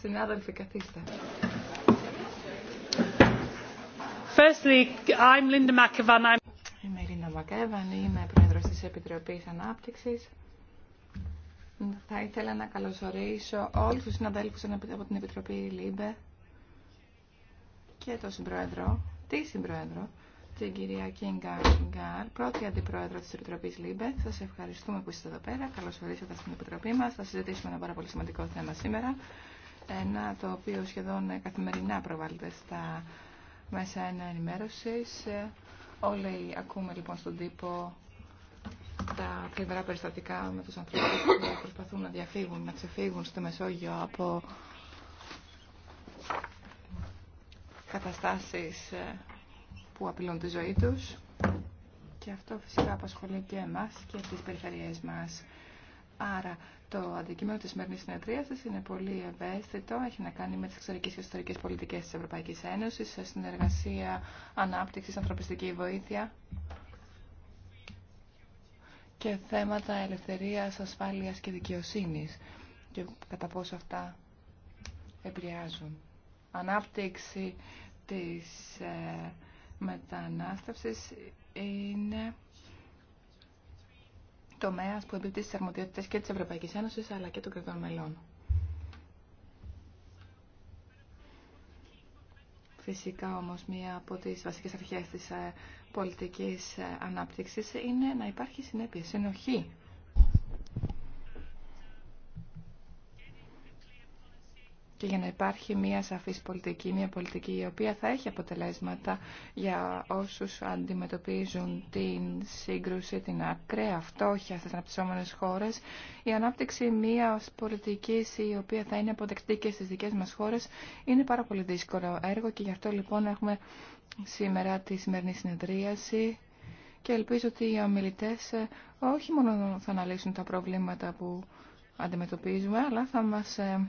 Συνάδελφοι, καθίστε. Είμαι η Ρίνα Μακέβαν, είμαι πρόεδρο τη Επιτροπή Ανάπτυξη. Θα ήθελα να καλωσορίσω όλου του συναδέλφους από την Επιτροπή ΛΥΜΠΕ και τον συμπρόεδρο, τη συμπρόεδρο, την κυρία Κίνγκα Γκάρ, πρώτη αντιπρόεδρο τη Επιτροπή ΛΥΜΠΕ. Σα ευχαριστούμε που είστε εδώ πέρα. Καλώ ορίσατε στην Επιτροπή μα. Θα συζητήσουμε ένα πάρα πολύ σημαντικό θέμα σήμερα. Ένα το οποίο σχεδόν καθημερινά προβάλλεται στα μέσα ενημέρωση. Όλοι ακούμε λοιπόν στον τύπο τα θλιβερά περιστατικά με του ανθρώπου που προσπαθούν να διαφύγουν, να ξεφύγουν στο Μεσόγειο από καταστάσεις ε, που απειλούν τη ζωή τους και αυτό φυσικά απασχολεί και εμάς και τις περιφερειές μας. Άρα το αντικείμενο της σημερινής σα είναι πολύ ευαίσθητο, έχει να κάνει με τις εξωτερικές και ιστορικές πολιτικές της Ευρωπαϊκής Ένωσης, σε συνεργασία, ανάπτυξη, ανθρωπιστική βοήθεια και θέματα ελευθερίας, ασφάλειας και δικαιοσύνης και κατά πόσο αυτά επηρεάζουν. Ανάπτυξη της ε, μετανάστευση είναι τομέας που εμπίπτει στις αρμοδιότητες και της Ευρωπαϊκής Ένωσης αλλά και των κρατών μελών. Φυσικά όμως μία από τις βασικές αρχές της ε, πολιτικής ε, ανάπτυξης είναι να υπάρχει συνέπεια, συνοχή και για να υπάρχει μια σαφής πολιτική, μια πολιτική η οποία θα έχει αποτελέσματα για όσους αντιμετωπίζουν την σύγκρουση, την ακραία φτώχεια στις αναπτυσσόμενες χώρες, η ανάπτυξη μια πολιτικής η οποία θα είναι αποδεκτή και στις δικές μας χώρες είναι πάρα πολύ δύσκολο έργο και γι' αυτό λοιπόν έχουμε σήμερα τη σημερινή συνεδρίαση και ελπίζω ότι οι ομιλητές ε, όχι μόνο θα αναλύσουν τα προβλήματα που αντιμετωπίζουμε, αλλά θα μας ε,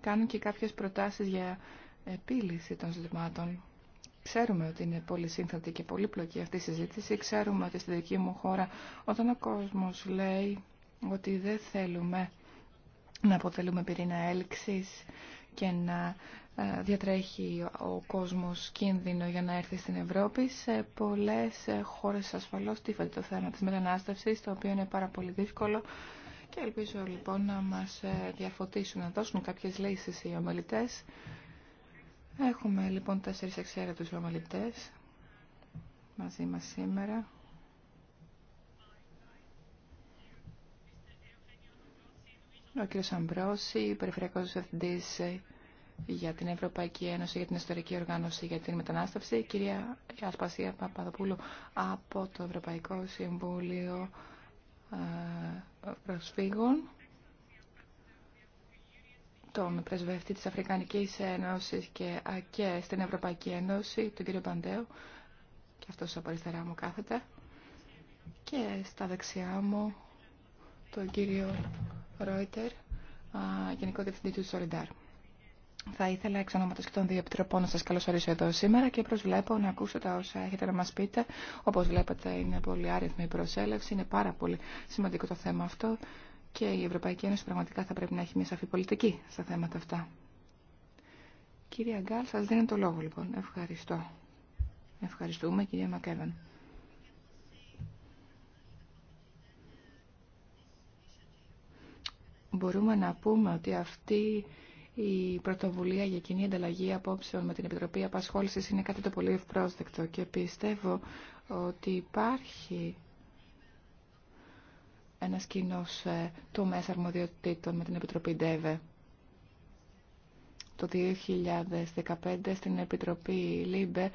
κάνουν και κάποιες προτάσεις για επίλυση των ζητημάτων. Ξέρουμε ότι είναι πολύ σύνθετη και πολύπλοκη αυτή η συζήτηση. Ξέρουμε ότι στη δική μου χώρα όταν ο κόσμος λέει ότι δεν θέλουμε να αποτελούμε πυρήνα έλξης και να ε, διατρέχει ο κόσμος κίνδυνο για να έρθει στην Ευρώπη. Σε πολλές χώρες ασφαλώς τύφεται το θέμα της μετανάστευσης, το οποίο είναι πάρα πολύ δύσκολο και ελπίζω λοιπόν να μας ε, διαφωτίσουν, να δώσουν κάποιες λύσεις οι ομιλητές. Έχουμε λοιπόν τέσσερις εξαίρετους ομιλητές μαζί μας σήμερα. Ο κ. Αμπρόση, Περιφερειακός Διευθυντής για την Ευρωπαϊκή Ένωση, για την Ιστορική Οργάνωση, για την Μετανάστευση, η κυρία Ασπασία Παπαδοπούλου από το Ευρωπαϊκό Συμβούλιο ε, προσφύγων, τον πρεσβευτή της Αφρικανικής Ένωσης και στην Ευρωπαϊκή Ένωση, τον κύριο Παντέο, και αυτός από αριστερά μου κάθεται, και στα δεξιά μου τον κύριο Ρόιτερ, Γενικό Διευθυντή του Σολιντάρ. Θα ήθελα εξ ονόματος και των δύο επιτροπών να σας καλωσορίσω εδώ σήμερα και προσβλέπω να ακούσω τα όσα έχετε να μας πείτε. Όπως βλέπετε είναι πολύ άριθμη η προσέλευση, είναι πάρα πολύ σημαντικό το θέμα αυτό και η Ευρωπαϊκή Ένωση πραγματικά θα πρέπει να έχει μια σαφή πολιτική στα θέματα αυτά. Κυρία Γκάλ, σας δίνω το λόγο λοιπόν. Ευχαριστώ. Ευχαριστούμε κυρία Μακέβαν. Μπορούμε να πούμε ότι αυτή η πρωτοβουλία για κοινή ανταλλαγή απόψεων με την Επιτροπή Απασχόλησης είναι κάτι το πολύ ευπρόσδεκτο και πιστεύω ότι υπάρχει ένας κοινό ε, μέσα αρμοδιοτήτων με την Επιτροπή ΔΕΒΕ. Το 2015 στην Επιτροπή ΛΥΜΠΕ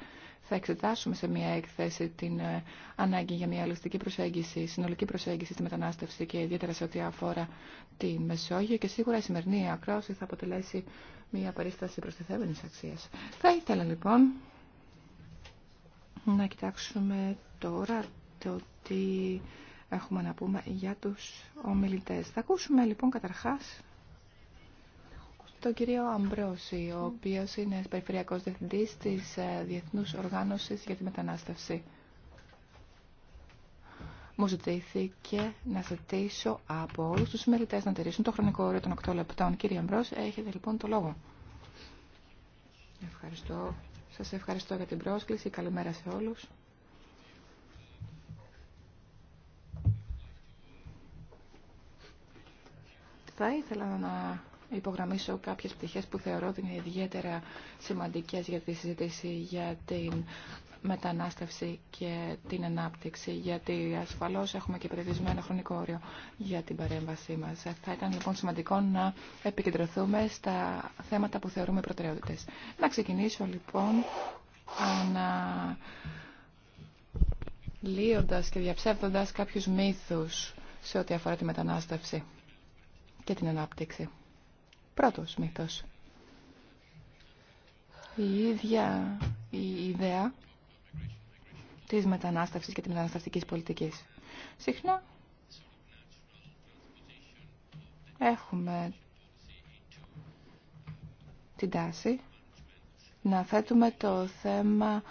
θα εξετάσουμε σε μια έκθεση την ε, ανάγκη για μια ολιστική προσέγγιση, συνολική προσέγγιση στη μετανάστευση και ιδιαίτερα σε ό,τι αφορά τη Μεσόγειο και σίγουρα η σημερινή ακρόαση θα αποτελέσει μια περίσταση προστιθέμενης αξίας. Θα ήθελα λοιπόν να κοιτάξουμε τώρα το τι έχουμε να πούμε για τους ομιλητές. Θα ακούσουμε λοιπόν καταρχάς τον κύριο Αμπρόση, ο οποίο είναι περιφερειακός διευθυντή τη ε, Διεθνού Οργάνωσης για τη Μετανάστευση. Μου ζητήθηκε να ζητήσω από όλου του συμμελητές να τηρήσουν το χρονικό όριο των 8 λεπτών. Κύριε Αμπρόση, έχετε λοιπόν το λόγο. Ευχαριστώ. Σας ευχαριστώ για την πρόσκληση. Καλημέρα σε όλους. Θα ήθελα να υπογραμμίσω κάποιες πτυχές που θεωρώ ότι είναι ιδιαίτερα σημαντικές για τη συζήτηση για την μετανάστευση και την ανάπτυξη, γιατί ασφαλώς έχουμε και περιορισμένο χρονικό όριο για την παρέμβασή μας. Θα ήταν λοιπόν σημαντικό να επικεντρωθούμε στα θέματα που θεωρούμε προτεραιότητες. Να ξεκινήσω λοιπόν ανα... λύοντας και διαψεύδοντας κάποιους μύθους σε ό,τι αφορά τη μετανάστευση και την ανάπτυξη. Πρώτος μύθος. Η ίδια η ιδέα της μετανάστευσης και της μεταναστευτικής πολιτικής. Συχνά έχουμε την τάση να θέτουμε το θέμα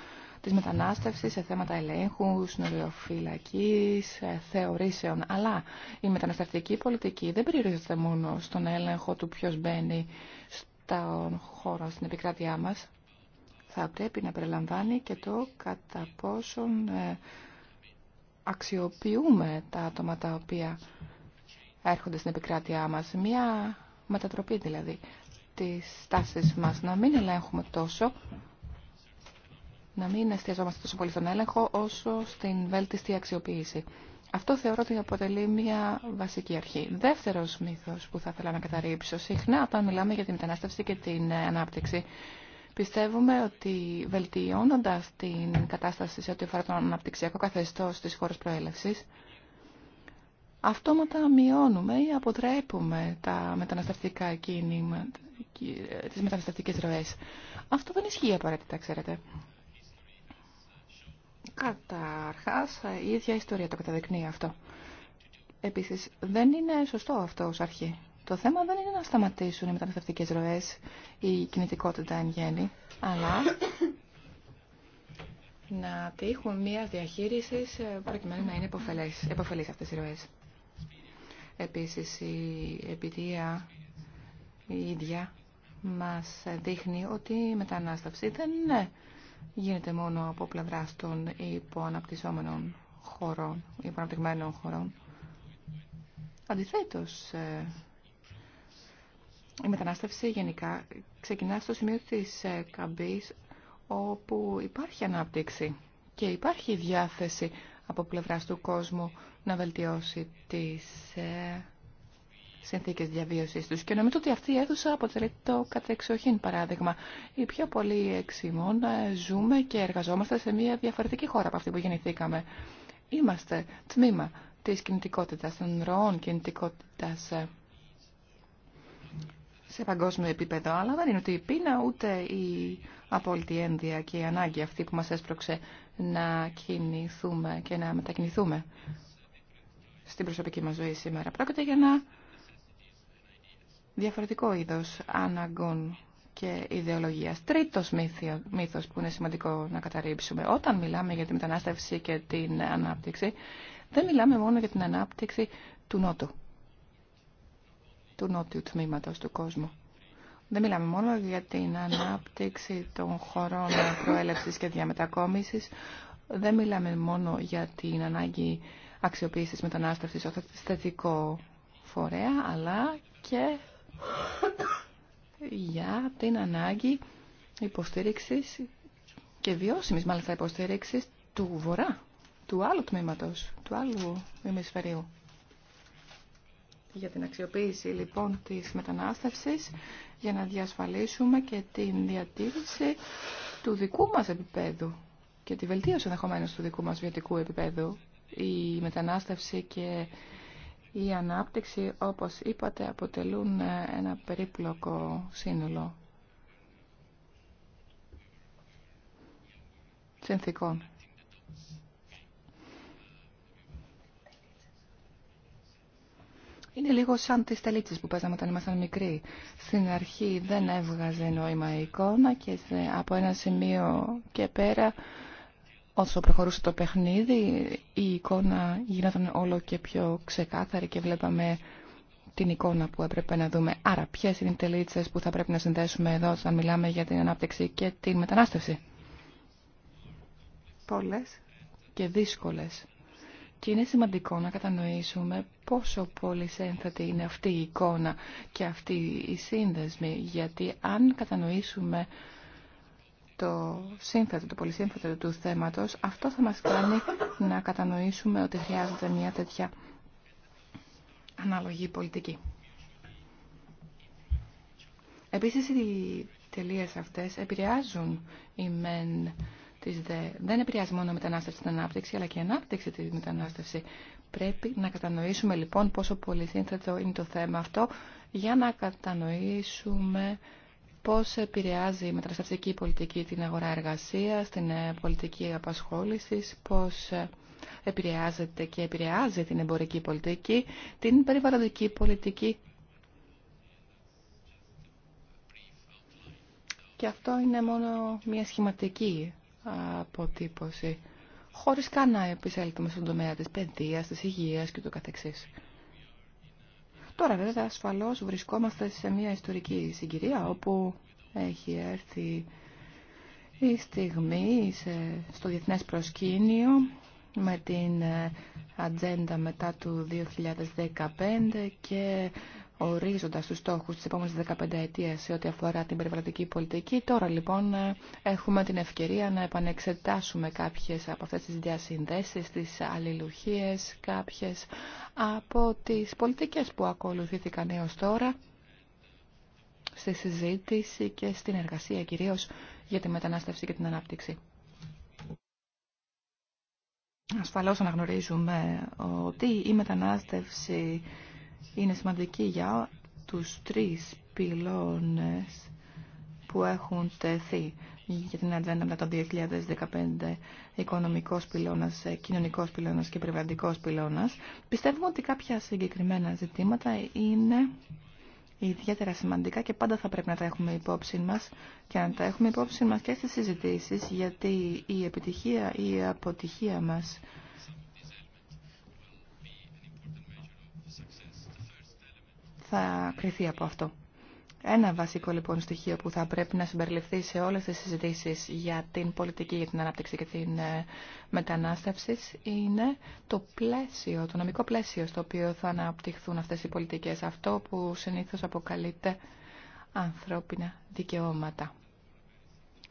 της μετανάστευσης, σε θέματα ελέγχου, συνοριοφυλακής, ε, θεωρήσεων. Αλλά η μεταναστευτική πολιτική δεν περιορίζεται μόνο στον έλεγχο του ποιος μπαίνει στον χώρο, στην επικράτειά μας. Θα πρέπει να περιλαμβάνει και το κατά πόσον ε, αξιοποιούμε τα άτομα τα οποία έρχονται στην επικράτειά μας. Μια μετατροπή δηλαδή της τάσης μας να μην ελέγχουμε τόσο να μην εστιαζόμαστε τόσο πολύ στον έλεγχο όσο στην βέλτιστη αξιοποίηση. Αυτό θεωρώ ότι αποτελεί μια βασική αρχή. Δεύτερο μύθο που θα ήθελα να καταρρύψω. Συχνά, όταν μιλάμε για τη μετανάστευση και την ε, ανάπτυξη, πιστεύουμε ότι βελτιώνοντα την κατάσταση σε ό,τι αφορά τον αναπτυξιακό καθεστώ τη χώρα προέλευση, αυτόματα μειώνουμε ή αποτρέπουμε τα μεταναστευτικά κίνημα, ε, τις μεταναστευτικές ροές. Αυτό δεν ισχύει απαραίτητα, ξέρετε. Καταρχάς, ε, η ίδια ιστορία το καταδεικνύει αυτό. Επίσης, δεν είναι σωστό αυτό ως αρχή. Το θέμα δεν είναι να σταματήσουν οι μεταναστευτικές ροές, η κινητικότητα εν γέννη, αλλά να τύχουν μια διαχείριση ε, προκειμένου να είναι επωφελείς αυτές οι ροές. Επίσης, η επιτεία η ίδια μας δείχνει ότι η μετανάστευση δεν γίνεται μόνο από πλευρά των υποαναπτυσσόμενων χωρών, υποαναπτυγμένων χωρών. Αντιθέτω, ε, η μετανάστευση γενικά ξεκινά στο σημείο της ε, καμπή, όπου υπάρχει ανάπτυξη και υπάρχει διάθεση από πλευρά του κόσμου να βελτιώσει τις ε, συνθήκε διαβίωση του Και νομίζω ότι αυτή η αίθουσα αποτελεί το κατεξοχήν παράδειγμα. Οι πιο πολλοί εξήμων ε, ζούμε και εργαζόμαστε σε μια διαφορετική χώρα από αυτή που γεννηθήκαμε. Είμαστε τμήμα τη κινητικότητα, των ροών κινητικότητα ε, σε παγκόσμιο επίπεδο, αλλά δεν είναι ούτε η πείνα, ούτε η απόλυτη ένδια και η ανάγκη αυτή που μας έσπρωξε να κινηθούμε και να μετακινηθούμε στην προσωπική μας ζωή σήμερα. Πρόκειται για να διαφορετικό είδος αναγκών και ιδεολογίας. Τρίτος μύθος που είναι σημαντικό να καταρρύψουμε. Όταν μιλάμε για τη μετανάστευση και την ανάπτυξη, δεν μιλάμε μόνο για την ανάπτυξη του νότου, του νότιου τμήματος του κόσμου. Δεν μιλάμε μόνο για την ανάπτυξη των χωρών προέλευσης και διαμετακόμισης. Δεν μιλάμε μόνο για την ανάγκη αξιοποίησης μετανάστευσης ως θετικό φορέα, αλλά και για την ανάγκη υποστήριξης και βιώσιμης μάλιστα υποστήριξης του βορρά, του άλλου τμήματος, του άλλου ημισφαιρίου. Για την αξιοποίηση λοιπόν της μετανάστευσης, για να διασφαλίσουμε και την διατήρηση του δικού μας επίπεδου και τη βελτίωση ενδεχομένω του δικού μας βιωτικού επίπεδου. Η μετανάστευση και η ανάπτυξη, όπως είπατε, αποτελούν ε, ένα περίπλοκο σύνολο συνθήκων. Είναι λίγο σαν τις τελίτσες που παίζαμε όταν ήμασταν μικροί. Στην αρχή δεν έβγαζε νόημα η εικόνα και από ένα σημείο και πέρα Όσο προχωρούσε το παιχνίδι, η εικόνα γινόταν όλο και πιο ξεκάθαρη και βλέπαμε την εικόνα που έπρεπε να δούμε. Άρα, ποιες είναι οι τελίτσε που θα πρέπει να συνδέσουμε εδώ όταν μιλάμε για την ανάπτυξη και την μετανάστευση. Πολλέ και δύσκολε. Και είναι σημαντικό να κατανοήσουμε πόσο πολύ σένθατη είναι αυτή η εικόνα και αυτή η σύνδεσμη, γιατί αν κατανοήσουμε το σύνθετο, το πολυσύνθετο του θέματος, αυτό θα μας κάνει να κατανοήσουμε ότι χρειάζεται μια τέτοια αναλογή πολιτική. Επίσης, οι τελείες αυτές επηρεάζουν οι μεν της δε. Δεν επηρεάζει μόνο η μετανάστευση την ανάπτυξη, αλλά και η ανάπτυξη τη μετανάστευση. Πρέπει να κατανοήσουμε λοιπόν πόσο πολυσύνθετο είναι το θέμα αυτό, για να κατανοήσουμε πώς επηρεάζει η μεταναστευτική πολιτική την αγορά εργασίας, την ε, πολιτική απασχόλησης, πώς ε, επηρεάζεται και επηρεάζει την εμπορική πολιτική, την περιβαλλοντική πολιτική. Και αυτό είναι μόνο μια σχηματική αποτύπωση, χωρίς καν να επισέλθουμε στον τομέα της παιδείας, της υγείας και του καθεξής. Τώρα βέβαια ασφαλώς βρισκόμαστε σε μια ιστορική συγκυρία όπου έχει έρθει η στιγμή στο διεθνές προσκήνιο με την ε, ατζέντα μετά του 2015 και ορίζοντα του στόχου τη επόμενη 15 ετία σε ό,τι αφορά την περιβαλλοντική πολιτική. Τώρα λοιπόν έχουμε την ευκαιρία να επανεξετάσουμε κάποιε από αυτέ τι διασυνδέσει, τι αλληλουχίε, κάποιε από τι πολιτικέ που ακολουθήθηκαν έω τώρα στη συζήτηση και στην εργασία κυρίως για τη μετανάστευση και την ανάπτυξη. Ασφαλώς αναγνωρίζουμε ότι η μετανάστευση είναι σημαντική για τους τρεις πυλώνες που έχουν τεθεί για την ατζέντα μετά το 2015, οικονομικός πυλώνας, ε, κοινωνικός πυλώνας και περιβαλλοντικός πυλώνας, πιστεύουμε ότι κάποια συγκεκριμένα ζητήματα είναι ιδιαίτερα σημαντικά και πάντα θα πρέπει να τα έχουμε υπόψη μας και να τα έχουμε υπόψη μας και στις συζητήσεις γιατί η επιτυχία ή η αποτυχία μας θα κρυθεί από αυτό. Ένα βασικό λοιπόν στοιχείο που θα πρέπει να συμπεριληφθεί σε όλες τις συζητήσεις για την πολιτική, για την ανάπτυξη και την ε, μετανάστευση είναι το πλαίσιο, το νομικό πλαίσιο στο οποίο θα αναπτυχθούν αυτές οι πολιτικές. Αυτό που συνήθως αποκαλείται ανθρώπινα δικαιώματα.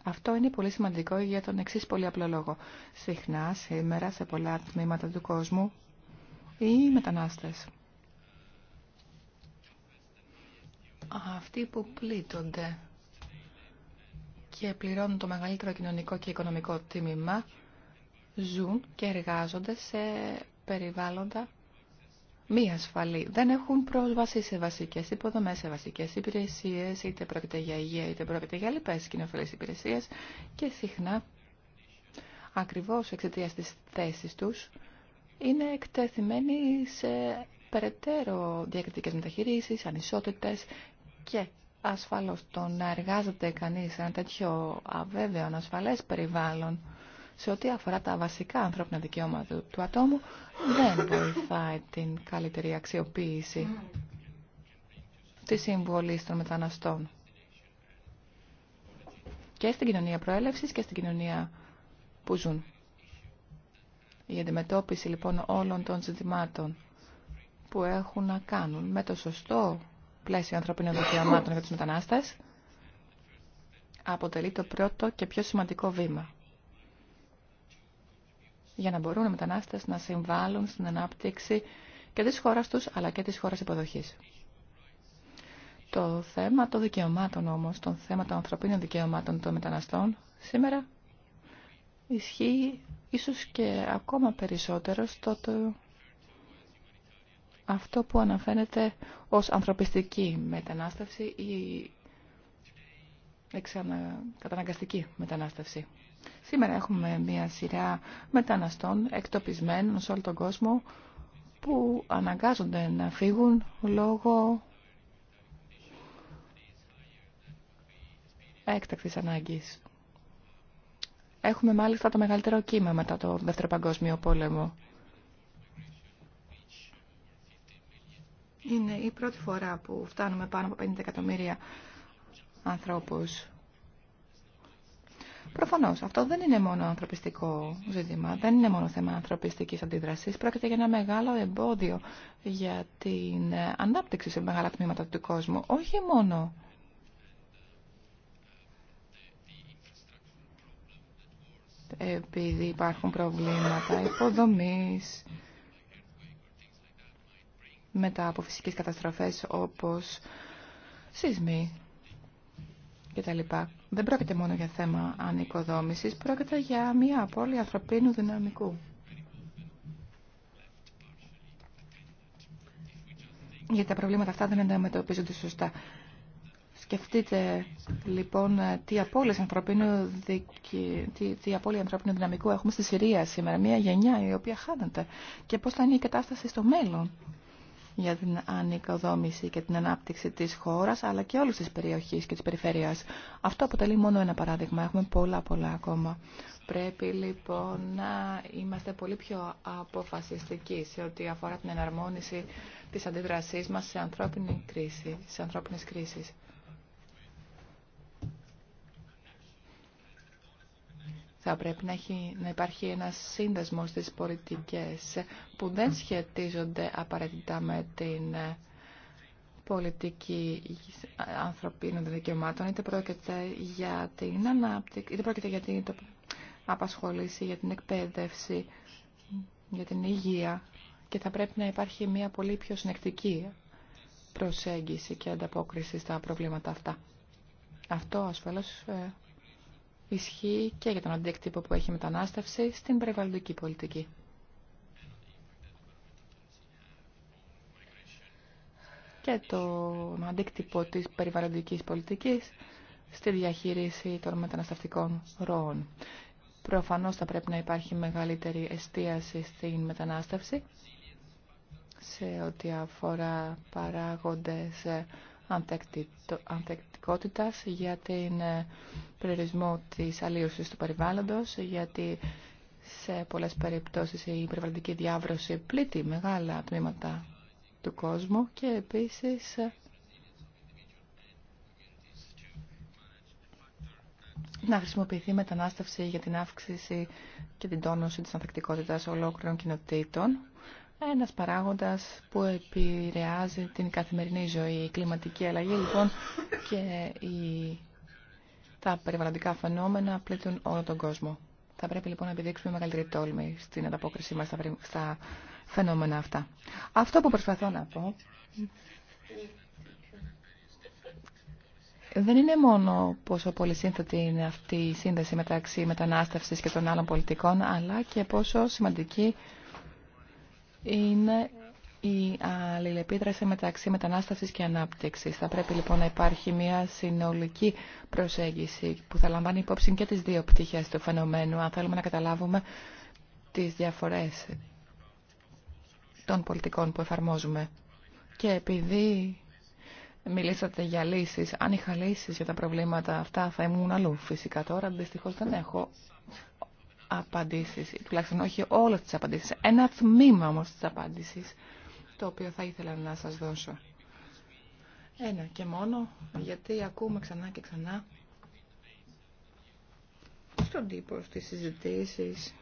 Αυτό είναι πολύ σημαντικό για τον εξή πολύ απλό λόγο. Συχνά σήμερα σε πολλά τμήματα του κόσμου οι μετανάστες αυτοί που πλήττονται και πληρώνουν το μεγαλύτερο κοινωνικό και οικονομικό τίμημα ζουν και εργάζονται σε περιβάλλοντα μη ασφαλή. Δεν έχουν πρόσβαση σε βασικές υποδομές, σε βασικές υπηρεσίες, είτε πρόκειται για υγεία, είτε πρόκειται για λοιπές κοινοφελεί υπηρεσίες και συχνά ακριβώς εξαιτία της θέσης τους είναι εκτεθειμένοι σε περαιτέρω διακριτικές μεταχειρήσεις, ανισότητες και ασφαλώς το να εργάζεται κανείς σε ένα τέτοιο αβέβαιο, ασφαλές περιβάλλον σε ό,τι αφορά τα βασικά ανθρώπινα δικαιώματα του ατόμου δεν βοηθάει την καλύτερη αξιοποίηση της συμβολής των μεταναστών. Και στην κοινωνία προέλευσης και στην κοινωνία που ζουν. Η αντιμετώπιση λοιπόν όλων των ζητημάτων που έχουν να κάνουν με το σωστό πλαίσιο ανθρωπίνων δικαιωμάτων για του μετανάστες αποτελεί το πρώτο και πιο σημαντικό βήμα για να μπορούν οι μετανάστες να συμβάλλουν στην ανάπτυξη και τη χώρα του αλλά και τη χώρα υποδοχή. Το θέμα των δικαιωμάτων όμω, το θέμα των ανθρωπίνων δικαιωμάτων των μεταναστών σήμερα ισχύει ίσως και ακόμα περισσότερο στο, το, αυτό που αναφέρεται ως ανθρωπιστική μετανάστευση ή καταναγκαστική μετανάστευση. Σήμερα έχουμε μια σειρά μεταναστών εκτοπισμένων σε όλο τον κόσμο που αναγκάζονται να φύγουν λόγω έκτακτης ανάγκης. Έχουμε μάλιστα το μεγαλύτερο κύμα μετά το Δεύτερο Παγκόσμιο Πόλεμο. Είναι η πρώτη φορά που φτάνουμε πάνω από 50 εκατομμύρια ανθρώπους. Προφανώς, αυτό δεν είναι μόνο ανθρωπιστικό ζήτημα, δεν είναι μόνο θέμα ανθρωπιστικής αντίδρασης. Πρόκειται για ένα μεγάλο εμπόδιο για την ανάπτυξη σε μεγάλα τμήματα του κόσμου. Όχι μόνο επειδή υπάρχουν προβλήματα υποδομής, μετά από φυσικές καταστροφές όπως σεισμοί λοιπά. Δεν πρόκειται μόνο για θέμα ανοικοδόμησης, πρόκειται για μια απώλεια ανθρωπίνου δυναμικού. Γιατί τα προβλήματα αυτά δεν αντιμετωπίζονται σωστά. Σκεφτείτε λοιπόν τι απώλειες ανθρωπίνου, απώλεια ανθρωπίνου δυναμικού έχουμε στη Συρία σήμερα. Μια γενιά η οποία χάνεται. Και πώς θα είναι η κατάσταση στο μέλλον για την ανοικοδόμηση και την ανάπτυξη της χώρας, αλλά και όλης της περιοχής και της περιφέρειας. Αυτό αποτελεί μόνο ένα παράδειγμα. Έχουμε πολλά πολλά ακόμα. Πρέπει λοιπόν να είμαστε πολύ πιο αποφασιστικοί σε ό,τι αφορά την εναρμόνιση της αντίδρασής μας σε, ανθρώπινη κρίση, σε ανθρώπινες κρίσεις. Θα πρέπει να, έχει, να υπάρχει ένας σύνδεσμος στις πολιτικές που δεν σχετίζονται απαραίτητα με την ε, πολιτική ανθρωπίνων δικαιωμάτων, είτε πρόκειται για την ανάπτυξη, είτε πρόκειται για την απασχόληση, για την εκπαίδευση, για την υγεία και θα πρέπει να υπάρχει μια πολύ πιο συνεκτική προσέγγιση και ανταπόκριση στα προβλήματα αυτά. Αυτό ασφαλώς ε, ισχύει και για τον αντίκτυπο που έχει μετανάστευση στην περιβαλλοντική πολιτική. και το αντίκτυπο της περιβαλλοντικής πολιτικής στη διαχείριση των μεταναστευτικών ροών. Προφανώς θα πρέπει να υπάρχει μεγαλύτερη εστίαση στην μετανάστευση σε ό,τι αφορά παράγοντες ανθεκτικότητας, για την ε, περιορισμό της αλλίωσης του περιβάλλοντος, γιατί σε πολλές περιπτώσεις η περιβαλλοντική διάβρωση πλήττει μεγάλα τμήματα του κόσμου και επίσης ε, να χρησιμοποιηθεί μετανάστευση για την αύξηση και την τόνωση της ανθεκτικότητας ολόκληρων κοινοτήτων ένας παράγοντας που επηρεάζει την καθημερινή ζωή. Η κλιματική αλλαγή λοιπόν και η... τα περιβαλλοντικά φαινόμενα πλήττουν όλο τον κόσμο. Θα πρέπει λοιπόν να επιδείξουμε μεγαλύτερη τόλμη στην ανταπόκριση μας στα φαινόμενα αυτά. Αυτό που προσπαθώ να πω δεν είναι μόνο πόσο πολυσύνθετη είναι αυτή η σύνδεση μεταξύ μετανάστευσης και των άλλων πολιτικών, αλλά και πόσο σημαντική είναι η αλληλεπίδραση μεταξύ μετανάστευσης και ανάπτυξης. Θα πρέπει λοιπόν να υπάρχει μια συνολική προσέγγιση που θα λαμβάνει υπόψη και τις δύο πτυχές του φαινομένου, αν θέλουμε να καταλάβουμε τις διαφορές των πολιτικών που εφαρμόζουμε. Και επειδή μιλήσατε για λύσεις, αν είχα λύσεις για τα προβλήματα αυτά θα ήμουν αλλού φυσικά τώρα, δυστυχώς δεν έχω απαντήσεις, τουλάχιστον όχι όλες τις απαντήσεις, ένα τμήμα όμως της απάντησης, το οποίο θα ήθελα να σας δώσω. Ένα και μόνο, γιατί ακούμε ξανά και ξανά στον τύπο στις συζητήσεις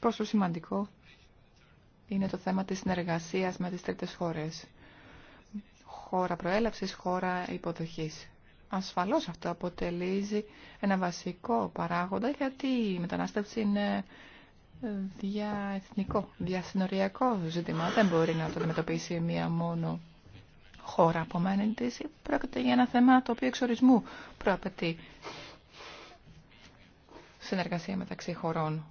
πόσο σημαντικό είναι το θέμα της συνεργασίας με τις τρίτες χώρες. Χώρα προέλευσης, χώρα υποδοχής. Ασφαλώς αυτό αποτελεί ένα βασικό παράγοντα γιατί η μετανάστευση είναι διαεθνικό, διασυνοριακό ζήτημα. Δεν μπορεί να το αντιμετωπίσει μία μόνο χώρα από μένα της. Πρόκειται για ένα θέμα το οποίο εξορισμού προαπαιτεί συνεργασία μεταξύ χωρών.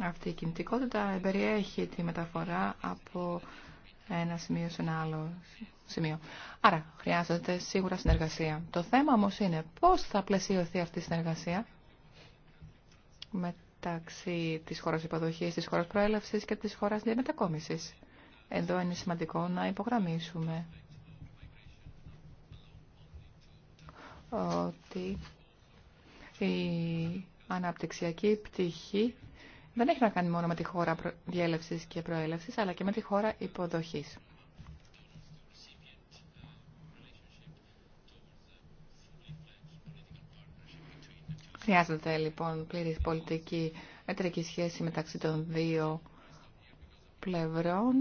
Αυτή η κινητικότητα περιέχει τη μεταφορά από ένα σημείο σε ένα άλλο σημείο. Άρα χρειάζεται σίγουρα συνεργασία. Το θέμα όμως είναι πώς θα πλαισιωθεί αυτή η συνεργασία μεταξύ της χώρας υποδοχής, της χώρας προέλευσης και της χώρας διαμετακόμισης. Εδώ είναι σημαντικό να υπογραμμίσουμε ότι η αναπτυξιακή πτυχή δεν έχει να κάνει μόνο με τη χώρα διέλευση και προέλευση, αλλά και με τη χώρα υποδοχής. Χρειάζεται λοιπόν πλήρης πολιτική εταιρική σχέση μεταξύ των δύο πλευρών,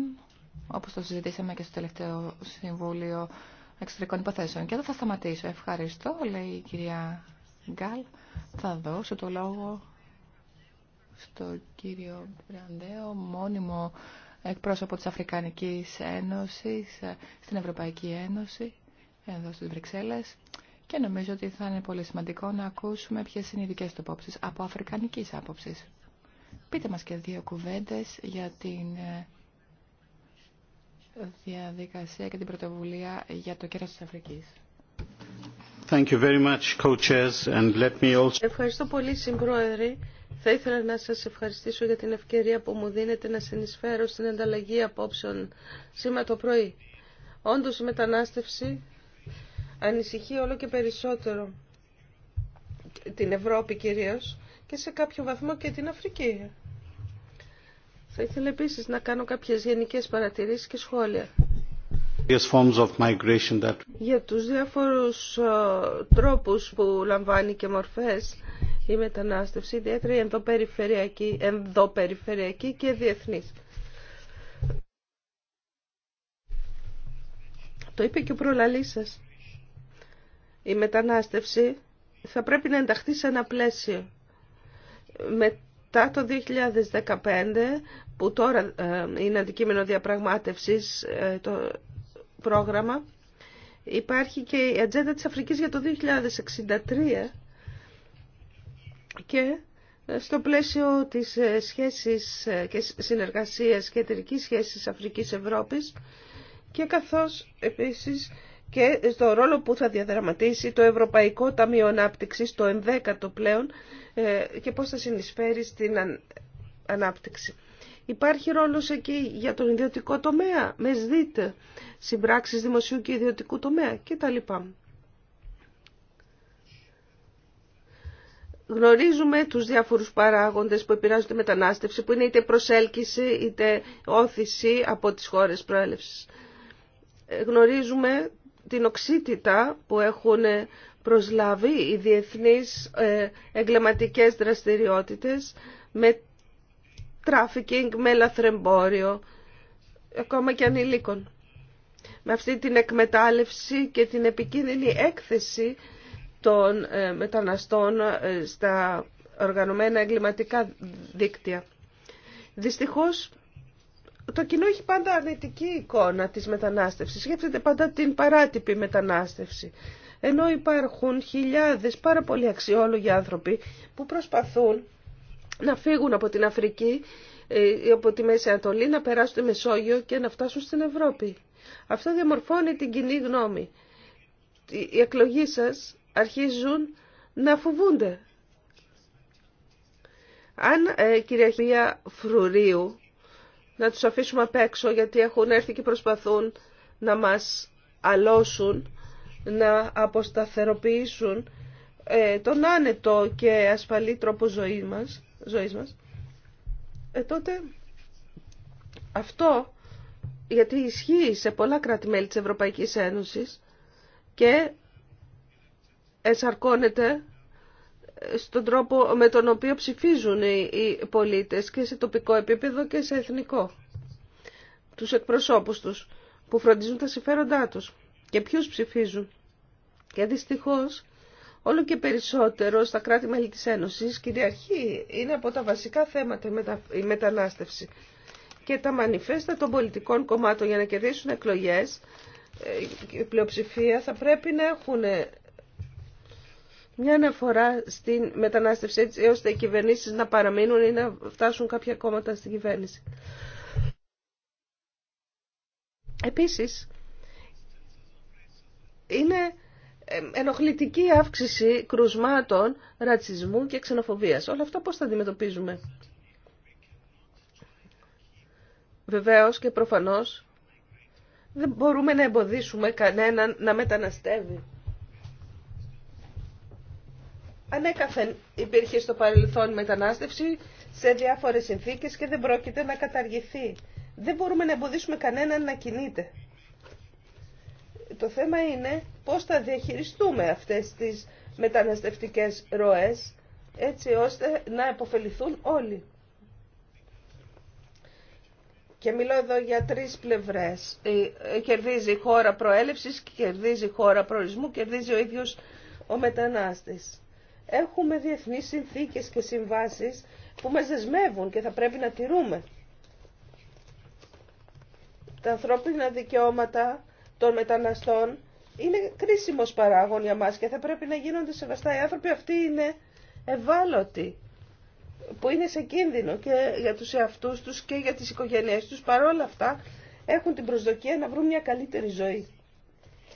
όπως το συζητήσαμε και στο τελευταίο Συμβούλιο Εξωτερικών Υποθέσεων. Και εδώ θα σταματήσω. Ευχαριστώ, λέει η κυρία Γκάλ. Θα δώσω το λόγο στο κύριο Βραντέο, μόνιμο εκπρόσωπο της Αφρικανικής Ένωσης ε, στην Ευρωπαϊκή Ένωση, εδώ στις Βρυξέλλες. Και νομίζω ότι θα είναι πολύ σημαντικό να ακούσουμε ποιες είναι οι δικές του απόψεις, από αφρικανικής άποψης. Πείτε μας και δύο κουβέντες για την ε, διαδικασία και την πρωτοβουλία για το κέρας της Αφρικής. you very Ευχαριστώ πολύ, Συμπρόεδρε. Θα ήθελα να σας ευχαριστήσω για την ευκαιρία που μου δίνετε να συνεισφέρω στην ανταλλαγή απόψεων σήμερα το πρωί. Όντως η μετανάστευση ανησυχεί όλο και περισσότερο την Ευρώπη κυρίως και σε κάποιο βαθμό και την Αφρική. Θα ήθελα επίσης να κάνω κάποιες γενικές παρατηρήσεις και σχόλια. Για τους διάφορους ε, τρόπους που λαμβάνει και μορφές η μετανάστευση, ιδιαίτερα η ενδοπεριφερειακή, ενδοπεριφερειακή και διεθνής. Το είπε και ο προλαλής σας. Η μετανάστευση θα πρέπει να ενταχθεί σε ένα πλαίσιο. Μετά το 2015, που τώρα ε, είναι αντικείμενο διαπραγμάτευσης ε, το πρόγραμμα, υπάρχει και η ατζέντα της Αφρικής για το 2063, και ε, στο πλαίσιο της ε, σχέσης ε, και συνεργασίας και εταιρικής σχέσης Αφρικής-Ευρώπης και καθώς επίσης και στο ρόλο που θα διαδραματίσει το Ευρωπαϊκό Ταμείο Ανάπτυξης, το 11 πλέον, και πώς θα συνεισφέρει στην ανάπτυξη. Υπάρχει ρόλος εκεί για τον ιδιωτικό τομέα, με ΣΔΙΤ, συμπράξεις δημοσίου και ιδιωτικού τομέα κτλ. γνωρίζουμε τους διάφορους παράγοντες που επηρεάζουν τη μετανάστευση, που είναι είτε προσέλκυση είτε όθηση από τις χώρες προέλευσης. Γνωρίζουμε την οξύτητα που έχουν προσλάβει οι διεθνείς ε, εγκληματικές δραστηριότητες με τράφικινγκ, με λαθρεμπόριο, ακόμα και ανηλίκων. Με αυτή την εκμετάλλευση και την επικίνδυνη έκθεση των ε, μεταναστών ε, στα οργανωμένα εγκληματικά δίκτυα. Δυστυχώς το κοινό έχει πάντα αρνητική εικόνα της μετανάστευσης. Σκέφτεται πάντα την παράτυπη μετανάστευση. Ενώ υπάρχουν χιλιάδες πάρα πολύ αξιόλογοι άνθρωποι που προσπαθούν να φύγουν από την Αφρική ή ε, από τη Μέση Ανατολή, να περάσουν τη Μεσόγειο και να φτάσουν στην Ευρώπη. Αυτό διαμορφώνει την κοινή γνώμη. Η εκλογή σας αρχίζουν να φοβούνται. Αν ε, κυριαρχία φρουρίου, να τους αφήσουμε απ' έξω γιατί έχουν έρθει και προσπαθούν να μας αλώσουν, να αποσταθεροποιήσουν ε, τον άνετο και ασφαλή τρόπο ζωή μας, ζωής μας, ε, τότε αυτό γιατί ισχύει σε πολλά κράτη-μέλη της Ευρωπαϊκής Ένωσης και εσαρκώνεται στον τρόπο με τον οποίο ψηφίζουν οι πολίτες και σε τοπικό επίπεδο και σε εθνικό. Τους εκπροσώπους τους που φροντίζουν τα συμφέροντά τους και ποιους ψηφίζουν. Και δυστυχώς όλο και περισσότερο στα κράτη-μέλη της Ένωσης κυριαρχεί είναι από τα βασικά θέματα η μετανάστευση. Και τα μανιφέστα των πολιτικών κομμάτων για να κερδίσουν εκλογές ε, η πλειοψηφία θα πρέπει να έχουν ε, μια αναφορά στην μετανάστευση έτσι ώστε οι κυβερνήσεις να παραμείνουν ή να φτάσουν κάποια κόμματα στην κυβέρνηση. Επίσης, είναι ενοχλητική αύξηση κρουσμάτων, ρατσισμού και ξενοφοβίας. Όλα αυτά πώς τα αντιμετωπίζουμε. Βεβαίως και προφανώς δεν μπορούμε να εμποδίσουμε κανέναν να μεταναστεύει ανέκαθεν υπήρχε στο παρελθόν μετανάστευση σε διάφορες συνθήκες και δεν πρόκειται να καταργηθεί. Δεν μπορούμε να εμποδίσουμε κανέναν να κινείται. Το θέμα είναι πώς θα διαχειριστούμε αυτές τις μεταναστευτικές ροές έτσι ώστε να επωφεληθούν όλοι. Και μιλώ εδώ για τρεις πλευρές. Ε, κερδίζει η χώρα προέλευσης, κερδίζει η χώρα προορισμού, κερδίζει ο ίδιος ο μετανάστης έχουμε διεθνείς συνθήκες και συμβάσεις που μας δεσμεύουν και θα πρέπει να τηρούμε. Τα ανθρώπινα δικαιώματα των μεταναστών είναι κρίσιμος παράγων για μας και θα πρέπει να γίνονται σεβαστά. Οι άνθρωποι αυτοί είναι ευάλωτοι, που είναι σε κίνδυνο και για τους εαυτούς τους και για τις οικογένειές τους. Παρόλα αυτά έχουν την προσδοκία να βρουν μια καλύτερη ζωή,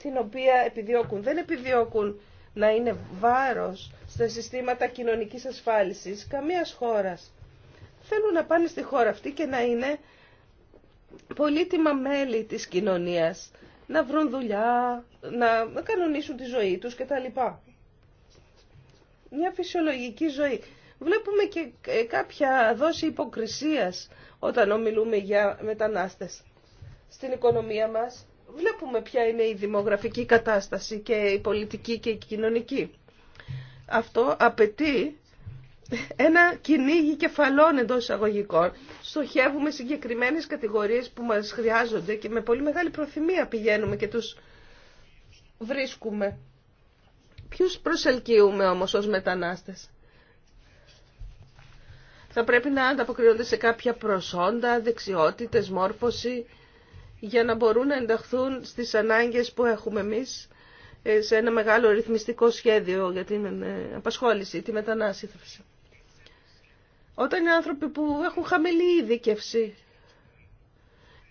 την οποία επιδιώκουν. Δεν επιδιώκουν να είναι βάρος στα συστήματα κοινωνικής ασφάλισης καμίας χώρας. Θέλουν να πάνε στη χώρα αυτή και να είναι πολύτιμα μέλη της κοινωνίας, να βρουν δουλειά, να κανονίσουν τη ζωή τους κτλ. Μια φυσιολογική ζωή. Βλέπουμε και ε, κάποια δόση υποκρισίας όταν ομιλούμε για μετανάστες στην οικονομία μας βλέπουμε ποια είναι η δημογραφική κατάσταση και η πολιτική και η κοινωνική. Αυτό απαιτεί ένα κυνήγι κεφαλών εντό εισαγωγικών. Στοχεύουμε συγκεκριμένε κατηγορίες που μας χρειάζονται και με πολύ μεγάλη προθυμία πηγαίνουμε και τους βρίσκουμε. Ποιου προσελκύουμε όμως ως μετανάστες. Θα πρέπει να ανταποκρίνονται σε κάποια προσόντα, δεξιότητες, μόρφωση για να μπορούν να ενταχθούν στις ανάγκες που έχουμε εμείς ε, σε ένα μεγάλο ρυθμιστικό σχέδιο για την ε, απασχόληση, τη μετανάστευση. Όταν οι άνθρωποι που έχουν χαμηλή ειδίκευση,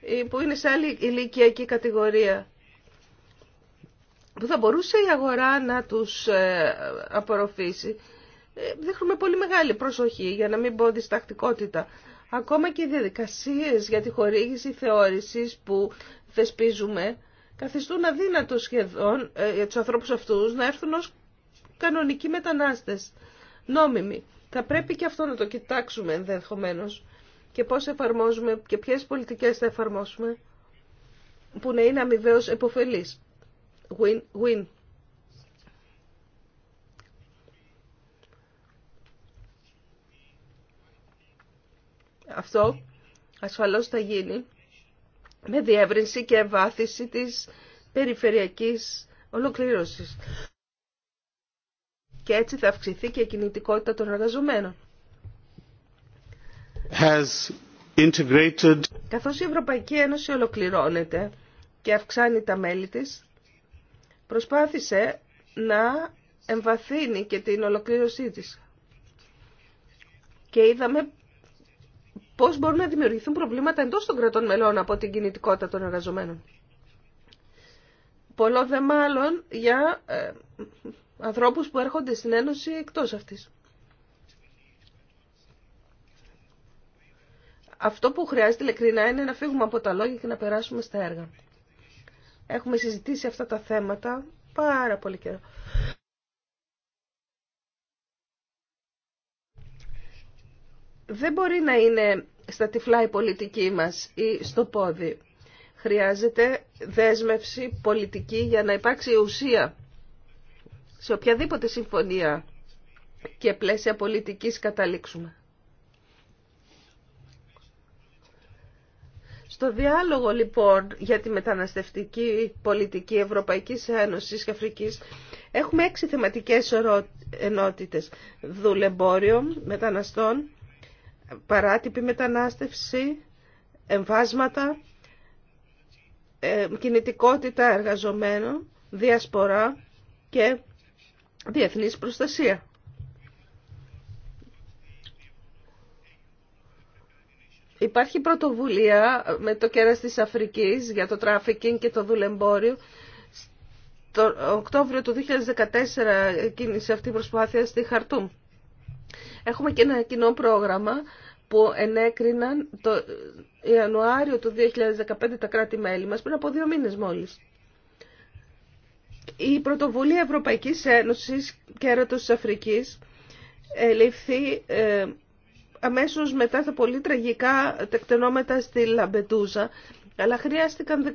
ε, που είναι σε άλλη ηλικιακή κατηγορία, που θα μπορούσε η αγορά να τους απορροφήσει, δείχνουμε πολύ μεγάλη προσοχή για να μην πω διστακτικότητα Ακόμα και οι διαδικασίες για τη χορήγηση θεώρησης που θεσπίζουμε καθιστούν αδύνατο σχεδόν ε, για τους ανθρώπους αυτούς να έρθουν ως κανονικοί μετανάστες, νόμιμοι. Θα πρέπει και αυτό να το κοιτάξουμε ενδεχομένω και πώς εφαρμόζουμε και ποιες πολιτικές θα εφαρμόσουμε που να είναι επωφελής. επωφελείς. Win-win. Αυτό ασφαλώς θα γίνει με διεύρυνση και ευάθυνση της περιφερειακής ολοκλήρωσης. Και έτσι θα αυξηθεί και η κινητικότητα των εργαζομένων. Has Καθώς η Ευρωπαϊκή Ένωση ολοκληρώνεται και αυξάνει τα μέλη της, προσπάθησε να εμβαθύνει και την ολοκλήρωσή της. Και είδαμε πώς μπορούν να δημιουργηθούν προβλήματα εντός των κρατών μελών από την κινητικότητα των εργαζομένων. Πολλό δε μάλλον για ε, ανθρώπους που έρχονται στην Ένωση εκτός αυτής. Αυτό που χρειάζεται ειλικρινά είναι να φύγουμε από τα λόγια και να περάσουμε στα έργα. Έχουμε συζητήσει αυτά τα θέματα πάρα πολύ καιρό. δεν μπορεί να είναι στα τυφλά η πολιτική μας ή στο πόδι. Χρειάζεται δέσμευση πολιτική για να υπάρξει ουσία σε οποιαδήποτε συμφωνία και πλαίσια πολιτικής καταλήξουμε. Στο διάλογο λοιπόν για τη μεταναστευτική πολιτική Ευρωπαϊκής Ένωσης και Αφρικής έχουμε έξι θεματικές ενότητες. Δουλεμπόριο μεταναστών, παράτυπη μετανάστευση, εμβάσματα, ε, κινητικότητα εργαζομένων, διασπορά και διεθνής προστασία. Υπάρχει πρωτοβουλία με το κέρας της Αφρικής για το τράφικινγκ και το δουλεμπόριο. Το Οκτώβριο του 2014 κίνησε αυτή η προσπάθεια στη Χαρτούμ. Έχουμε και ένα κοινό πρόγραμμα που ενέκριναν το Ιανουάριο του 2015 τα κράτη-μέλη μας, πριν από δύο μήνες μόλις. Η πρωτοβουλία Ευρωπαϊκής Ένωσης Κέρατος της Αφρικής ληφθεί αμέσως μετά τα πολύ τραγικά τεκτενόμετα στη Λαμπετούζα, αλλά χρειάστηκαν 18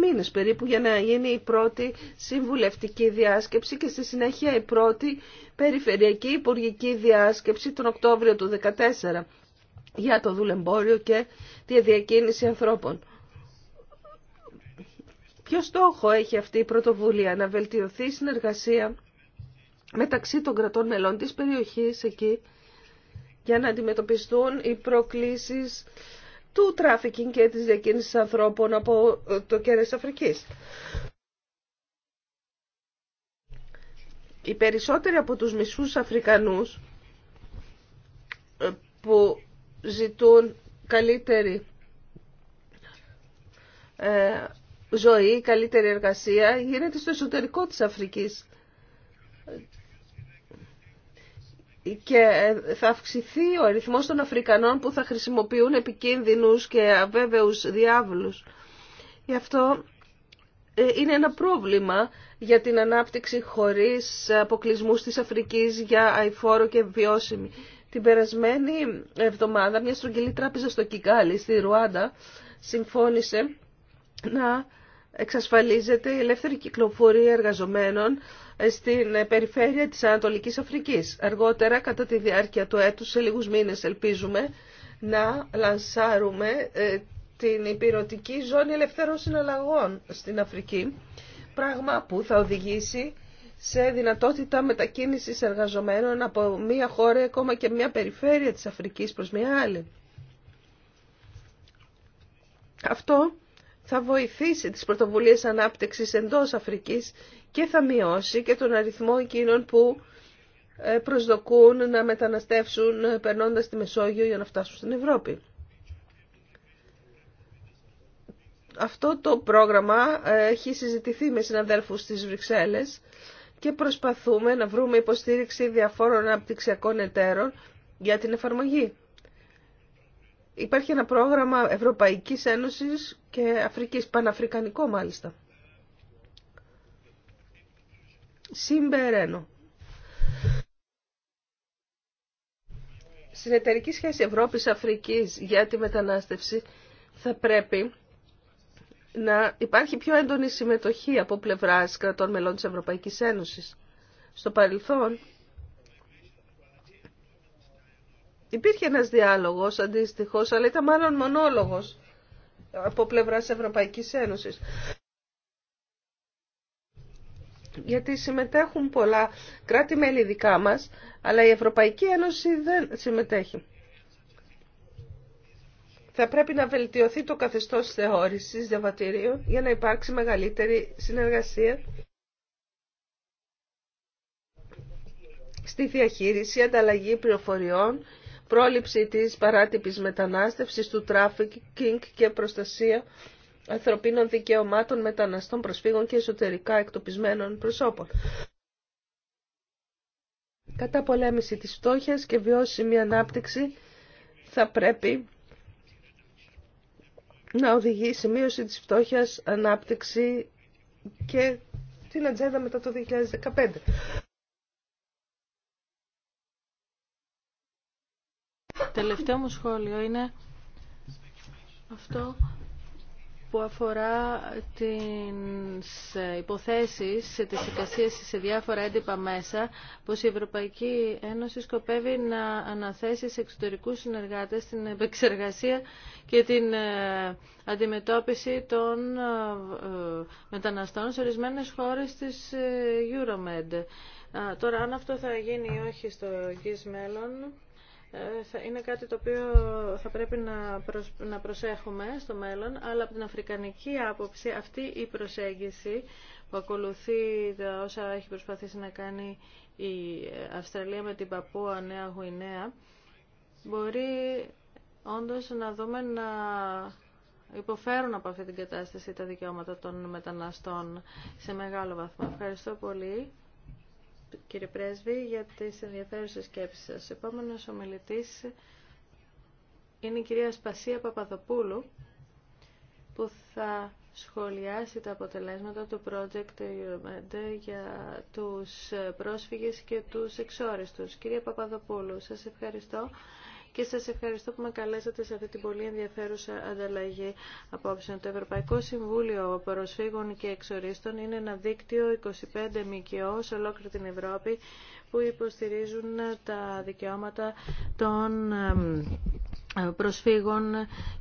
μήνες περίπου για να γίνει η πρώτη συμβουλευτική διάσκεψη και στη συνέχεια η πρώτη περιφερειακή υπουργική διάσκεψη τον Οκτώβριο του 2014 για το δουλεμπόριο και τη διακίνηση ανθρώπων. Ποιο στόχο έχει αυτή η πρωτοβουλία να βελτιωθεί η συνεργασία μεταξύ των κρατών μελών της περιοχής εκεί για να αντιμετωπιστούν οι προκλήσεις του τράφικινγκ και της διακίνησης ανθρώπων από ε, το της Αφρικής. Οι περισσότεροι από τους μισούς Αφρικανούς ε, που ζητούν καλύτερη ε, ζωή, καλύτερη εργασία γίνεται στο εσωτερικό της Αφρικής. Και ε, θα αυξηθεί ο αριθμός των Αφρικανών που θα χρησιμοποιούν επικίνδυνους και αβέβαιους διάβλους. Γι' αυτό ε, είναι ένα πρόβλημα για την ανάπτυξη χωρίς αποκλεισμούς της Αφρικής για αηφόρο και βιώσιμη την περασμένη εβδομάδα μια στρογγυλή τράπεζα στο Κικάλι, στη Ρουάντα, συμφώνησε να εξασφαλίζεται η ελεύθερη κυκλοφορία εργαζομένων ε, στην περιφέρεια της Ανατολικής Αφρικής. Αργότερα, κατά τη διάρκεια του έτους, σε λίγους μήνες ελπίζουμε, να λανσάρουμε ε, την υπηρετική ζώνη ελευθερών συναλλαγών στην Αφρική, πράγμα που θα οδηγήσει σε δυνατότητα μετακίνησης εργαζομένων από μία χώρα, ακόμα και μία περιφέρεια της Αφρικής προς μία άλλη. Αυτό θα βοηθήσει τις πρωτοβουλίες ανάπτυξης εντός Αφρικής και θα μειώσει και τον αριθμό εκείνων που ε, προσδοκούν να μεταναστεύσουν ε, περνώντας τη Μεσόγειο για να φτάσουν στην Ευρώπη. Αυτό το πρόγραμμα ε, έχει συζητηθεί με συναδέλφους στις Βρυξέλλες και προσπαθούμε να βρούμε υποστήριξη διαφόρων αναπτυξιακών εταίρων για την εφαρμογή. Υπάρχει ένα πρόγραμμα Ευρωπαϊκής Ένωσης και Αφρικής, Παναφρικανικό μάλιστα. Συμπεραίνω. Στην εταιρική σχέση Ευρώπης-Αφρικής για τη μετανάστευση θα πρέπει να υπάρχει πιο έντονη συμμετοχή από πλευράς κρατών μελών της Ευρωπαϊκής Ένωσης. Στο παρελθόν υπήρχε ένας διάλογος αντίστοιχος, αλλά ήταν μάλλον μονόλογος από πλευράς Ευρωπαϊκής Ένωσης. Γιατί συμμετέχουν πολλά κράτη-μέλη δικά μας, αλλά η Ευρωπαϊκή Ένωση δεν συμμετέχει θα πρέπει να βελτιωθεί το καθεστώς θεώρησης διαβατηρίων για να υπάρξει μεγαλύτερη συνεργασία στη διαχείριση, ανταλλαγή πληροφοριών, πρόληψη της παράτυπης μετανάστευσης, του τράφικινγκ και προστασία ανθρωπίνων δικαιωμάτων μεταναστών προσφύγων και εσωτερικά εκτοπισμένων προσώπων. Κατά πολέμηση της φτώχειας και βιώσιμη ανάπτυξη θα πρέπει να οδηγεί σε μείωση της φτώχειας, ανάπτυξη και την ατζέντα μετά το 2015. Τελευταίο μου σχόλιο είναι αυτό που αφορά τις υποθέσεις τις εικασίας σε διάφορα έντυπα μέσα, πως η Ευρωπαϊκή Ένωση σκοπεύει να αναθέσει σε εξωτερικούς συνεργάτες την επεξεργασία και την ε, αντιμετώπιση των ε, ε, μεταναστών σε ορισμένες χώρες της Euromed. Τώρα, αν αυτό θα γίνει ή όχι στο εγγύς μέλλον, ε, είναι κάτι το οποίο θα πρέπει να, προσέχουμε στο μέλλον, αλλά από την αφρικανική άποψη αυτή η προσέγγιση που ακολουθεί όσα έχει προσπαθήσει να κάνει η Αυστραλία με την Παππούα Νέα Γουινέα, μπορεί όντως να δούμε να υποφέρουν από αυτή την κατάσταση τα δικαιώματα των μεταναστών σε μεγάλο βαθμό. Ευχαριστώ πολύ κύριε Πρέσβη, για τις ενδιαφέρουσες σκέψεις σας. Επόμενος ομιλητής είναι η κυρία Σπασία Παπαδοπούλου, που θα σχολιάσει τα αποτελέσματα του project για τους πρόσφυγες και τους εξόριστους. Κυρία Παπαδοπούλου, σας ευχαριστώ και σας ευχαριστώ που με καλέσατε σε αυτή την πολύ ενδιαφέρουσα ανταλλαγή απόψε. Το Ευρωπαϊκό Συμβούλιο Προσφύγων και Εξορίστων είναι ένα δίκτυο 25 ΜΚΟ σε ολόκληρη την Ευρώπη που υποστηρίζουν τα δικαιώματα των προσφύγων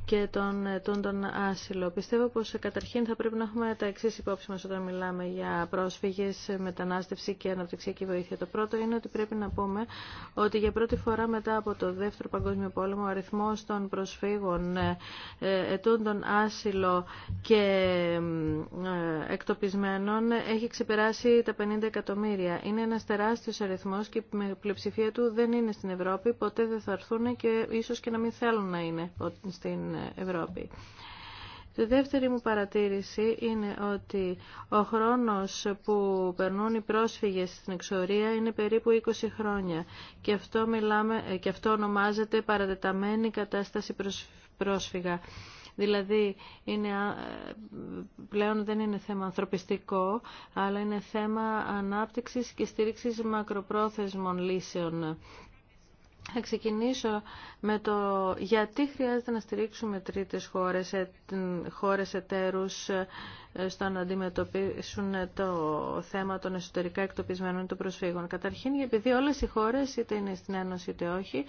και των ετών των άσυλο. Πιστεύω πως ε, καταρχήν θα πρέπει να έχουμε τα εξής υπόψη μας όταν μιλάμε για πρόσφυγες, μετανάστευση και αναπτυξιακή βοήθεια. Το πρώτο είναι ότι πρέπει να πούμε ότι για πρώτη φορά μετά από το Δεύτερο Παγκόσμιο Πόλεμο ο αριθμός των προσφύγων, ε, ε, ετών των άσυλο και εκτοπισμένων έχει ξεπεράσει τα 50 εκατομμύρια. Είναι ένας τεράστιος αριθμός και η πλειοψηφία του δεν είναι στην Ευρώπη, ποτέ δεν θα έρθουν και ίσως και να μην θέλουν να είναι στην Ευρώπη. Η δεύτερη μου παρατήρηση είναι ότι ο χρόνος που περνούν οι πρόσφυγες στην εξορία είναι περίπου 20 χρόνια και αυτό, μιλάμε, ε, και αυτό ονομάζεται παρατεταμένη κατάσταση πρόσφυγα. Δηλαδή είναι, πλέον δεν είναι θέμα ανθρωπιστικό, αλλά είναι θέμα ανάπτυξης και στήριξης μακροπρόθεσμων λύσεων. Θα ξεκινήσω με το γιατί χρειάζεται να στηρίξουμε τρίτες χώρες, ε, χώρες εταίρους ε, στο να αντιμετωπίσουν το θέμα των εσωτερικά εκτοπισμένων των προσφύγων. Καταρχήν, επειδή όλες οι χώρες, είτε είναι στην Ένωση είτε όχι,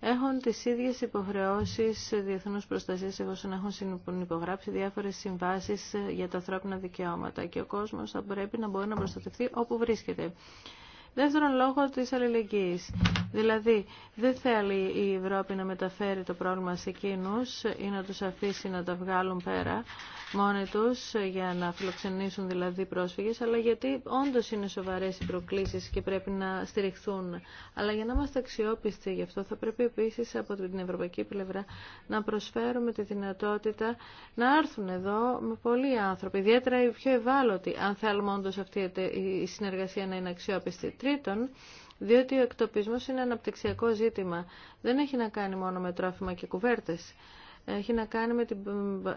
έχουν τις ίδιες υποχρεώσεις διεθνούς προστασία εφόσον έχουν υπογράψει διάφορες συμβάσεις ε, για τα ανθρώπινα δικαιώματα και ο κόσμος θα πρέπει να μπορεί να προστατευτεί όπου βρίσκεται. Δεύτερον λόγο της αλληλεγγύης. Δηλαδή, δεν θέλει η Ευρώπη να μεταφέρει το πρόβλημα σε εκείνους ή να τους αφήσει να τα βγάλουν πέρα μόνοι τους για να φιλοξενήσουν δηλαδή πρόσφυγες, αλλά γιατί όντως είναι σοβαρές οι προκλήσεις και πρέπει να στηριχθούν. Αλλά για να είμαστε αξιόπιστοι γι' αυτό θα πρέπει επίσης από την ευρωπαϊκή πλευρά να προσφέρουμε τη δυνατότητα να έρθουν εδώ με πολλοί άνθρωποι, ιδιαίτερα οι πιο ευάλωτοι, αν θέλουμε όντως αυτή η συνεργασία να είναι αξιόπιστη τρίτον, διότι ο εκτοπισμός είναι αναπτυξιακό ζήτημα. Δεν έχει να κάνει μόνο με τρόφιμα και κουβέρτες. Έχει να κάνει με την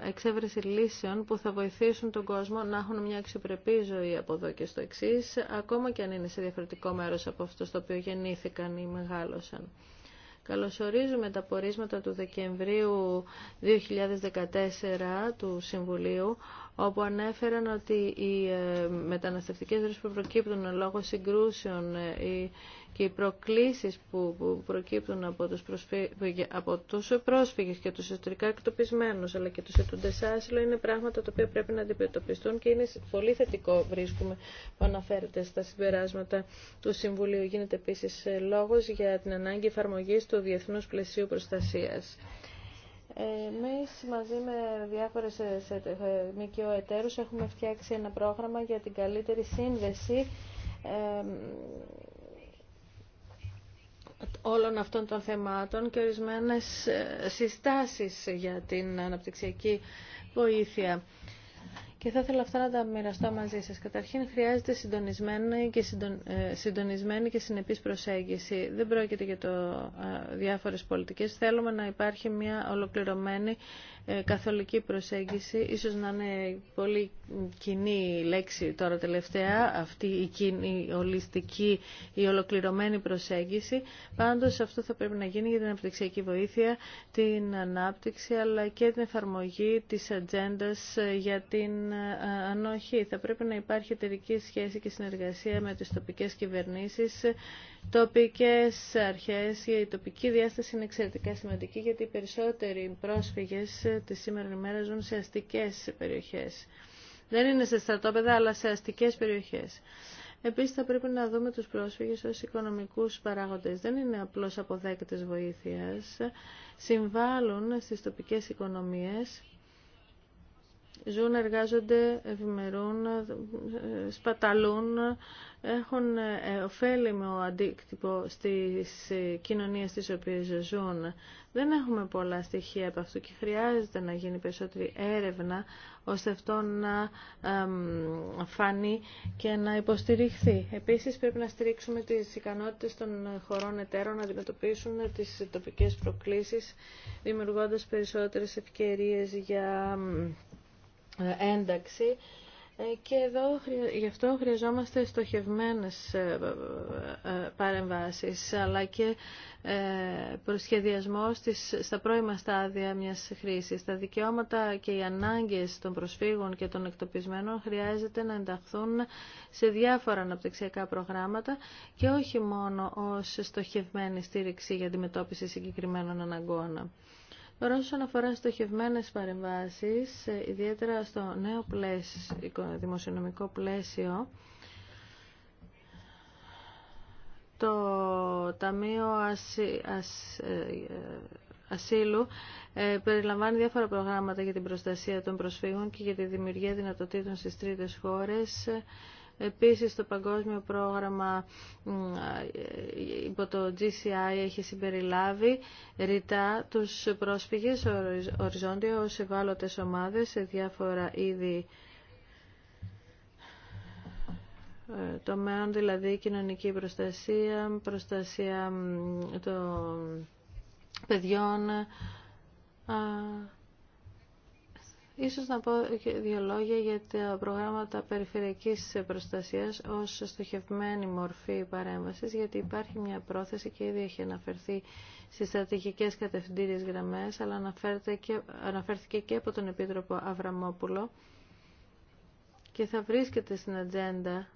εξέβρεση λύσεων που θα βοηθήσουν τον κόσμο να έχουν μια αξιοπρεπή ζωή από εδώ και στο εξή, ακόμα και αν είναι σε διαφορετικό μέρος από αυτό στο οποίο γεννήθηκαν ή μεγάλωσαν. Καλωσορίζουμε τα πορίσματα του Δεκεμβρίου 2014 του Συμβουλίου, όπου ανέφεραν ότι οι ε, μεταναστευτικές ροές που προκύπτουν λόγω συγκρούσεων ε, και οι προκλήσεις που προκύπτουν από τους, πρόσφυγες, από τους πρόσφυγες και τους ιστορικά εκτοπισμένους αλλά και τους ετούντες άσυλο είναι πράγματα τα οποία πρέπει να αντιμετωπιστούν και είναι πολύ θετικό βρίσκουμε που αναφέρεται στα συμπεράσματα του Συμβουλίου. Γίνεται επίσης λόγος για την ανάγκη εφαρμογής του Διεθνούς Πλαισίου Προστασίας. Εμεί μαζί με διάφορε ε, ε, ε, ΜΚΟ εταίρου έχουμε φτιάξει ένα πρόγραμμα για την καλύτερη σύνδεση όλων αυτών των θεμάτων και ορισμένες συστάσεις για την αναπτυξιακή βοήθεια και θα ήθελα αυτά να τα μοιραστώ μαζί σας. Καταρχήν χρειάζεται συντονισμένη και, συντον, ε, συντονισμένη και συνεπής προσέγγιση. Δεν πρόκειται για το ε, διάφορες πολιτικές. Θέλουμε να υπάρχει μια ολοκληρωμένη ε, καθολική προσέγγιση, ίσως να είναι πολύ κοινή λέξη τώρα τελευταία, αυτή η, κοινή, ολιστική, η ολοκληρωμένη προσέγγιση. Πάντως αυτό θα πρέπει να γίνει για την αναπτυξιακή βοήθεια, την ανάπτυξη, αλλά και την εφαρμογή της ατζέντα ε, για την ε, ανοχή. Θα πρέπει να υπάρχει εταιρική σχέση και συνεργασία με τις τοπικές κυβερνήσεις, τοπικές αρχές. Η τοπική διάσταση είναι εξαιρετικά σημαντική γιατί οι περισσότεροι πρόσφυγες ότι σήμερα ημέρα ζουν σε αστικές περιοχές. Δεν είναι σε στρατόπεδα, αλλά σε αστικές περιοχές. Επίσης θα πρέπει να δούμε τους πρόσφυγες ως οικονομικούς παράγοντες. Δεν είναι απλώς αποδέκτες βοήθειας. Συμβάλλουν στις τοπικές οικονομίες Ζουν, εργάζονται, ευημερούν, σπαταλούν, έχουν ε, ωφέλιμο αντίκτυπο στις ε, κοινωνίες στις οποίες ζουν. Δεν έχουμε πολλά στοιχεία από αυτού και χρειάζεται να γίνει περισσότερη έρευνα ώστε αυτό να φανεί και να υποστηριχθεί. Επίσης πρέπει να στηρίξουμε τις ικανότητες των χωρών εταίρων να αντιμετωπίσουν τις τοπικές προκλήσεις δημιουργώντας περισσότερες ευκαιρίες για ε, ένταξη ε, και εδώ γι' αυτό χρειαζόμαστε στοχευμένες ε, παρεμβάσεις αλλά και προσχεδιασμό στις, στα πρώιμα στάδια μιας χρήσης. Τα δικαιώματα και οι ανάγκες των προσφύγων και των εκτοπισμένων χρειάζεται να ενταχθούν σε διάφορα αναπτυξιακά προγράμματα και όχι μόνο ως στοχευμένη στήριξη για αντιμετώπιση συγκεκριμένων αναγκών. Τώρα όσον αφορά στοχευμένε παρεμβάσεις, ιδιαίτερα στο νέο πλαίσιο, δημοσιονομικό πλαίσιο, το Ταμείο ε, Ασύλου ε, περιλαμβάνει διάφορα προγράμματα για την προστασία των προσφύγων και για τη δημιουργία δυνατοτήτων στις τρίτες χώρες Επίσης το παγκόσμιο πρόγραμμα υπό το GCI έχει συμπεριλάβει ρητά τους πρόσφυγες οριζόντια ως ευάλωτες ομάδες σε διάφορα είδη ε, τομέων, δηλαδή κοινωνική προστασία, προστασία των παιδιών, Ίσως να πω δύο λόγια για τα προγράμματα περιφερειακής προστασίας ως στοχευμένη μορφή παρέμβασης, γιατί υπάρχει μια πρόθεση και ήδη έχει αναφερθεί στις στρατηγικές κατευθυντήριες γραμμές, αλλά αναφέρθηκε και από τον Επίτροπο Αβραμόπουλο και θα βρίσκεται στην ατζέντα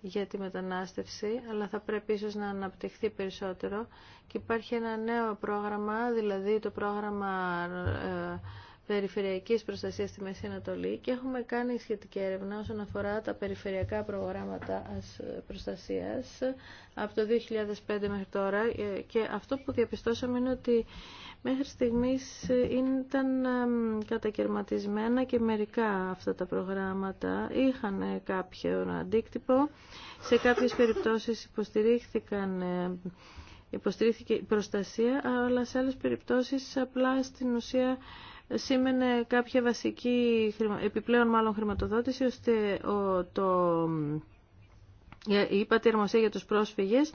για τη μετανάστευση, αλλά θα πρέπει ίσως να αναπτυχθεί περισσότερο. Και υπάρχει ένα νέο πρόγραμμα, δηλαδή το πρόγραμμα ε, περιφερειακής προστασίας στη Μέση Ανατολή και έχουμε κάνει σχετική έρευνα όσον αφορά τα περιφερειακά προγράμματα προστασίας από το 2005 μέχρι τώρα ε, και αυτό που διαπιστώσαμε είναι ότι μέχρι στιγμής ε, ήταν κατακαιρματισμένα και μερικά αυτά τα προγράμματα είχαν κάποιο αντίκτυπο σε κάποιες περιπτώσεις υποστηρίχθηκαν ε, υποστηρίχθηκε η προστασία, αλλά σε άλλες περιπτώσεις απλά στην ουσία σήμαινε κάποια βασική επιπλέον μάλλον χρηματοδότηση ώστε το, η υπατερμοσία για τους πρόσφυγες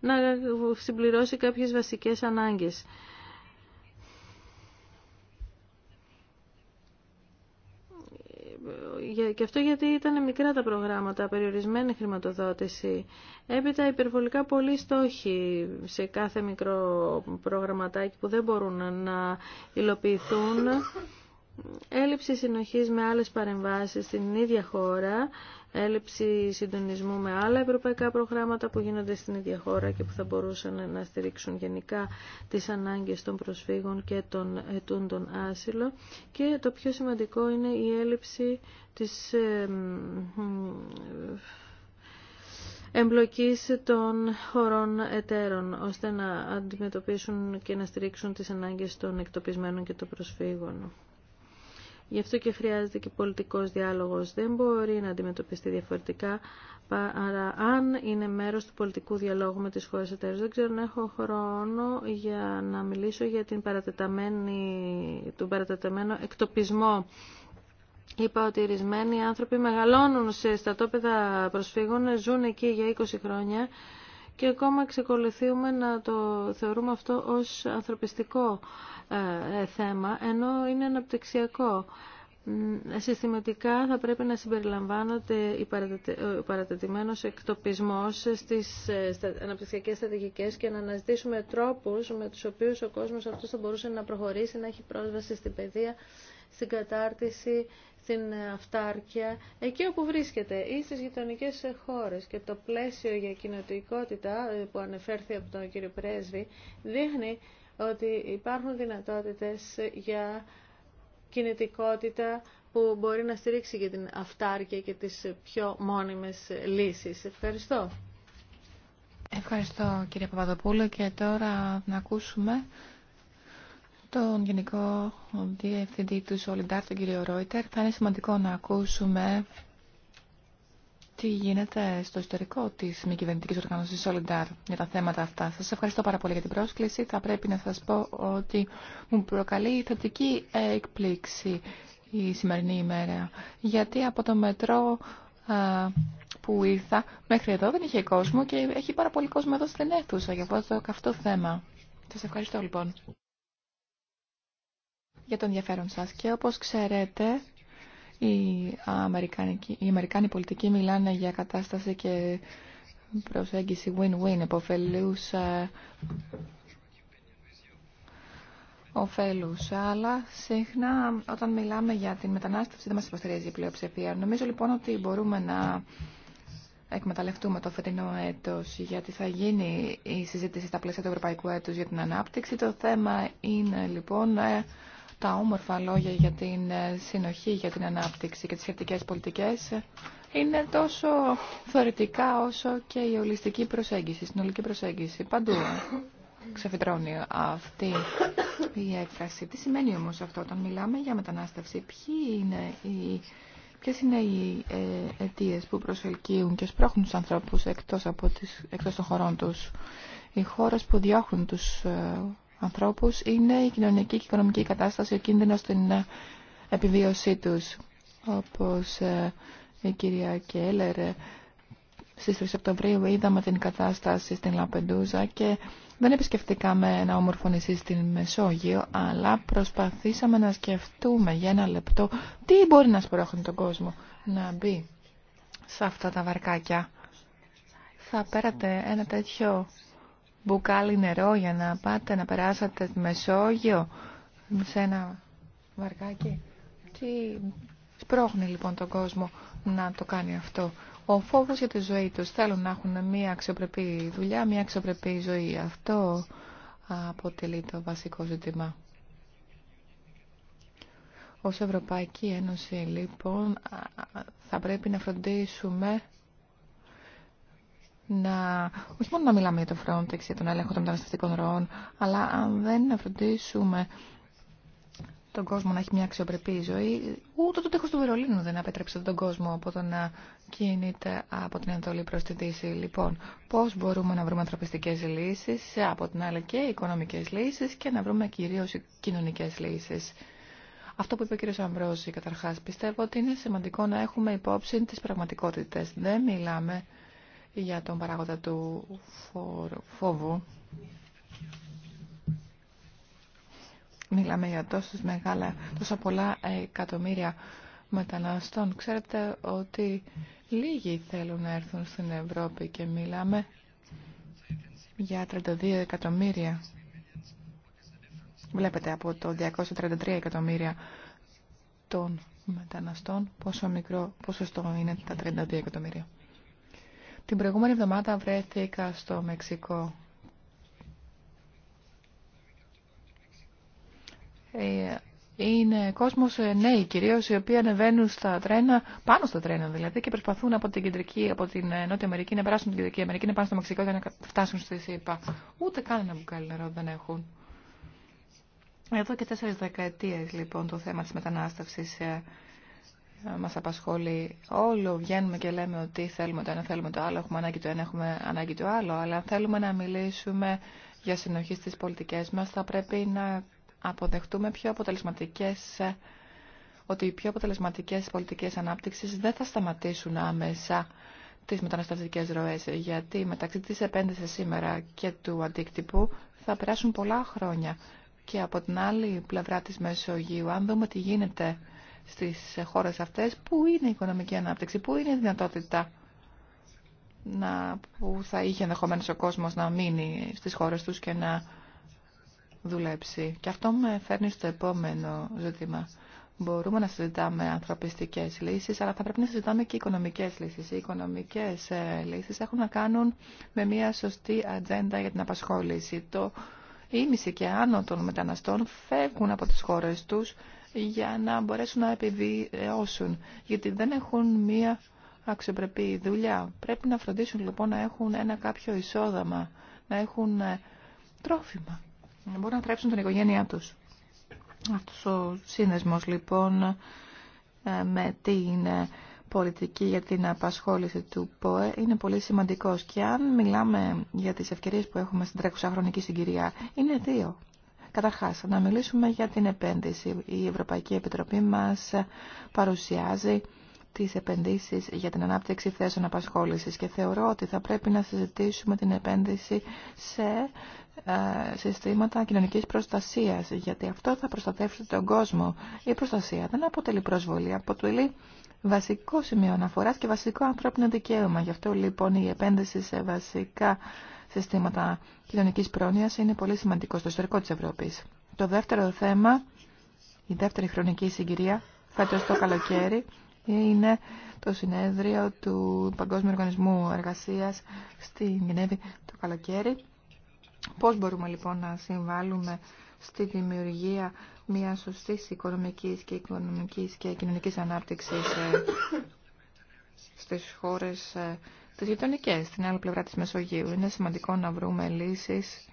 να συμπληρώσει κάποιες βασικές ανάγκες. και αυτό γιατί ήταν μικρά τα προγράμματα, περιορισμένη χρηματοδότηση. Έπειτα υπερβολικά πολλοί στόχοι σε κάθε μικρό προγραμματάκι που δεν μπορούν να υλοποιηθούν έλλειψη συνοχής με άλλες παρεμβάσεις στην ίδια χώρα, έλλειψη συντονισμού με άλλα ευρωπαϊκά προγράμματα που γίνονται στην ίδια χώρα και που θα μπορούσαν να στηρίξουν γενικά τις ανάγκες των προσφύγων και των ετούντων άσυλο και το πιο σημαντικό είναι η έλλειψη της εμπλοκής των χωρών εταίρων ώστε να αντιμετωπίσουν και να στηρίξουν τις ανάγκες των εκτοπισμένων και των προσφύγων. Γι' αυτό και χρειάζεται και πολιτικός διάλογος. Δεν μπορεί να αντιμετωπιστεί διαφορετικά, άρα αν είναι μέρος του πολιτικού διαλόγου με τις χώρες εταίρες. Δεν ξέρω αν έχω χρόνο για να μιλήσω για την τον παρατεταμένο εκτοπισμό. Είπα ότι ορισμένοι άνθρωποι μεγαλώνουν σε στατόπεδα προσφύγων, ζουν εκεί για 20 χρόνια και ακόμα εξεκολουθούμε να το θεωρούμε αυτό ως ανθρωπιστικό ε, ε, θέμα, ενώ είναι αναπτυξιακό. Συστηματικά θα πρέπει να συμπεριλαμβάνονται ο παρατετημένος εκτοπισμός στις ε, αναπτυξιακές στρατηγικές και να αναζητήσουμε τρόπους με τους οποίους ο κόσμος αυτός θα μπορούσε να προχωρήσει, να έχει πρόσβαση στην παιδεία, στην κατάρτιση, στην αυτάρκεια εκεί όπου βρίσκεται ή στις γειτονικές χώρες και το πλαίσιο για κοινοτικότητα ε, που ανεφέρθη από τον κύριο Πρέσβη δείχνει ότι υπάρχουν δυνατότητες για κινητικότητα που μπορεί να στηρίξει και την αυτάρκεια και τις πιο μόνιμες λύσεις. Ευχαριστώ. Ευχαριστώ κύριε Παπαδοπούλου και τώρα να ακούσουμε τον Γενικό Διευθυντή του Solidar, τον κύριο Ρόιτερ. Θα είναι σημαντικό να ακούσουμε τι γίνεται στο ιστορικό της μη κυβερνητικής οργάνωσης Solidar για τα θέματα αυτά. Σας ευχαριστώ πάρα πολύ για την πρόσκληση. Θα πρέπει να σας πω ότι μου προκαλεί θετική εκπλήξη η σημερινή ημέρα. Γιατί από το μετρό που ήρθα μέχρι εδώ δεν είχε κόσμο και έχει πάρα πολύ κόσμο εδώ στην αίθουσα για αυτό το θέμα. Σας ευχαριστώ λοιπόν για τον ενδιαφέρον σας. Και όπως ξέρετε, οι, οι Αμερικάνοι πολιτικοί μιλάνε για κατάσταση και προσέγγιση win-win, εποφελούσα ε, ωφέλους. Αλλά συχνά όταν μιλάμε για την μετανάστευση δεν μας υποστηρίζει η πλειοψηφία. Νομίζω λοιπόν ότι μπορούμε να εκμεταλλευτούμε το φετινό έτος γιατί θα γίνει η συζήτηση στα πλαίσια του Ευρωπαϊκού έτους για την ανάπτυξη. Το θέμα είναι λοιπόν ε, τα όμορφα λόγια για την ε, συνοχή, για την ανάπτυξη και τις σχετικές πολιτικές ε, είναι τόσο θεωρητικά όσο και η ολιστική προσέγγιση, η συνολική προσέγγιση. Παντού ε, ξεφυτρώνει αυτή η έκφραση. Τι σημαίνει όμως αυτό όταν μιλάμε για μετανάστευση, ποιοι είναι οι... Ποιες είναι οι αιτίε που προσελκύουν και σπρώχνουν τους ανθρώπους εκτός, από τις, εκτός των χωρών τους. Οι χώρες που διώχνουν τους ανθρώπους είναι η κοινωνική και οικονομική κατάσταση, ο κίνδυνος στην ε, επιβίωσή τους. Όπως ε, η κυρία Κέλλερ ε, στις 3 Οκτωβρίου είδαμε την κατάσταση στην Λαπεντούζα και δεν επισκεφτήκαμε ένα όμορφο νησί στην Μεσόγειο, αλλά προσπαθήσαμε να σκεφτούμε για ένα λεπτό τι μπορεί να σπρώχνει τον κόσμο να μπει σε αυτά τα βαρκάκια. Θα πέρατε ένα τέτοιο μπουκάλι νερό για να πάτε να περάσετε στη Μεσόγειο σε ένα βαρκάκι. Τι σπρώχνει λοιπόν τον κόσμο να το κάνει αυτό. Ο φόβος για τη ζωή τους θέλουν να έχουν μια αξιοπρεπή δουλειά, μια αξιοπρεπή ζωή. Αυτό αποτελεί το βασικό ζήτημα. Ως Ευρωπαϊκή Ένωση λοιπόν θα πρέπει να φροντίσουμε να, όχι μόνο να μιλάμε για το Frontex, για τον έλεγχο των μεταναστευτικών ροών, αλλά αν δεν φροντίσουμε τον κόσμο να έχει μια αξιοπρεπή ζωή, ούτε το τείχος του Βερολίνου δεν απέτρεψε τον κόσμο από το να κινείται από την Ανατολή προς τη Δύση. Λοιπόν, πώς μπορούμε να βρούμε ανθρωπιστικές λύσεις, από την άλλη και οικονομικές λύσεις και να βρούμε κυρίως κοινωνικές λύσεις. Αυτό που είπε ο κύριος Αμβρόζη, καταρχάς, πιστεύω ότι είναι σημαντικό να έχουμε υπόψη τις πραγματικότητες. Δεν μιλάμε για τον παράγοντα του φόβου. Μιλάμε για τόσο μεγάλα, τόσα πολλά εκατομμύρια μεταναστών. Ξέρετε ότι λίγοι θέλουν να έρθουν στην Ευρώπη και μιλάμε για 32 εκατομμύρια. Βλέπετε από το 233 εκατομμύρια των μεταναστών πόσο μικρό ποσοστό είναι τα 32 εκατομμύρια. Την προηγούμενη εβδομάδα βρέθηκα στο Μεξικό. Ε, είναι κόσμος ε, νέοι κυρίως οι οποίοι ανεβαίνουν στα τρένα, πάνω στα τρένα δηλαδή και προσπαθούν από την, κεντρική, από την ε, Νότια Αμερική να περάσουν την Κεντρική Αμερική να πάνε στο Μεξικό για να φτάσουν στη ΣΥΠΑ. Ούτε καν ένα μπουκάλι νερό δεν έχουν. Εδώ και τέσσερις δεκαετίες λοιπόν το θέμα της μετανάστευσης μας απασχολεί όλο. Βγαίνουμε και λέμε ότι θέλουμε το ένα, θέλουμε το άλλο, έχουμε ανάγκη το ένα, έχουμε ανάγκη το άλλο. Αλλά αν θέλουμε να μιλήσουμε για συνοχή στις πολιτικές μας, θα πρέπει να αποδεχτούμε πιο αποτελεσματικές ότι οι πιο αποτελεσματικές πολιτικές ανάπτυξης δεν θα σταματήσουν άμεσα τις μεταναστευτικές ροές, γιατί μεταξύ της επένδυσης σήμερα και του αντίκτυπου θα περάσουν πολλά χρόνια. Και από την άλλη πλευρά της Μεσογείου, αν δούμε τι γίνεται στις χώρες αυτές, πού είναι η οικονομική ανάπτυξη, πού είναι η δυνατότητα να, που θα είχε ενδεχομένω ο κόσμος να μείνει στις χώρες τους και να δουλέψει. Και αυτό με φέρνει στο επόμενο ζήτημα. Μπορούμε να συζητάμε ανθρωπιστικές λύσεις, αλλά θα πρέπει να συζητάμε και οικονομικές λύσεις. Οι οικονομικές ε, λύσεις έχουν να κάνουν με μια σωστή ατζέντα για την απασχόληση. Το ίμιση και άνω των μεταναστών φεύγουν από τις χώρες τους για να μπορέσουν να επιβιώσουν, γιατί δεν έχουν μία αξιοπρεπή δουλειά. Πρέπει να φροντίσουν λοιπόν να έχουν ένα κάποιο εισόδαμα, να έχουν ε, τρόφιμα, να μπορούν να τρέψουν την οικογένειά τους. Αυτός ο σύνδεσμος λοιπόν ε, με την ε, πολιτική για την απασχόληση του ΠΟΕ είναι πολύ σημαντικός και αν μιλάμε για τις ευκαιρίες που έχουμε στην τρέχουσα χρονική συγκυρία είναι δύο. Καταρχάς, να μιλήσουμε για την επένδυση. Η Ευρωπαϊκή Επιτροπή μας παρουσιάζει τις επενδύσεις για την ανάπτυξη θέσεων απασχόλησης και θεωρώ ότι θα πρέπει να συζητήσουμε την επένδυση σε ε, συστήματα κοινωνικής προστασίας γιατί αυτό θα προστατεύσει τον κόσμο. Η προστασία δεν αποτελεί προσβολή, αποτελεί βασικό σημείο αναφοράς και βασικό ανθρώπινο δικαίωμα. Γι' αυτό λοιπόν η επένδυση σε βασικά συστήματα κοινωνικής πρόνοιας είναι πολύ σημαντικό στο ιστορικό της Ευρώπης. Το δεύτερο θέμα, η δεύτερη χρονική συγκυρία, φέτος το καλοκαίρι, είναι το συνέδριο του Παγκόσμιου Οργανισμού Εργασίας στη Γενέβη το καλοκαίρι. Πώς μπορούμε λοιπόν να συμβάλλουμε στη δημιουργία μια σωστή οικονομικής και οικονομικής και κοινωνικής ανάπτυξης ε, στις χώρες ε, τις γειτονικές, στην άλλη πλευρά της Μεσογείου. Είναι σημαντικό να βρούμε λύσεις,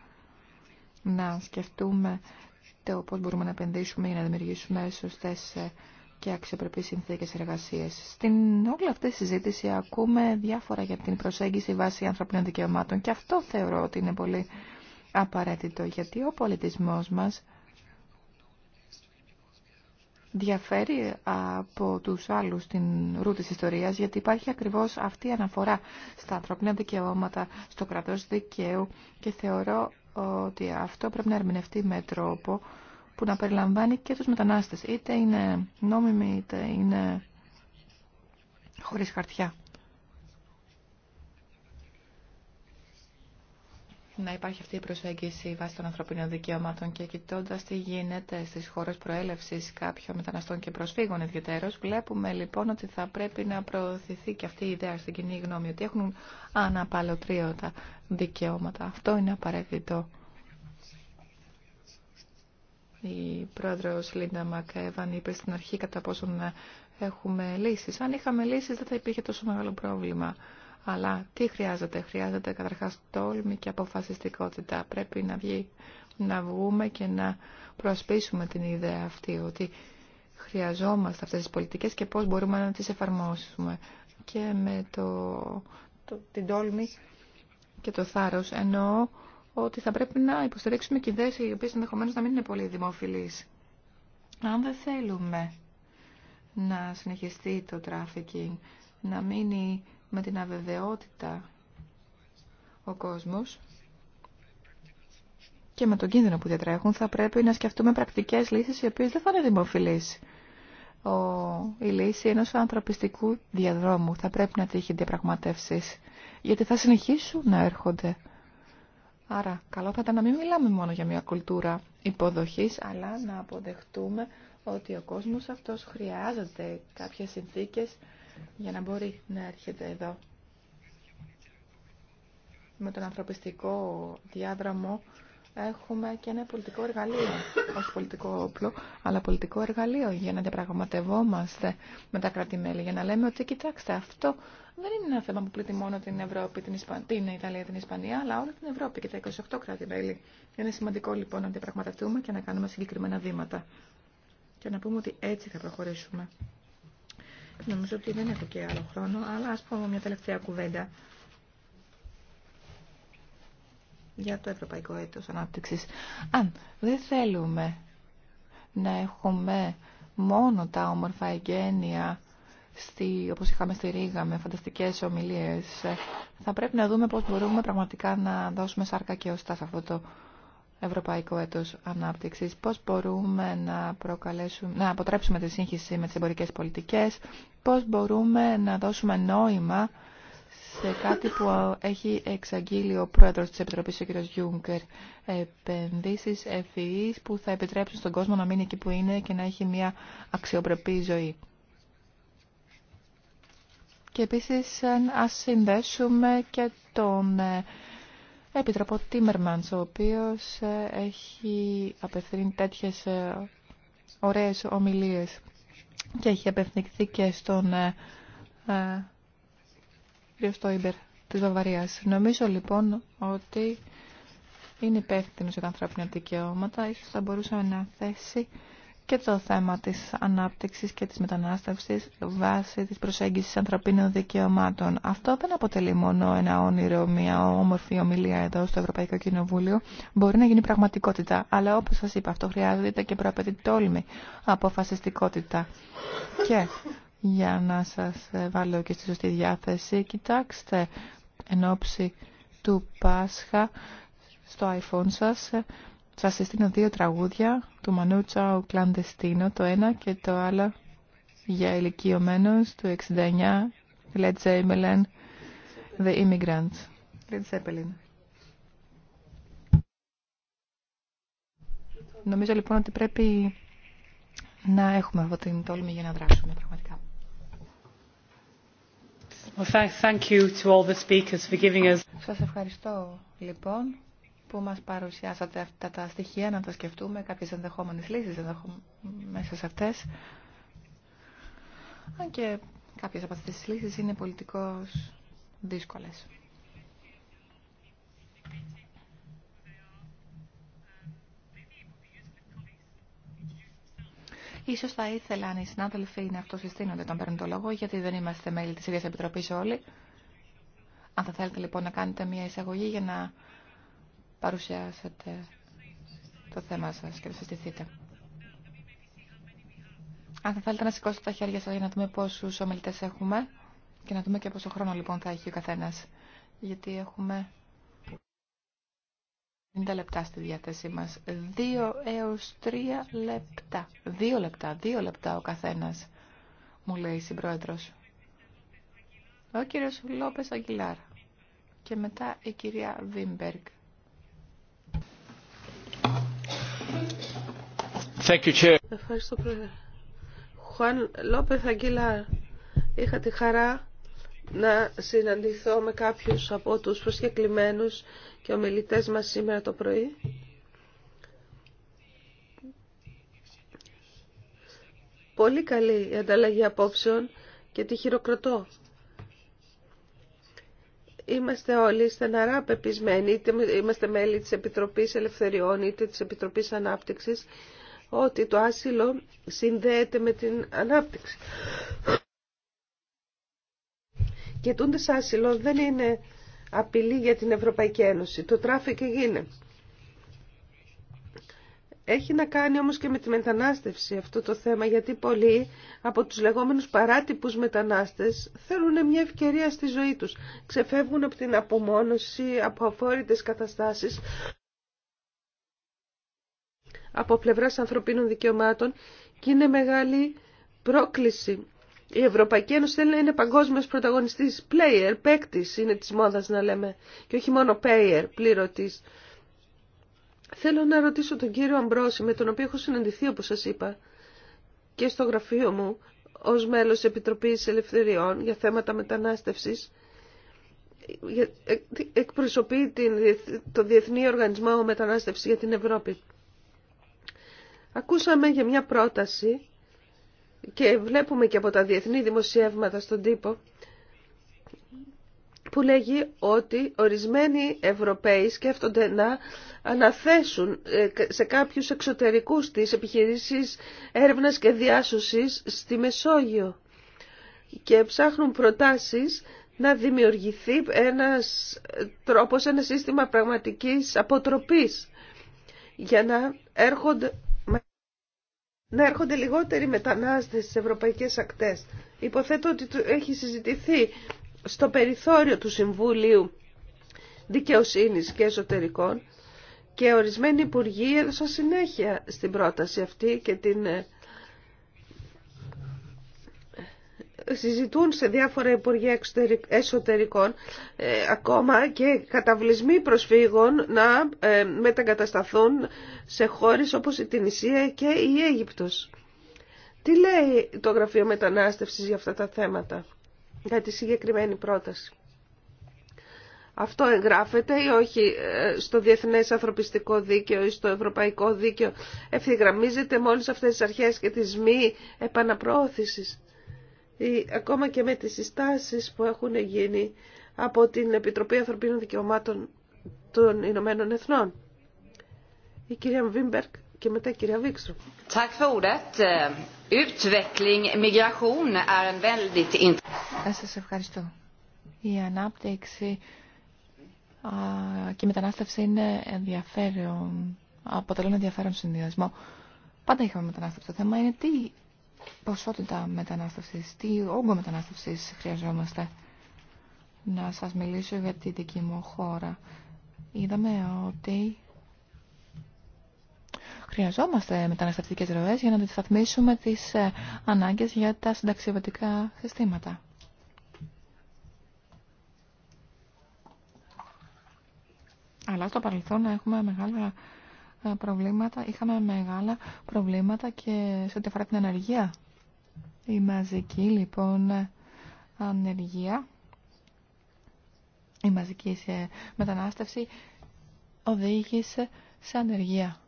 να σκεφτούμε το πώς μπορούμε να επενδύσουμε για να δημιουργήσουμε σωστές ε, και αξιοπρεπείς συνθήκες εργασίες. Στην όλη αυτή τη συζήτηση ακούμε διάφορα για την προσέγγιση βάση ανθρωπίνων δικαιωμάτων και αυτό θεωρώ ότι είναι πολύ απαραίτητο γιατί ο πολιτισμός μας διαφέρει από τους άλλους στην ρού της ιστορίας γιατί υπάρχει ακριβώς αυτή η αναφορά στα ανθρώπινα δικαιώματα, στο κρατός δικαίου και θεωρώ ότι αυτό πρέπει να ερμηνευτεί με τρόπο που να περιλαμβάνει και τους μετανάστες, είτε είναι νόμιμοι είτε είναι χωρίς χαρτιά. να υπάρχει αυτή η προσέγγιση βάσει των ανθρωπίνων δικαιωμάτων και κοιτώντα τι γίνεται στι χώρε προέλευση κάποιων μεταναστών και προσφύγων ιδιαίτερω, βλέπουμε λοιπόν ότι θα πρέπει να προωθηθεί και αυτή η ιδέα στην κοινή γνώμη ότι έχουν αναπαλωτρίωτα δικαιώματα. Αυτό είναι απαραίτητο. Η πρόεδρος Λίντα Μακέβαν είπε στην αρχή κατά πόσον έχουμε λύσεις. Αν είχαμε λύσεις δεν θα υπήρχε τόσο μεγάλο πρόβλημα. Αλλά τι χρειάζεται. Χρειάζεται καταρχάς τόλμη και αποφασιστικότητα. Πρέπει να, βγει, να βγούμε και να προασπίσουμε την ιδέα αυτή ότι χρειαζόμαστε αυτές τις πολιτικές και πώς μπορούμε να τις εφαρμόσουμε. Και με το, την τόλμη και το θάρρος εννοώ ότι θα πρέπει να υποστηρίξουμε και οι οποίες ενδεχομένως να μην είναι πολύ δημοφιλείς. Αν δεν θέλουμε να συνεχιστεί το τράφικινγκ, να μείνει με την αβεβαιότητα ο κόσμος και με τον κίνδυνο που διατρέχουν, θα πρέπει να σκεφτούμε πρακτικές λύσεις οι οποίες δεν θα είναι δημοφιλείς. Ο, η λύση ενός ανθρωπιστικού διαδρόμου θα πρέπει να τύχει διαπραγματεύσεις, γιατί θα συνεχίσουν να έρχονται Άρα, καλό θα ήταν να μην μιλάμε μόνο για μια κουλτούρα υποδοχής, αλλά να αποδεχτούμε ότι ο κόσμος αυτός χρειάζεται κάποιες συνθήκες για να μπορεί να έρχεται εδώ. Με τον ανθρωπιστικό διάδραμο έχουμε και ένα πολιτικό εργαλείο, όχι πολιτικό όπλο, αλλά πολιτικό εργαλείο για να διαπραγματευόμαστε με τα κράτη-μέλη, για να λέμε ότι κοιτάξτε αυτό δεν είναι ένα θέμα που πλήττει μόνο την Ευρώπη, την, Ισπα... την Ιταλία, την Ισπανία, αλλά όλη την Ευρώπη και τα 28 κράτη-μέλη. Είναι σημαντικό λοιπόν να διαπραγματευτούμε και να κάνουμε συγκεκριμένα βήματα και να πούμε ότι έτσι θα προχωρήσουμε. Νομίζω ότι δεν έχω και άλλο χρόνο, αλλά ας πούμε μια τελευταία κουβέντα για το Ευρωπαϊκό Έτος Ανάπτυξης. Αν δεν θέλουμε να έχουμε μόνο τα όμορφα εγγένεια στη, όπως είχαμε στη Ρήγα με φανταστικές ομιλίες θα πρέπει να δούμε πώς μπορούμε πραγματικά να δώσουμε σάρκα και οστά σε αυτό το Ευρωπαϊκό έτος ανάπτυξης, πώς μπορούμε να, προκαλέσουμε, να αποτρέψουμε τη σύγχυση με τις εμπορικές πολιτικές, πώς μπορούμε να δώσουμε νόημα σε κάτι που έχει εξαγγείλει ο πρόεδρος της Επιτροπής, ο κ. Γιούγκερ. Επενδύσεις ευφυείς που θα επιτρέψουν στον κόσμο να μείνει εκεί που είναι και να έχει μια αξιοπρεπή ζωή. Και επίσης ας συνδέσουμε και τον ε, Επιτροπό Τίμερμανς, ο οποίος ε, έχει απευθύνει τέτοιες ε, ωραίες ομιλίες και έχει απευθυνθεί και στον κύριο Στόιμπερ τη Βαβαρία. Νομίζω λοιπόν ότι είναι υπεύθυνο για τα ανθρώπινα δικαιώματα. Ίσως θα μπορούσε να θέσει και το θέμα τη ανάπτυξη και τη μετανάστευση βάσει τη προσέγγισης ανθρωπίνων δικαιωμάτων. Αυτό δεν αποτελεί μόνο ένα όνειρο, μια όμορφη ομιλία εδώ στο Ευρωπαϊκό Κοινοβούλιο. Μπορεί να γίνει πραγματικότητα, αλλά όπω σα είπα αυτό χρειάζεται και προαπαιτεί τόλμη αποφασιστικότητα. Και για να σας ε, βάλω και στη σωστή διάθεση. Κοιτάξτε εν ώψη του Πάσχα στο iPhone σας. Ε, σας συστήνω δύο τραγούδια, του Μανούτσα ο Κλαντεστίνο, το ένα και το άλλο για ηλικιωμένους του 69, Led Zeppelin, The Immigrants. Led Zeppelin. Νομίζω λοιπόν ότι πρέπει να έχουμε αυτή την τόλμη για να δράσουμε πραγματικά. Σας ευχαριστώ λοιπόν που μας παρουσιάσατε αυτά τα στοιχεία, να τα σκεφτούμε, κάποιες ενδεχόμενες λύσεις μέσα σε αυτές. Αν και κάποιες από αυτές τις λύσεις είναι πολιτικώς δύσκολες. Ίσως θα ήθελαν οι συνάδελφοι να αυτοσυστήνονται όταν παίρνουν το λόγο, γιατί δεν είμαστε μέλη της ίδιας επιτροπής όλοι. Αν θα θέλετε λοιπόν να κάνετε μια εισαγωγή για να παρουσιάσετε το θέμα σας και να συστηθείτε. Αν θα θέλετε να σηκώσετε τα χέρια σας για να δούμε πόσους ομιλητές έχουμε και να δούμε και πόσο χρόνο λοιπόν θα έχει ο καθένας. Γιατί έχουμε 50 λεπτά στη διάθεσή μας. 2 έως 3 λεπτά. 2 λεπτά, 2 λεπτά ο καθένας, μου λέει η συμπρόεδρος. Ο κύριος Λόπες Αγγιλάρ και μετά η κυρία Βίμπεργκ. Thank you, Chair. Ευχαριστώ, Πρόεδρε. Χουάν Λόπεθ Αγγιλάρ, είχα τη χαρά να συναντηθώ με κάποιους από τους προσκεκλημένους και ομιλητές μας σήμερα το πρωί. Πολύ καλή η ανταλλαγή απόψεων και τη χειροκροτώ. Είμαστε όλοι στεναρά πεπισμένοι, είτε είμαστε μέλη της Επιτροπής Ελευθεριών, είτε της Επιτροπής Ανάπτυξης, ότι το άσυλο συνδέεται με την ανάπτυξη και τούντες άσυλο δεν είναι απειλή για την Ευρωπαϊκή Ένωση. Το τράφικε γίνεται. Έχει να κάνει όμως και με τη μετανάστευση αυτό το θέμα, γιατί πολλοί από τους λεγόμενους παράτυπους μετανάστες θέλουν μια ευκαιρία στη ζωή τους. Ξεφεύγουν από την απομόνωση, από αφόρητες καταστάσεις, από πλευράς ανθρωπίνων δικαιωμάτων και είναι μεγάλη πρόκληση η Ευρωπαϊκή Ένωση θέλει να είναι παγκόσμιο πρωταγωνιστής, player, παίκτη είναι της μόδας να λέμε, και όχι μόνο payer, πλήρωτης. Θέλω να ρωτήσω τον κύριο Αμπρόση, με τον οποίο έχω συναντηθεί όπως σας είπα και στο γραφείο μου ως μέλος επιτροπή Επιτροπής Ελευθεριών για θέματα μετανάστευσης. Ε, εκπροσωπεί το Διεθνή Οργανισμό Μετανάστευση για την Ευρώπη. Ακούσαμε για μια πρόταση και βλέπουμε και από τα διεθνή δημοσιεύματα στον τύπο που λέγει ότι ορισμένοι Ευρωπαίοι σκέφτονται να αναθέσουν ε, σε κάποιους εξωτερικούς της επιχειρήσεις έρευνας και διάσωσης στη Μεσόγειο και ψάχνουν προτάσεις να δημιουργηθεί ένας τρόπος, ένα σύστημα πραγματικής αποτροπής για να έρχονται να έρχονται λιγότεροι μετανάστες στις ευρωπαϊκές ακτές. Υποθέτω ότι έχει συζητηθεί στο περιθώριο του Συμβουλίου Δικαιοσύνης και Εσωτερικών και ορισμένοι υπουργοί έδωσαν συνέχεια στην πρόταση αυτή και την ε, συζητούν σε διάφορα Υπουργεία Εσωτερικών ε, ακόμα και καταβλισμοί προσφύγων να ε, μετακατασταθούν σε χώρες όπως η Τινησία και η Αίγυπτος. Τι λέει το Γραφείο Μετανάστευσης για αυτά τα θέματα, για τη συγκεκριμένη πρόταση. Αυτό εγγράφεται ή όχι ε, στο Διεθνές Ανθρωπιστικό Δίκαιο ή στο Ευρωπαϊκό Δίκαιο. Ευθυγραμμίζεται με όλες αυτές τις αρχές και τις μη επαναπροώθησης. Ε, ακόμα και με τις συστάσεις που έχουν γίνει από την Επιτροπή Ανθρωπίνων Δικαιωμάτων των Ηνωμένων Εθνών. Η κυρία Βίμπερκ και μετά η κυρία Βίξου. Ε, ε, σας ευχαριστώ. Η ανάπτυξη και η μετανάστευση είναι ενδιαφέρον, αποτελούν ενδιαφέρον συνδυασμό. Πάντα είχαμε μετανάστευση. Το θέμα είναι τι ποσότητα μετανάστευσης, τι όγκο μετανάστευσης χρειαζόμαστε. Να σας μιλήσω για τη δική μου χώρα. Είδαμε ότι χρειαζόμαστε μεταναστευτικές ροές για να αντισταθμίσουμε τις ε, ανάγκες για τα συνταξιωτικά συστήματα. Αλλά στο παρελθόν έχουμε μεγάλα ε, προβλήματα, είχαμε μεγάλα προβλήματα και σε ό,τι αφορά την ανεργία. Η μαζική λοιπόν ανεργία, η μαζική σε μετανάστευση οδήγησε σε ανεργία.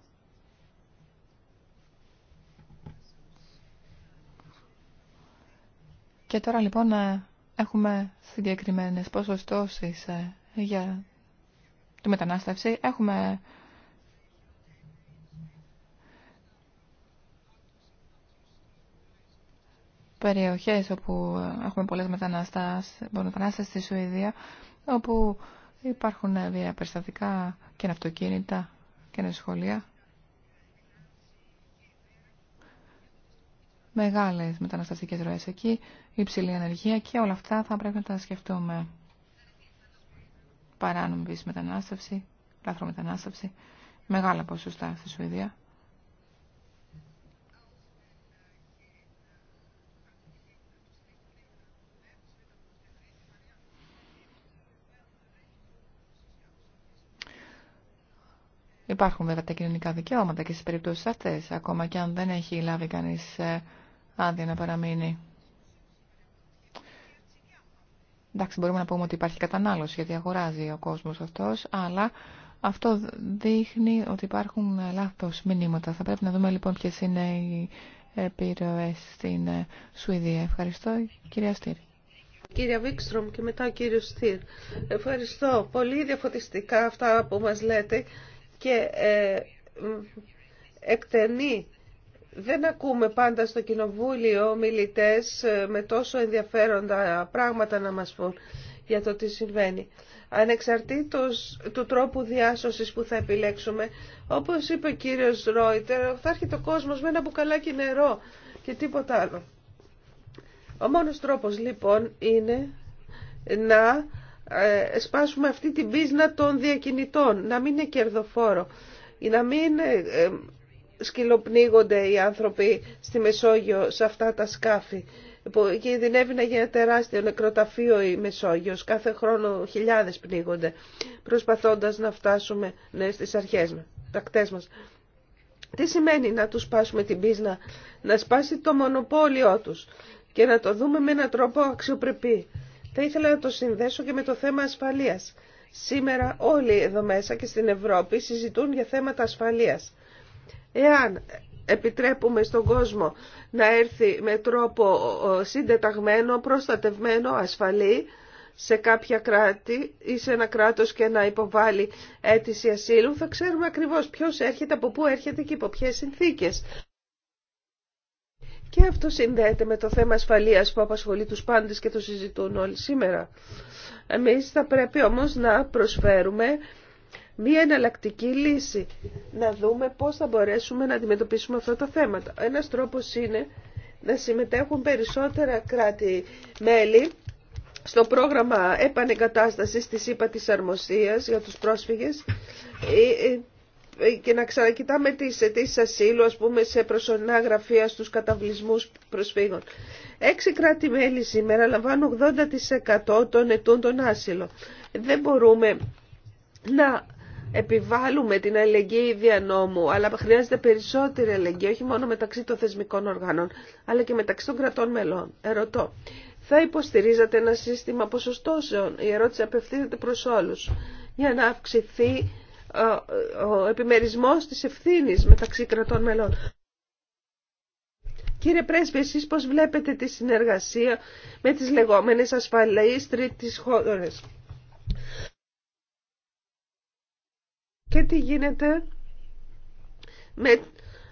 Και τώρα λοιπόν ε, έχουμε συγκεκριμένες ποσοστώσεις ε, για τη μετανάστευση. Έχουμε περιοχές όπου έχουμε πολλές μετανάστες στη Σουηδία, όπου υπάρχουν βία περιστατικά και αυτοκίνητα και σχολεία. Μεγάλες μεταναστευτικές ροές εκεί, υψηλή ανεργία και όλα αυτά θα πρέπει να τα σκεφτούμε. Παράνομη μετανάστευση, λάθρο μετανάστευση, μεγάλα ποσοστά στη Σουηδία. Υπάρχουν βέβαια τα κοινωνικά δικαιώματα και στις περιπτώσεις αυτές, ακόμα και αν δεν έχει λάβει κανείς ε, άδεια να παραμείνει. Εντάξει, μπορούμε να πούμε ότι υπάρχει κατανάλωση γιατί αγοράζει ο κόσμος αυτός, αλλά αυτό δείχνει ότι υπάρχουν ε, λάθος μηνύματα. Θα πρέπει να δούμε λοιπόν ποιες είναι οι επιρροές στην ε, Σουηδία. Ευχαριστώ, κυρία Στυρ. Κύριε Βίξτρομ και μετά κύριο Στυρ. Στήρ. Ευχαριστώ. Πολύ διαφωτιστικά αυτά που μας λέτε και ε, εκτενή. Δεν ακούμε πάντα στο Κοινοβούλιο μιλητές ε, με τόσο ενδιαφέροντα πράγματα να μας πούν για το τι συμβαίνει. Ανεξαρτήτως του τρόπου διάσωσης που θα επιλέξουμε, όπως είπε ο κύριος Ρόιτερ, θα έρχεται ο κόσμος με ένα μπουκαλάκι νερό και τίποτα άλλο. Ο μόνος τρόπος λοιπόν είναι να ε, σπάσουμε αυτή την πίσνα των διακινητών, να μην είναι κερδοφόρο, ή να μην ε, ε, σκυλοπνίγονται οι άνθρωποι στη Μεσόγειο σε αυτά τα σκάφη που κινδυνεύει να γίνει τεράστιο νεκροταφείο η Μεσόγειος. Κάθε χρόνο χιλιάδες πνίγονται προσπαθώντας να φτάσουμε ναι, στις αρχές μας, τακτές μας. Τι σημαίνει να τους σπάσουμε την πίσνα, να σπάσει το μονοπόλιο τους και να το δούμε με έναν τρόπο αξιοπρεπή. Θα ήθελα να το συνδέσω και με το θέμα ασφαλείας. Σήμερα όλοι εδώ μέσα και στην Ευρώπη συζητούν για θέματα ασφαλείας. Εάν επιτρέπουμε στον κόσμο να έρθει με τρόπο συντεταγμένο, προστατευμένο, ασφαλή σε κάποια κράτη ή σε ένα κράτος και να υποβάλει αίτηση ασύλου, θα ξέρουμε ακριβώς ποιος έρχεται, από πού έρχεται και υπό ποιες συνθήκες. Και αυτό συνδέεται με το θέμα ασφαλείας που απασχολεί τους πάντες και το συζητούν όλοι σήμερα. Εμείς θα πρέπει όμως να προσφέρουμε μία εναλλακτική λύση. Να δούμε πώς θα μπορέσουμε να αντιμετωπίσουμε αυτά τα θέματα. Ένας τρόπος είναι να συμμετέχουν περισσότερα κράτη-μέλη στο πρόγραμμα επανεγκατάστασης της ΥΠΑ της Αρμοσίας για τους πρόσφυγες και να ξανακοιτάμε τις αιτήσει ασύλου, ας πούμε, σε προσωρινά γραφεία στους καταβλισμούς προσφύγων. Έξι κράτη-μέλη σήμερα λαμβάνουν 80% των των άσυλο. Δεν μπορούμε να επιβάλλουμε την αλληλεγγύη δια νόμου, αλλά χρειάζεται περισσότερη αλληλεγγύη, όχι μόνο μεταξύ των θεσμικών οργάνων, αλλά και μεταξύ των κρατών μελών. Ερωτώ, θα υποστηρίζατε ένα σύστημα ποσοστώσεων, η ερώτηση απευθύνεται προς όλους, για να αυξηθεί ε, ο επιμερισμός της ευθύνης μεταξύ κρατών μελών. Κύριε Πρέσβη, εσείς πώς βλέπετε τη συνεργασία με τις λεγόμενες ασφαλείς τρίτης χώρες. Και τι γίνεται με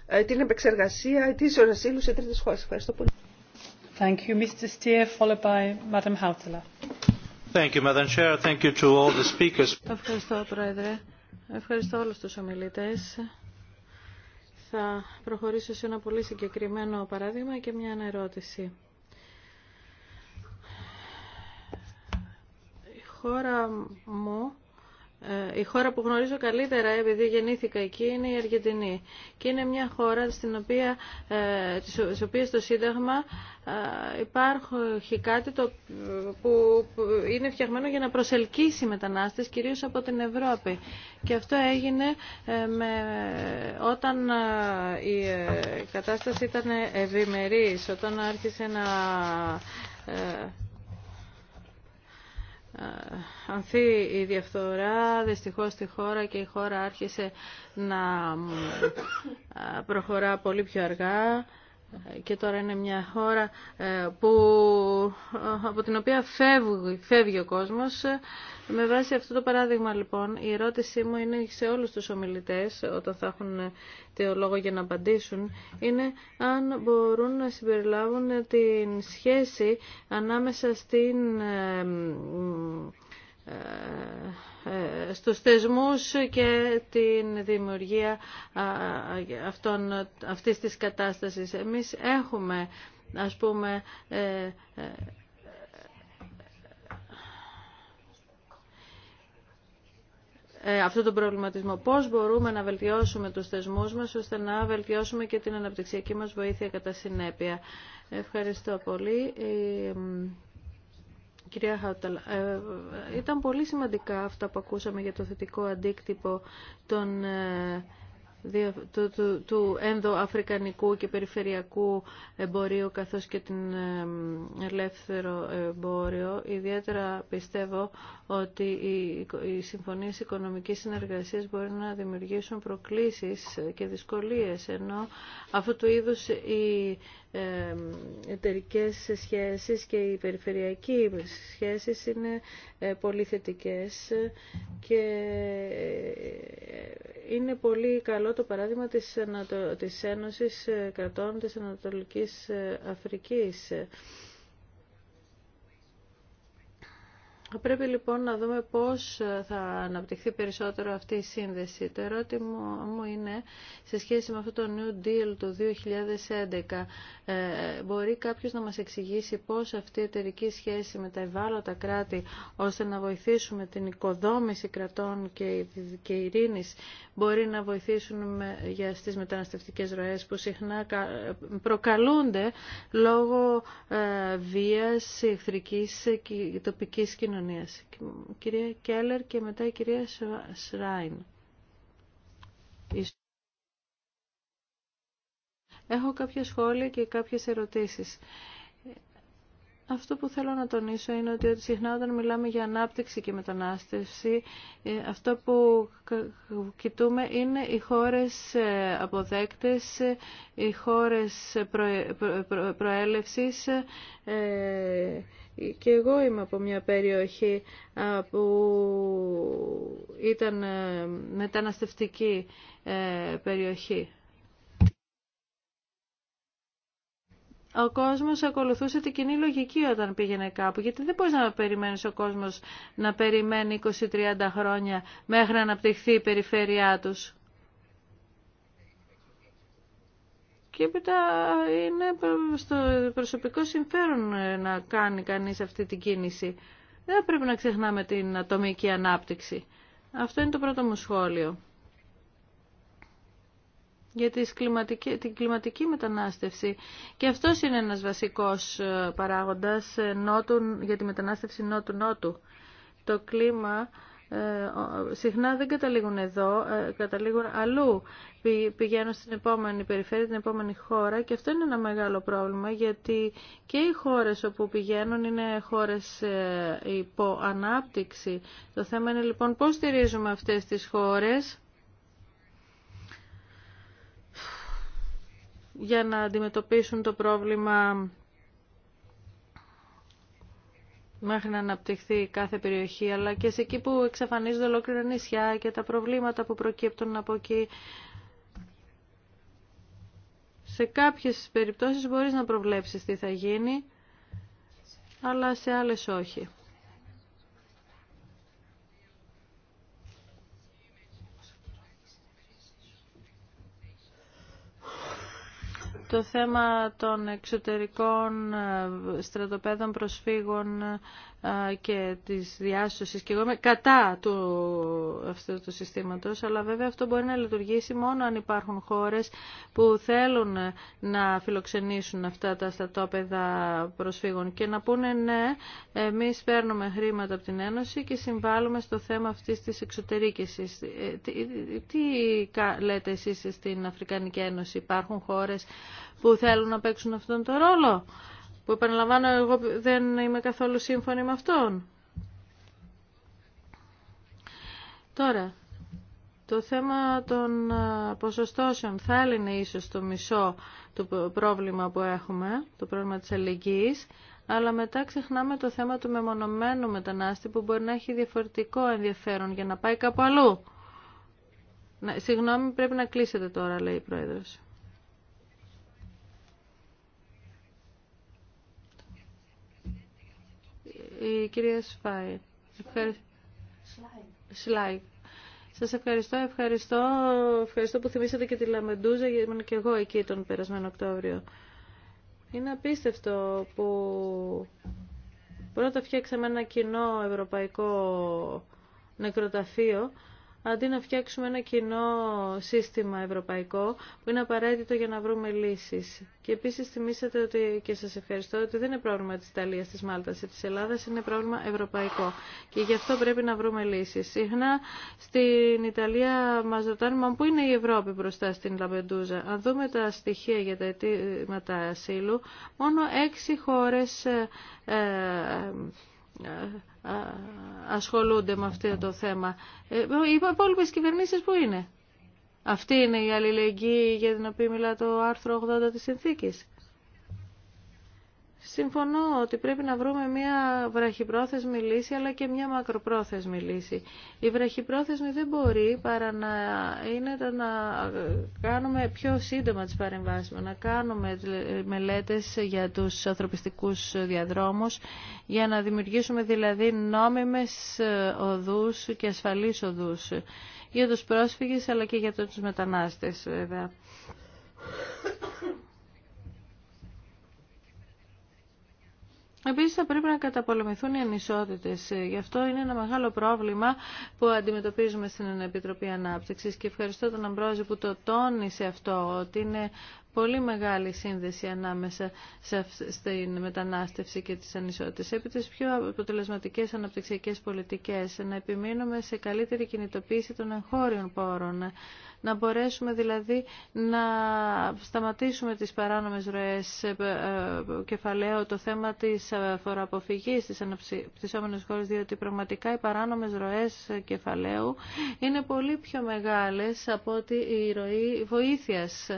ε, την επεξεργασία αιτήσεων ασύλου σε τρίτες χώρες. Ευχαριστώ πολύ. Thank you, Mr. Steer followed by Madam Hautala. Thank you, Madam Chair. Thank you to all the speakers. Ευχαριστώ, Πρόεδρε. Ευχαριστώ όλους τους ομιλητές. Θα προχωρήσω σε ένα πολύ συγκεκριμένο παράδειγμα και μια ερώτηση. Η χώρα μου ε, η χώρα που γνωρίζω καλύτερα επειδή γεννήθηκα εκεί είναι η Αργεντινή και είναι μια χώρα στην οποία, ε, της στο Σύνταγμα ε, υπάρχει κάτι το, που είναι φτιαγμένο για να προσελκύσει μετανάστες κυρίως από την Ευρώπη και αυτό έγινε με, όταν η κατάσταση ήταν ευημερής όταν άρχισε να ανθεί η διαφθορά δυστυχώς στη χώρα και η χώρα άρχισε να προχωρά πολύ πιο αργά και τώρα είναι μια χώρα ε, που, ε, από την οποία φεύγει, ο κόσμος. Με βάση αυτό το παράδειγμα λοιπόν, η ερώτησή μου είναι σε όλους τους ομιλητές, όταν θα έχουν ε, το λόγο για να απαντήσουν, είναι αν μπορούν να συμπεριλάβουν την σχέση ανάμεσα στην ε, στους θεσμούς και την δημιουργία αυτών, αυτής της κατάστασης. Εμείς έχουμε, ας πούμε, ε, ε, αυτό τον προβληματισμό. Πώς μπορούμε να βελτιώσουμε τους θεσμούς μας ώστε να βελτιώσουμε και την αναπτυξιακή μας βοήθεια κατά συνέπεια. Ευχαριστώ πολύ. Κυρία Χάουταλ, ε, ήταν πολύ σημαντικά αυτά που ακούσαμε για το θετικό αντίκτυπο των ε, του, του, του ενδοαφρικανικού και περιφερειακού εμπορίου καθώς και την ε, ελεύθερο εμπόριο. Ιδιαίτερα πιστεύω ότι οι, οι συμφωνίες οικονομικής συνεργασίας μπορεί να δημιουργήσουν προκλήσεις και δυσκολίες, ενώ αυτού του είδους εταιρικέ σχέσεις και οι περιφερειακοί σχέσεις είναι ε, πολύ και ε, είναι πολύ καλό το παράδειγμα της, Ένωσης ε, Κρατών της Ανατολικής Αφρικής Πρέπει λοιπόν να δούμε πώς ε, θα αναπτυχθεί περισσότερο αυτή η σύνδεση. Το ερώτημα μου είναι, σε σχέση με αυτό το New Deal του 2011, ε, μπορεί κάποιος να μας εξηγήσει πώς αυτή η εταιρική σχέση με τα ευάλωτα κράτη, ώστε να βοηθήσουμε την οικοδόμηση κρατών και, και ειρήνης, μπορεί να βοηθήσουν για στις μεταναστευτικές ροές που συχνά προκαλούνται λόγω ε, βίας, εχθρικής και τοπικής κοινωνίας κυρία Κέλλερ και μετά η κυρία Σράιν. Έχω κάποια σχόλια και κάποιες ερωτήσεις. Αυτό που θέλω να τονίσω είναι ότι συχνά όταν μιλάμε για ανάπτυξη και μετανάστευση, ε, αυτό που κοιτούμε είναι οι χώρες ε, αποδέκτες, ε, οι χώρες προέλευσης. Και εγώ είμαι από μια περιοχή που ήταν μεταναστευτική περιοχή. ο κόσμος ακολουθούσε την κοινή λογική όταν πήγαινε κάπου, γιατί δεν μπορεί να περιμένεις ο κόσμος να περιμένει 20-30 χρόνια μέχρι να αναπτυχθεί η περιφέρειά τους. Και έπειτα είναι στο προσωπικό συμφέρον να κάνει κανείς αυτή την κίνηση. Δεν πρέπει να ξεχνάμε την ατομική ανάπτυξη. Αυτό είναι το πρώτο μου σχόλιο για τις κλιματική, την κλιματική μετανάστευση. Και αυτός είναι ένας βασικός ε, παράγοντας ε, νότου, για τη μετανάστευση νότου-νότου. Το κλίμα ε, συχνά δεν καταλήγουν εδώ, καταλήγουν αλλού. Πηγαίνουν στην επόμενη περιφέρεια, την επόμενη χώρα και αυτό είναι ένα μεγάλο πρόβλημα γιατί και οι χώρες όπου πηγαίνουν είναι χώρες υπό ανάπτυξη. Το θέμα είναι λοιπόν πώς στηρίζουμε αυτές τις χώρες για να αντιμετωπίσουν το πρόβλημα μέχρι να αναπτυχθεί κάθε περιοχή, αλλά και σε εκεί που εξαφανίζονται ολόκληρα νησιά και τα προβλήματα που προκύπτουν από εκεί. Σε κάποιες περιπτώσεις μπορείς να προβλέψεις τι θα γίνει, αλλά σε άλλες όχι. το θέμα των εξωτερικών ε, στρατοπέδων προσφύγων ε, και της διάσωσης και εγώ είμαι κατά του, αυτού του συστήματος αλλά βέβαια αυτό μπορεί να λειτουργήσει μόνο αν υπάρχουν χώρες που θέλουν να φιλοξενήσουν αυτά τα στρατόπεδα προσφύγων και να πούνε ναι εμείς παίρνουμε χρήματα από την Ένωση και συμβάλλουμε στο θέμα αυτής της εξωτερήκησης ε, τι, τι λέτε εσείς στην Αφρικανική Ένωση υπάρχουν χώρες που θέλουν να παίξουν αυτόν τον ρόλο, που επαναλαμβάνω εγώ δεν είμαι καθόλου σύμφωνη με αυτόν. Τώρα, το θέμα των ποσοστώσεων θα έλυνε ίσως το μισό το πρόβλημα που έχουμε, το πρόβλημα της αλληλεγγύης, αλλά μετά ξεχνάμε το θέμα του μεμονωμένου μετανάστη που μπορεί να έχει διαφορετικό ενδιαφέρον για να πάει κάπου αλλού. Να, συγγνώμη, πρέπει να κλείσετε τώρα, λέει η Πρόεδρος. η κυρία Σφάι. Σλάι. Σα ευχαριστώ, ευχαριστώ, ευχαριστώ που θυμήσατε και τη Λαμεντούζα, γιατί ήμουν και εγώ εκεί τον περασμένο Οκτώβριο. Είναι απίστευτο που πρώτα φτιάξαμε ένα κοινό ευρωπαϊκό νεκροταφείο αντί να φτιάξουμε ένα κοινό σύστημα ευρωπαϊκό που είναι απαραίτητο για να βρούμε λύσεις. Και επίσης θυμήσατε ότι, και σας ευχαριστώ ότι δεν είναι πρόβλημα της Ιταλίας, της Μάλτας ή της Ελλάδας, είναι πρόβλημα ευρωπαϊκό. Και γι' αυτό πρέπει να βρούμε λύσεις. Συχνά στην Ιταλία μας ρωτάνε μα πού είναι η Ευρώπη μπροστά στην Λαμπεντούζα. Αν δούμε τα στοιχεία για τα αιτήματα ασύλου, μόνο έξι χώρες ε, ε ασχολούνται με αυτό το θέμα. Ε, οι υπόλοιπε κυβερνήσει που είναι. Αυτή είναι η αλληλεγγύη για την οποία μιλά το άρθρο 80 της συνθήκης. Συμφωνώ ότι πρέπει να βρούμε μια βραχυπρόθεσμη λύση αλλά και μια μακροπρόθεσμη λύση. Η βραχυπρόθεσμη δεν μπορεί παρά να είναι το να κάνουμε πιο σύντομα τις παρεμβάσεις να κάνουμε μελέτες για τους ανθρωπιστικούς διαδρόμους, για να δημιουργήσουμε δηλαδή νόμιμες οδούς και ασφαλείς οδούς για τους πρόσφυγες αλλά και για τους μετανάστες Επίσης θα πρέπει να καταπολεμηθούν οι ανισότητες. Γι' αυτό είναι ένα μεγάλο πρόβλημα που αντιμετωπίζουμε στην Επιτροπή Ανάπτυξης και ευχαριστώ τον Αμπρόζη που το τόνισε αυτό, ότι είναι πολύ μεγάλη σύνδεση ανάμεσα στην μετανάστευση και τις ανισότητες. Επί τις πιο αποτελεσματικές αναπτυξιακές πολιτικές, να επιμείνουμε σε καλύτερη κινητοποίηση των εγχώριων πόρων, να μπορέσουμε δηλαδή να σταματήσουμε τις παράνομες ροές ε, ε, κεφαλαίου, το θέμα της φοροαποφυγής στις αναπτυσσόμενες χώρες, διότι πραγματικά οι παράνομες ροές κεφαλαίου είναι πολύ πιο μεγάλες από ότι η ροή βοήθειας.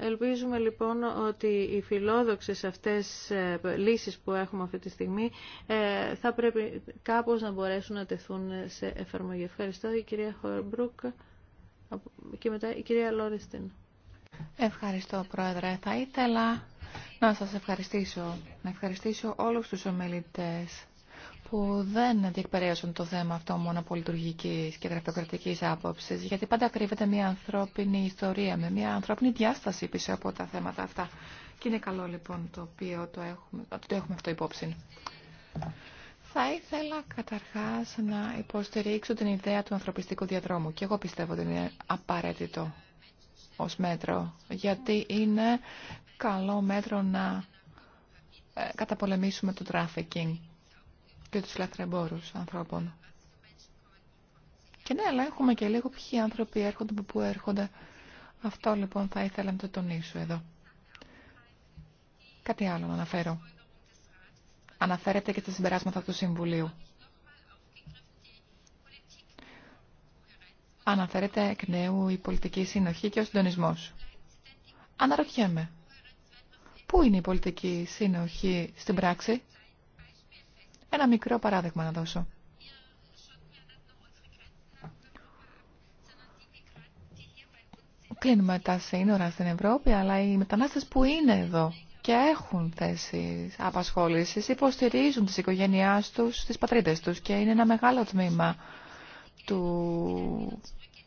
Ελπίζουμε λοιπόν ότι οι φιλόδοξες αυτές ε, λύσεις που έχουμε αυτή τη στιγμή ε, θα πρέπει κάπως να μπορέσουν να τεθούν σε εφαρμογή. Ευχαριστώ η κυρία Χορμπρούκ και μετά η κυρία Λόριστην. Ευχαριστώ Πρόεδρε. Θα ήθελα να σας ευχαριστήσω. Να ευχαριστήσω όλους τους ομιλητές που δεν διεκπαιρέωσαν το θέμα αυτό μόνο από λειτουργική και γραφειοκρατική άποψη, γιατί πάντα κρύβεται μια ανθρώπινη ιστορία με μια ανθρώπινη διάσταση πίσω από τα θέματα αυτά. Και είναι καλό λοιπόν το οποίο το έχουμε, το έχουμε αυτό υπόψη. Θα ήθελα καταρχά να υποστηρίξω την ιδέα του ανθρωπιστικού διαδρόμου και εγώ πιστεύω ότι είναι απαραίτητο ω μέτρο, γιατί είναι καλό μέτρο να ε, καταπολεμήσουμε το τράφικινγκ και τους λαθρεμπόρους ανθρώπων. Και ναι, αλλά έχουμε και λίγο ποιοι άνθρωποι έρχονται πού έρχονται. Αυτό λοιπόν θα ήθελα να το τονίσω εδώ. Κάτι άλλο να αναφέρω. Αναφέρεται και στα συμπεράσματα του Συμβουλίου. Αναφέρεται εκ νέου η πολιτική συνοχή και ο συντονισμός. Αναρωτιέμαι. Πού είναι η πολιτική συνοχή στην πράξη? Ένα μικρό παράδειγμα να δώσω. Κλείνουμε τα σύνορα στην Ευρώπη, αλλά οι μετανάστες που είναι εδώ και έχουν θέσεις απασχόλησης υποστηρίζουν τις οικογένειάς τους, τις πατρίδες τους και είναι ένα μεγάλο τμήμα του,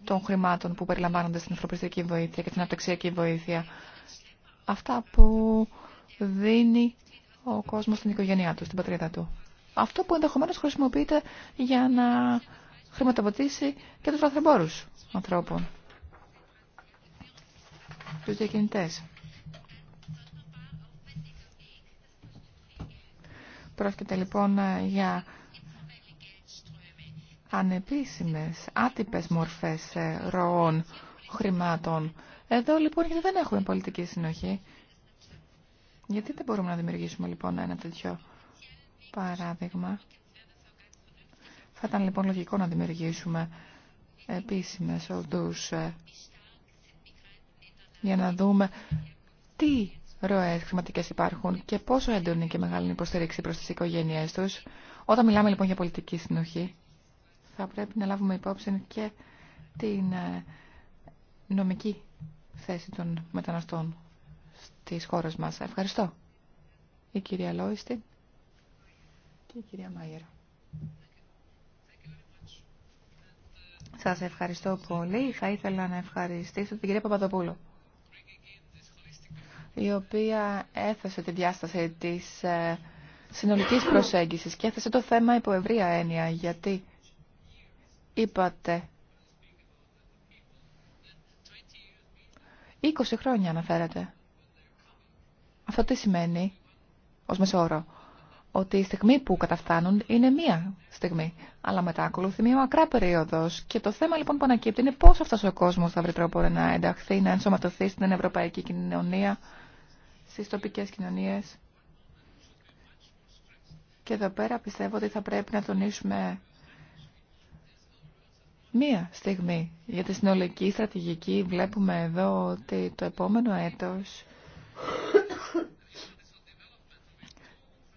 των χρημάτων που περιλαμβάνονται στην ανθρωπιστική βοήθεια και την αυτοξιακή βοήθεια. Αυτά που δίνει ο κόσμος στην οικογένειά του, στην πατρίδα του αυτό που ενδεχομένως χρησιμοποιείται για να χρηματοδοτήσει και τους λαθρεμπόρους ανθρώπων, τους διακινητές. Πρόκειται λοιπόν ε, για ανεπίσημες, άτυπες μορφές ε, ροών χρημάτων. Εδώ λοιπόν γιατί δεν έχουμε πολιτική συνοχή. Γιατί δεν μπορούμε να δημιουργήσουμε λοιπόν ένα τέτοιο παράδειγμα. Θα ήταν λοιπόν λογικό να δημιουργήσουμε επίσημες οδούς ε, για να δούμε τι ροές χρηματικές υπάρχουν και πόσο έντονη και μεγάλη είναι η υποστήριξη προς τις οικογένειές τους. Όταν μιλάμε λοιπόν για πολιτική συνοχή, θα πρέπει να λάβουμε υπόψη και την ε, νομική θέση των μεταναστών στις χώρες μας. Ευχαριστώ. Η κυρία Λόιστη και κυρία Σας ευχαριστώ πολύ. Θα ήθελα να ευχαριστήσω την κυρία Παπαδοπούλου, η οποία έθεσε τη διάσταση της ε, συνολικής προσέγγισης και έθεσε το θέμα υπό ευρία έννοια, γιατί είπατε 20 χρόνια αναφέρατε. Αυτό τι σημαίνει ως μεσόωρο ότι η στιγμή που καταφτάνουν είναι μία στιγμή. Αλλά μετά ακολουθεί μία μακρά περίοδο. Και το θέμα λοιπόν που ανακύπτει είναι πώ αυτό ο κόσμο θα βρει τρόπο να ενταχθεί, να ενσωματωθεί στην ευρωπαϊκή κοινωνία, στι τοπικέ κοινωνίε. Και εδώ πέρα πιστεύω ότι θα πρέπει να τονίσουμε μία στιγμή. Για τη συνολική στρατηγική βλέπουμε εδώ ότι το επόμενο έτος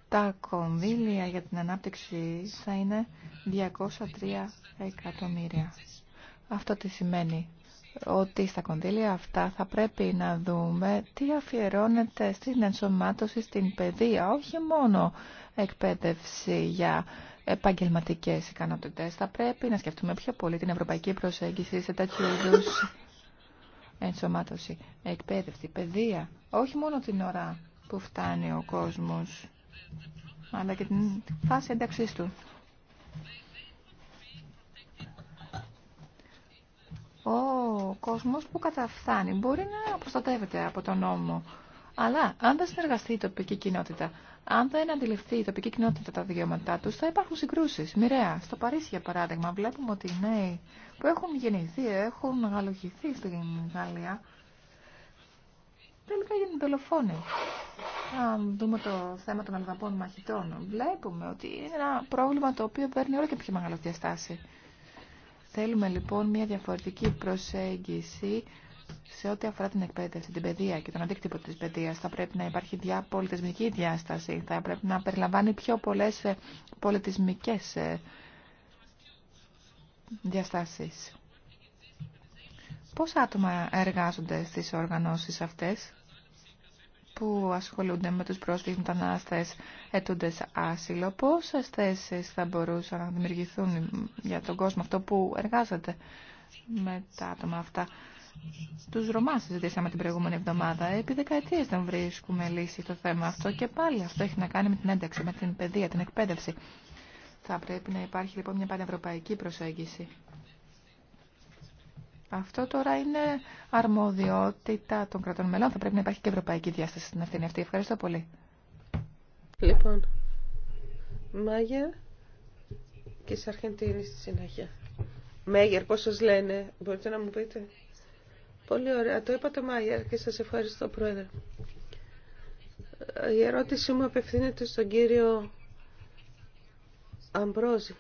τα κονδύλια για την ανάπτυξη θα είναι 203 εκατομμύρια. Αυτό τι σημαίνει ότι στα κονδύλια αυτά θα πρέπει να δούμε τι αφιερώνεται στην ενσωμάτωση στην παιδεία, όχι μόνο εκπαίδευση για επαγγελματικές ικανότητες. Θα πρέπει να σκεφτούμε πιο πολύ την ευρωπαϊκή προσέγγιση σε τέτοιου είδου ενσωμάτωση, εκπαίδευση, παιδεία, όχι μόνο την ώρα που φτάνει ο κόσμος αλλά και την φάση ένταξής του. Ο κόσμος που καταφθάνει μπορεί να προστατεύεται από τον νόμο. Αλλά αν δεν συνεργαστεί η τοπική κοινότητα, αν δεν αντιληφθεί η τοπική κοινότητα τα δικαιώματά του, θα υπάρχουν συγκρούσει. Μοιραία. Στο Παρίσι, για παράδειγμα, βλέπουμε ότι οι νέοι που έχουν γεννηθεί, έχουν γαλοχηθεί στην Γαλλία, τελικά γίνουν δολοφόνοι. Αν δούμε το θέμα των Αλβαπών μαχητών, βλέπουμε ότι είναι ένα πρόβλημα το οποίο παίρνει όλο και πιο μεγάλο διαστάση. Θέλουμε λοιπόν μια διαφορετική προσέγγιση σε ό,τι αφορά την εκπαίδευση, την παιδεία και τον αντίκτυπο της παιδεία. Θα πρέπει να υπάρχει διαπολιτισμική διάσταση, θα πρέπει να περιλαμβάνει πιο πολλέ ε, πολιτισμικέ ε, διαστάσεις. Πόσα άτομα εργάζονται στις οργανώσεις αυτές που ασχολούνται με τους πρόσφυγες μετανάστες ετούντες άσυλο. Πόσες θέσεις θα μπορούσαν να δημιουργηθούν για τον κόσμο αυτό που εργάζεται με τα άτομα αυτά. Τους Ρωμά συζητήσαμε την προηγούμενη εβδομάδα. Επί δεκαετίες δεν βρίσκουμε λύση στο θέμα αυτό και πάλι αυτό έχει να κάνει με την ένταξη, με την παιδεία, την εκπαίδευση. Θα πρέπει να υπάρχει λοιπόν μια πανευρωπαϊκή προσέγγιση. Αυτό τώρα είναι αρμοδιότητα των κρατών μελών. Θα πρέπει να υπάρχει και ευρωπαϊκή διάσταση στην ευθύνη αυτή. Ευχαριστώ πολύ. Λοιπόν, Μάγια και Σαρχεντίνη στη συνέχεια. Μέγερ, πώς σας λένε, μπορείτε να μου πείτε. Πολύ ωραία, το είπατε Μάγερ και σας ευχαριστώ Πρόεδρε. Η ερώτησή μου απευθύνεται στον κύριο Αμπρόζη.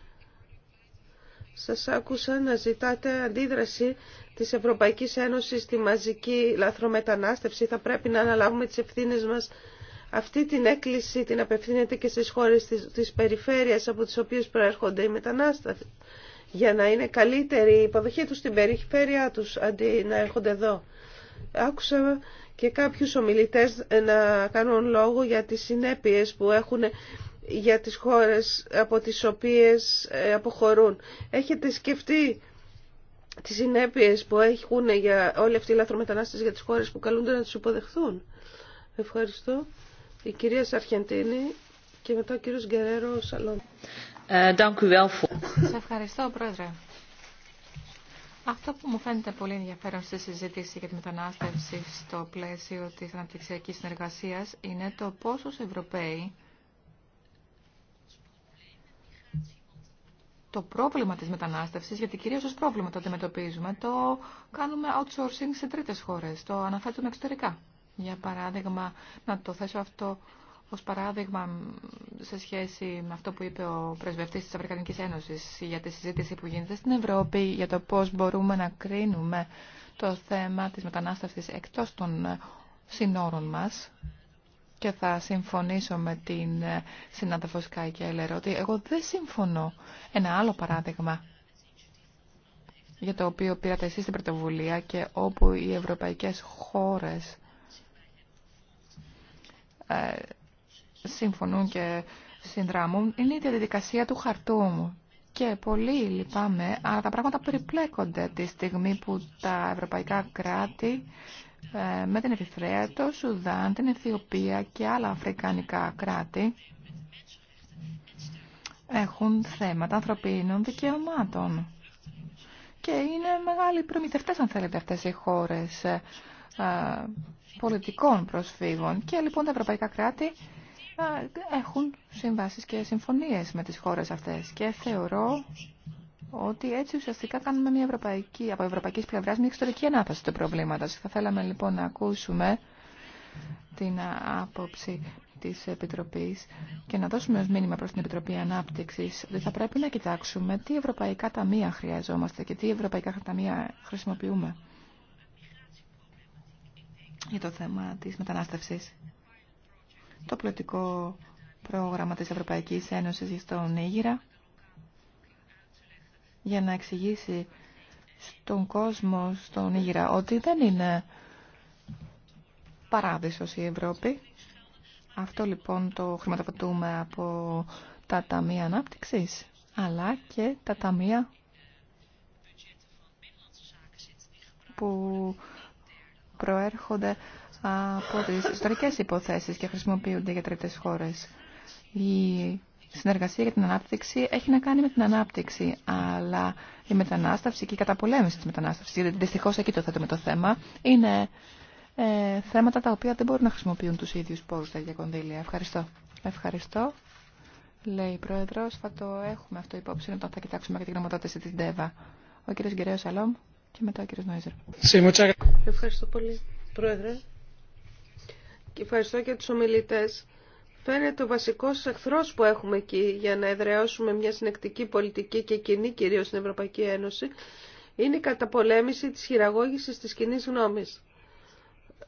Σας άκουσα να ζητάτε αντίδραση της Ευρωπαϊκής Ένωσης στη μαζική λαθρομετανάστευση. Θα πρέπει να αναλάβουμε τις ευθύνες μας. Αυτή την έκκληση την απευθύνεται και στις χώρες της, της περιφέρειας από τις οποίες προέρχονται οι μετανάστες για να είναι καλύτερη η υποδοχή τους στην περιφέρειά τους αντί να έρχονται εδώ. Άκουσα και κάποιους ομιλητές να κάνουν λόγο για τις συνέπειες που έχουν για τις χώρες από τις οποίες ε, αποχωρούν. Έχετε σκεφτεί τι συνέπειε που έχουν για όλοι αυτοί οι λαθρομετανάστες για τις χώρε που καλούνται να του υποδεχθούν. Ευχαριστώ. Η κυρία Σαρχεντίνη και μετά ο κύριο Γκερέρο Σαλόν. Σα ε, Σας ευχαριστώ, Πρόεδρε. Αυτό που μου φαίνεται πολύ ενδιαφέρον στη συζήτηση για τη μετανάστευση στο πλαίσιο της αναπτυξιακής συνεργασίας είναι το πόσο Ευρωπαίοι το πρόβλημα της μετανάστευσης, γιατί κυρίως ως πρόβλημα το αντιμετωπίζουμε, το κάνουμε outsourcing σε τρίτες χώρες, το αναθέτουμε εξωτερικά. Για παράδειγμα, να το θέσω αυτό ως παράδειγμα σε σχέση με αυτό που είπε ο πρεσβευτής της Αφρικανικής Ένωσης για τη συζήτηση που γίνεται στην Ευρώπη για το πώς μπορούμε να κρίνουμε το θέμα της μετανάστευσης εκτός των συνόρων μας και θα συμφωνήσω με την ε, συνάδελφο Σκάι ότι εγώ δεν συμφωνώ. Ένα άλλο παράδειγμα για το οποίο πήρατε εσείς την πρωτοβουλία και όπου οι ευρωπαϊκές χώρες ε, συμφωνούν και συνδράμουν είναι η διαδικασία του μου. Και πολύ λυπάμαι, αλλά τα πράγματα περιπλέκονται τη στιγμή που τα ευρωπαϊκά κράτη ε, με την Ερυθρέα, το Σουδάν, την Αιθιοπία και άλλα αφρικανικά κράτη έχουν θέματα ανθρωπίνων δικαιωμάτων. Και είναι μεγάλοι προμηθευτές, αν θέλετε, αυτές οι χώρες ε, πολιτικών προσφύγων. Και λοιπόν τα ευρωπαϊκά κράτη ε, έχουν συμβάσεις και συμφωνίες με τις χώρες αυτές. Και θεωρώ ότι έτσι ουσιαστικά κάνουμε μια ευρωπαϊκή, από ευρωπαϊκή πλευρά μια εξωτερική ανάθεση του προβλήματο. Θα θέλαμε λοιπόν να ακούσουμε την άποψη τη Επιτροπής και να δώσουμε ω μήνυμα προς την Επιτροπή Ανάπτυξης ότι θα πρέπει να κοιτάξουμε τι ευρωπαϊκά ταμεία χρειαζόμαστε και τι ευρωπαϊκά ταμεία χρησιμοποιούμε για το θέμα τη μετανάστευση. Το πλωτικό πρόγραμμα της Ευρωπαϊκής Ένωσης στον Ήγηρα για να εξηγήσει στον κόσμο, στον Ήγηρα, ότι δεν είναι παράδεισος η Ευρώπη. Αυτό λοιπόν το χρηματοδοτούμε από τα ταμεία ανάπτυξης, αλλά και τα ταμεία που προέρχονται από τις ιστορικές υποθέσεις και χρησιμοποιούνται για τρίτες χώρες. Η συνεργασία για την ανάπτυξη έχει να κάνει με την ανάπτυξη, αλλά η μετανάστευση και η καταπολέμηση της μετανάστευσης, γιατί δυστυχώς εκεί το θέτουμε το θέμα, είναι ε, θέματα τα οποία δεν μπορούν να χρησιμοποιούν τους ίδιους πόρους τα ίδια κονδύλια. Ευχαριστώ. Ευχαριστώ. Λέει η Πρόεδρος, θα το έχουμε αυτό υπόψη όταν θα κοιτάξουμε και την γνωμοδότηση της ΔΕΒΑ. Ο κύριος Γκυρέος Σαλόμ και μετά ο κύριος Νόιζερ. Ευχαριστώ πολύ, Πρόεδρε. Και ευχαριστώ και τους ομιλητές Φαίνεται ο βασικό εχθρό που έχουμε εκεί για να εδραιώσουμε μια συνεκτική πολιτική και κοινή κυρίω στην Ευρωπαϊκή Ένωση είναι η καταπολέμηση της χειραγώγησης της κοινή γνώμη.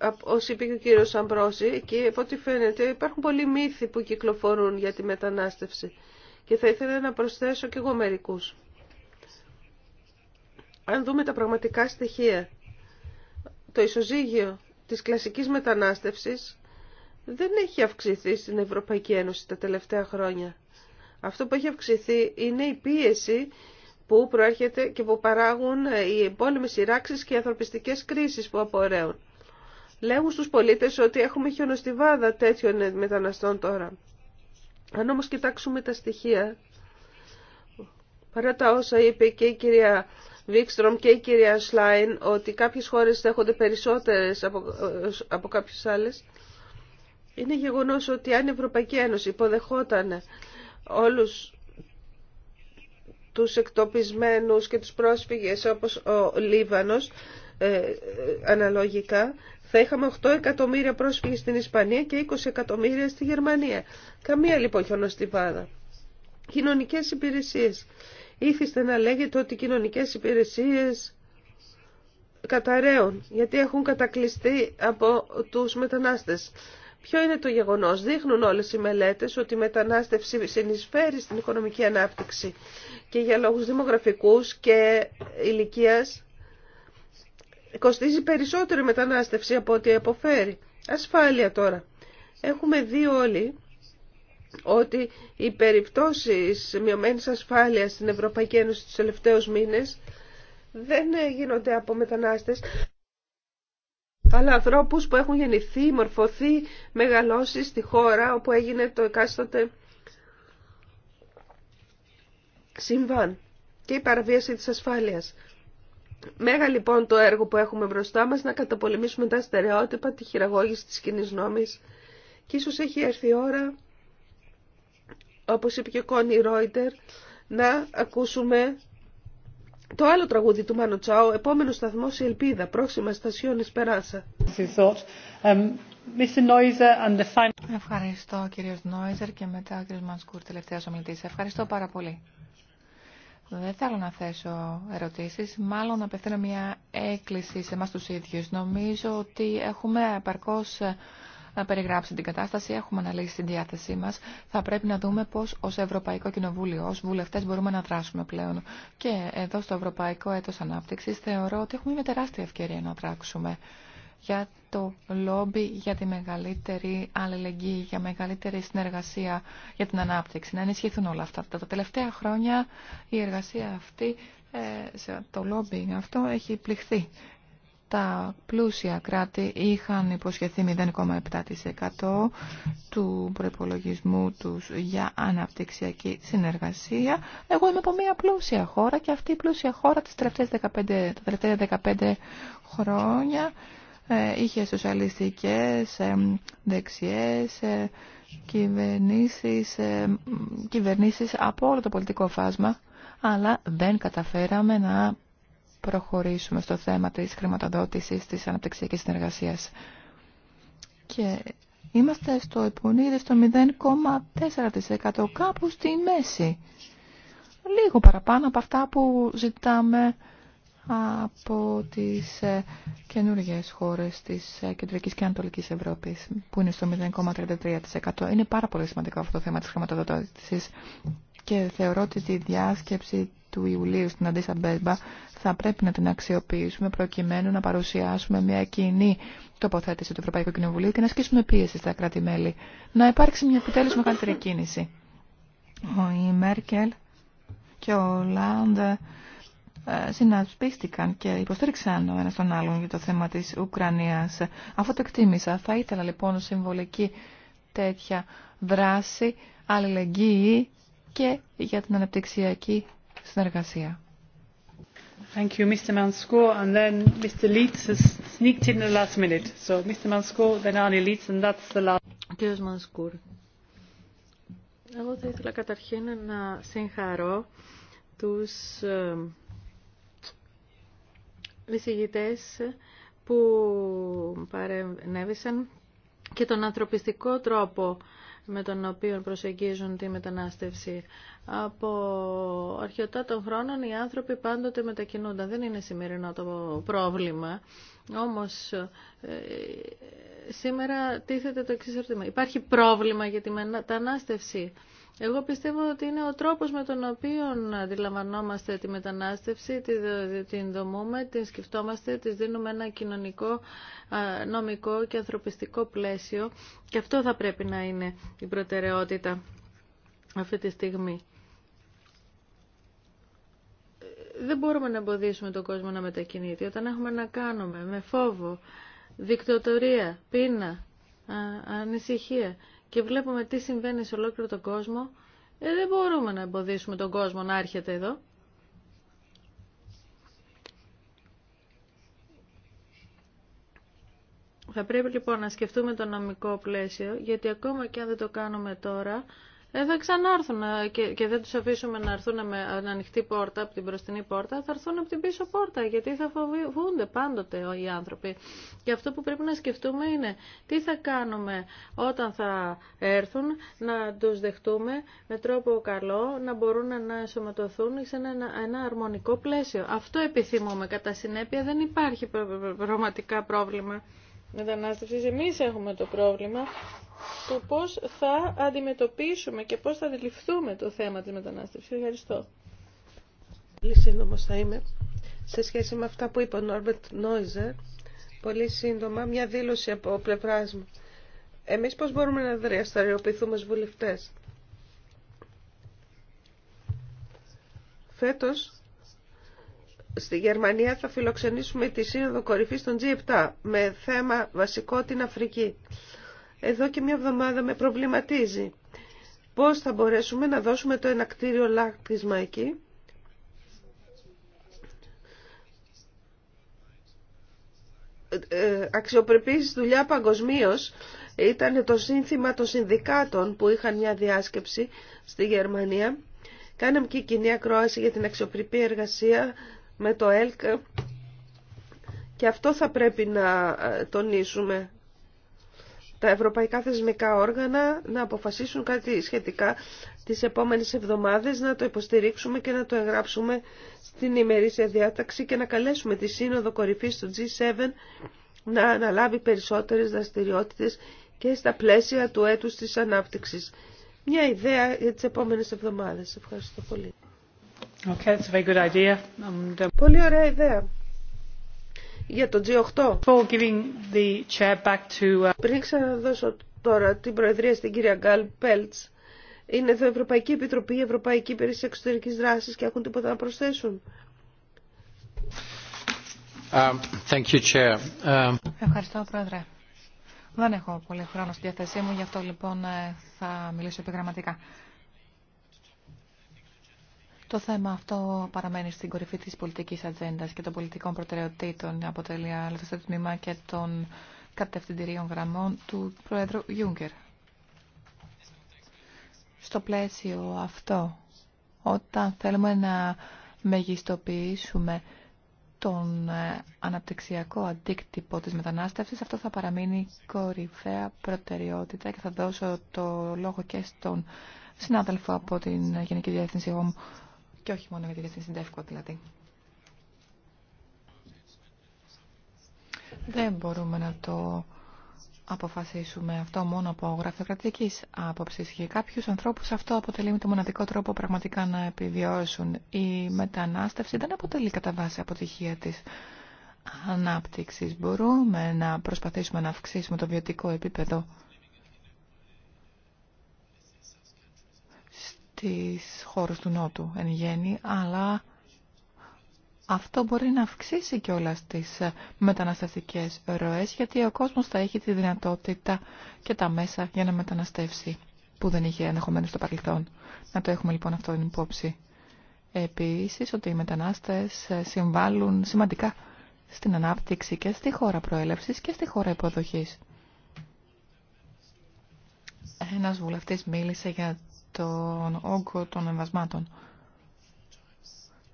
Όπω είπε και ο κύριο Αμπρόση, εκεί από ό,τι φαίνεται υπάρχουν πολλοί μύθοι που κυκλοφορούν για τη μετανάστευση και θα ήθελα να προσθέσω και εγώ μερικού. Αν δούμε τα πραγματικά στοιχεία, το ισοζύγιο της κλασικής μετανάστευσης δεν έχει αυξηθεί στην Ευρωπαϊκή Ένωση τα τελευταία χρόνια. Αυτό που έχει αυξηθεί είναι η πίεση που προέρχεται και που παράγουν οι εμπόλεμες σειράξεις και οι ανθρωπιστικές κρίσεις που απορρέουν. Λέγουν στους πολίτες ότι έχουμε χιονοστιβάδα τέτοιων μεταναστών τώρα. Αν όμως κοιτάξουμε τα στοιχεία, παρά τα όσα είπε και η κυρία Βίξτρομ και η κυρία Σλάιν, ότι κάποιες χώρες δέχονται περισσότερες από, ε, από κάποιες άλλες, είναι γεγονός ότι αν η Ευρωπαϊκή Ένωση υποδεχόταν όλους τους εκτοπισμένους και τους πρόσφυγες όπως ο Λίβανος ε, αναλογικά θα είχαμε 8 εκατομμύρια πρόσφυγες στην Ισπανία και 20 εκατομμύρια στη Γερμανία. Καμία λοιπόν χιονοστιβάδα. Κοινωνικές υπηρεσίες. Ήθιστε να λέγεται ότι οι κοινωνικές υπηρεσίες καταραίουν γιατί έχουν κατακλειστεί από τους μετανάστες. Ποιο είναι το γεγονός. Δείχνουν όλες οι μελέτες ότι η μετανάστευση συνεισφέρει στην οικονομική ανάπτυξη και για λόγους δημογραφικούς και ηλικία κοστίζει περισσότερη μετανάστευση από ό,τι αποφέρει. Ασφάλεια τώρα. Έχουμε δει όλοι ότι οι περιπτώσεις μειωμένης ασφάλειας στην Ευρωπαϊκή Ένωση τους τελευταίους μήνες δεν γίνονται από μετανάστες αλλά ανθρώπους που έχουν γεννηθεί, μορφωθεί, μεγαλώσει στη χώρα όπου έγινε το εκάστοτε συμβάν και η παραβίαση της ασφάλειας. Μέγα λοιπόν το έργο που έχουμε μπροστά μας να καταπολεμήσουμε τα στερεότυπα, τη χειραγώγηση της κοινή νόμης και ίσως έχει έρθει η ώρα, όπως είπε και ο Κόνι Ρόιτερ, να ακούσουμε το άλλο τραγούδι του Μάνο Τσάου, επόμενο σταθμό η Ελπίδα, πρόξιμα στασιόν Περάσα. Um, Ευχαριστώ κύριο Νόιζερ και μετά ο κύριο Μανσκούρ, τελευταία ομιλητή. Ευχαριστώ πάρα πολύ. Δεν θέλω να θέσω ερωτήσεις, μάλλον να απευθύνω μια έκκληση σε εμάς τους ίδιους. Νομίζω ότι έχουμε επαρκώς να περιγράψει την κατάσταση. Έχουμε αναλύσει τη διάθεσή μα. Θα πρέπει να δούμε πώ ω Ευρωπαϊκό Κοινοβούλιο, ω βουλευτέ, μπορούμε να δράσουμε πλέον. Και εδώ στο Ευρωπαϊκό Έτο Ανάπτυξη θεωρώ ότι έχουμε μια τεράστια ευκαιρία να δράξουμε για το λόμπι για τη μεγαλύτερη αλληλεγγύη, για μεγαλύτερη συνεργασία για την ανάπτυξη, να ενισχυθούν όλα αυτά. Τα τελευταία χρόνια η εργασία αυτή, ε, το λόμπι αυτό έχει πληχθεί τα πλούσια κράτη είχαν υποσχεθεί 0,7% του προπολογισμού τους για αναπτυξιακή συνεργασία. Εγώ είμαι από μια πλούσια χώρα και αυτή η πλούσια χώρα τις 15, τα τελευταία 15 χρόνια ε, είχε σοσιαλιστικές, ε, δεξιές, ε, κυβερνήσεις, κυβερνήσεις από όλο το πολιτικό φάσμα αλλά δεν καταφέραμε να προχωρήσουμε στο θέμα της χρηματοδότησης της αναπτυξιακής συνεργασίας. Και είμαστε στο επονίδι στο 0,4% κάπου στη μέση. Λίγο παραπάνω από αυτά που ζητάμε από τις ε, καινούργιες χώρες της ε, Κεντρικής και Ανατολικής Ευρώπης που είναι στο 0,33%. Είναι πάρα πολύ σημαντικό αυτό το θέμα της χρηματοδότησης και θεωρώ ότι τη διάσκεψη του Ιουλίου στην Αντίσα Μπέμπα θα πρέπει να την αξιοποιήσουμε προκειμένου να παρουσιάσουμε μια κοινή τοποθέτηση του Ευρωπαϊκού Κοινοβουλίου και να ασκήσουμε πίεση στα κράτη-μέλη. Να υπάρξει μια επιτέλου μεγαλύτερη κίνηση. Ο Μέρκελ και ο Λάντ ε, συνασπίστηκαν και υποστήριξαν ο ένα τον άλλον για το θέμα τη Ουκρανία. Αυτό το εκτίμησα. Θα ήθελα λοιπόν συμβολική τέτοια δράση, αλληλεγγύη και για την αναπτυξιακή συνεργασία. Thank you, Mr. Mansko, and then Mr. Leeds has sneaked in the last minute. So, Mr. Mansko, then Arne Leeds, and that's the last. Κύριος Μανσκούρ, εγώ θα ήθελα καταρχήν να συγχαρώ τους ε, εισηγητές που παρενέβησαν και τον ανθρωπιστικό τρόπο με τον οποίο προσεγγίζουν τη μετανάστευση από αρχαιοτά των χρόνων οι άνθρωποι πάντοτε μετακινούνταν. Δεν είναι σημερινό το πρόβλημα. Όμως ε, σήμερα τίθεται το εξής ερώτημα. Υπάρχει πρόβλημα για τη μετανάστευση. Εγώ πιστεύω ότι είναι ο τρόπος με τον οποίο αντιλαμβανόμαστε τη μετανάστευση, την δομούμε, την σκεφτόμαστε, τη δίνουμε ένα κοινωνικό, νομικό και ανθρωπιστικό πλαίσιο και αυτό θα πρέπει να είναι η προτεραιότητα αυτή τη στιγμή δεν μπορούμε να εμποδίσουμε τον κόσμο να μετακινείται. Όταν έχουμε να κάνουμε με φόβο, δικτατορία, πείνα, ανησυχία και βλέπουμε τι συμβαίνει σε ολόκληρο τον κόσμο, ε, δεν μπορούμε να εμποδίσουμε τον κόσμο να έρχεται εδώ. Θα πρέπει λοιπόν να σκεφτούμε το νομικό πλαίσιο, γιατί ακόμα και αν δεν το κάνουμε τώρα, ε, θα ξανάρθουν ε, και δεν τους αφήσουμε να έρθουν με ανοιχτή πόρτα από την μπροστινή πόρτα, θα έρθουν από την πίσω πόρτα γιατί θα φοβούνται πάντοτε οι άνθρωποι. Και αυτό που πρέπει να σκεφτούμε είναι τι θα κάνουμε όταν θα έρθουν, να τους δεχτούμε με τρόπο καλό, να μπορούν να ενσωματωθούν σε ένα, ένα αρμονικό πλαίσιο. Αυτό επιθυμούμε. Κατά συνέπεια δεν υπάρχει πραγματικά πρόβλημα μετανάστευσης, εμείς έχουμε το πρόβλημα του πώς θα αντιμετωπίσουμε και πώς θα αντιληφθούμε το θέμα της μετανάστευσης. Ευχαριστώ. Πολύ σύντομος θα είμαι. Σε σχέση με αυτά που είπε ο Νόρμπερτ Νόιζερ, πολύ σύντομα μια δήλωση από πλευρά μου. Εμείς πώς μπορούμε να δραστηριοποιηθούμε ως βουλευτές. Φέτος στη Γερμανία θα φιλοξενήσουμε τη Σύνοδο Κορυφής των G7 με θέμα βασικό την Αφρική. Εδώ και μια εβδομάδα με προβληματίζει. Πώς θα μπορέσουμε να δώσουμε το ενακτήριο λάκτισμα εκεί. Ε, αξιοπρεπής δουλειά παγκοσμίω ήταν το σύνθημα των συνδικάτων που είχαν μια διάσκεψη στη Γερμανία. Κάναμε και κοινή ακρόαση για την αξιοπρεπή εργασία με το ΕΛΚ και αυτό θα πρέπει να ε, τονίσουμε. Τα ευρωπαϊκά θεσμικά όργανα να αποφασίσουν κάτι σχετικά τις επόμενες εβδομάδες, να το υποστηρίξουμε και να το εγγράψουμε στην ημερήσια διάταξη και να καλέσουμε τη Σύνοδο Κορυφής του G7 να αναλάβει περισσότερες δραστηριότητες και στα πλαίσια του έτους της ανάπτυξης. Μια ιδέα για τις επόμενες εβδομάδες. Ευχαριστώ πολύ. Um, πολύ ωραία ιδέα. Για το G8. Giving the chair uh, Πριν ξαναδώσω τώρα την Προεδρία στην κυρία Γκάλ Πέλτς, είναι εδώ η Ευρωπαϊκή Επιτροπή, η Ευρωπαϊκή Υπηρεσία Εξωτερικής Δράσης και έχουν τίποτα να προσθέσουν. Um, um, Ευχαριστώ, Πρόεδρε. Δεν έχω πολύ χρόνο στη διάθεσή μου, γι' αυτό λοιπόν ε, θα μιλήσω επιγραμματικά. Το θέμα αυτό παραμένει στην κορυφή της πολιτικής ατζέντας και των πολιτικών προτεραιοτήτων, αποτελεί άλλο το τμήμα και των κατευθυντηρίων γραμμών του Πρόεδρου Γιούγκερ. Στο πλαίσιο αυτό, όταν θέλουμε να μεγιστοποιήσουμε τον ε, αναπτυξιακό αντίκτυπο της μετανάστευσης, αυτό θα παραμείνει κορυφαία προτεραιότητα και θα δώσω το λόγο και στον συνάδελφο από την Γενική Διεύθυνση και όχι μόνο για τη διεθνή συντεύκο δηλαδή. Δεν μπορούμε να το αποφασίσουμε αυτό μόνο από γραφειοκρατική άποψη. Για κάποιου ανθρώπου αυτό αποτελεί με το μοναδικό τρόπο πραγματικά να επιβιώσουν. Η μετανάστευση δεν αποτελεί κατά βάση αποτυχία τη ανάπτυξη. Μπορούμε να προσπαθήσουμε να αυξήσουμε το βιωτικό επίπεδο της χώρου του Νότου εν γέννη, αλλά αυτό μπορεί να αυξήσει και όλα τις ε, μεταναστευτικές ροές, γιατί ο κόσμος θα έχει τη δυνατότητα και τα μέσα για να μεταναστεύσει, που δεν είχε ενδεχομένω στο παρελθόν. Να το έχουμε λοιπόν αυτό την υπόψη. Επίσης, ότι οι μετανάστες ε, συμβάλλουν σημαντικά στην ανάπτυξη και στη χώρα προέλευσης και στη χώρα υποδοχής. Ένας βουλευτής μίλησε για τον όγκο των εμβασμάτων.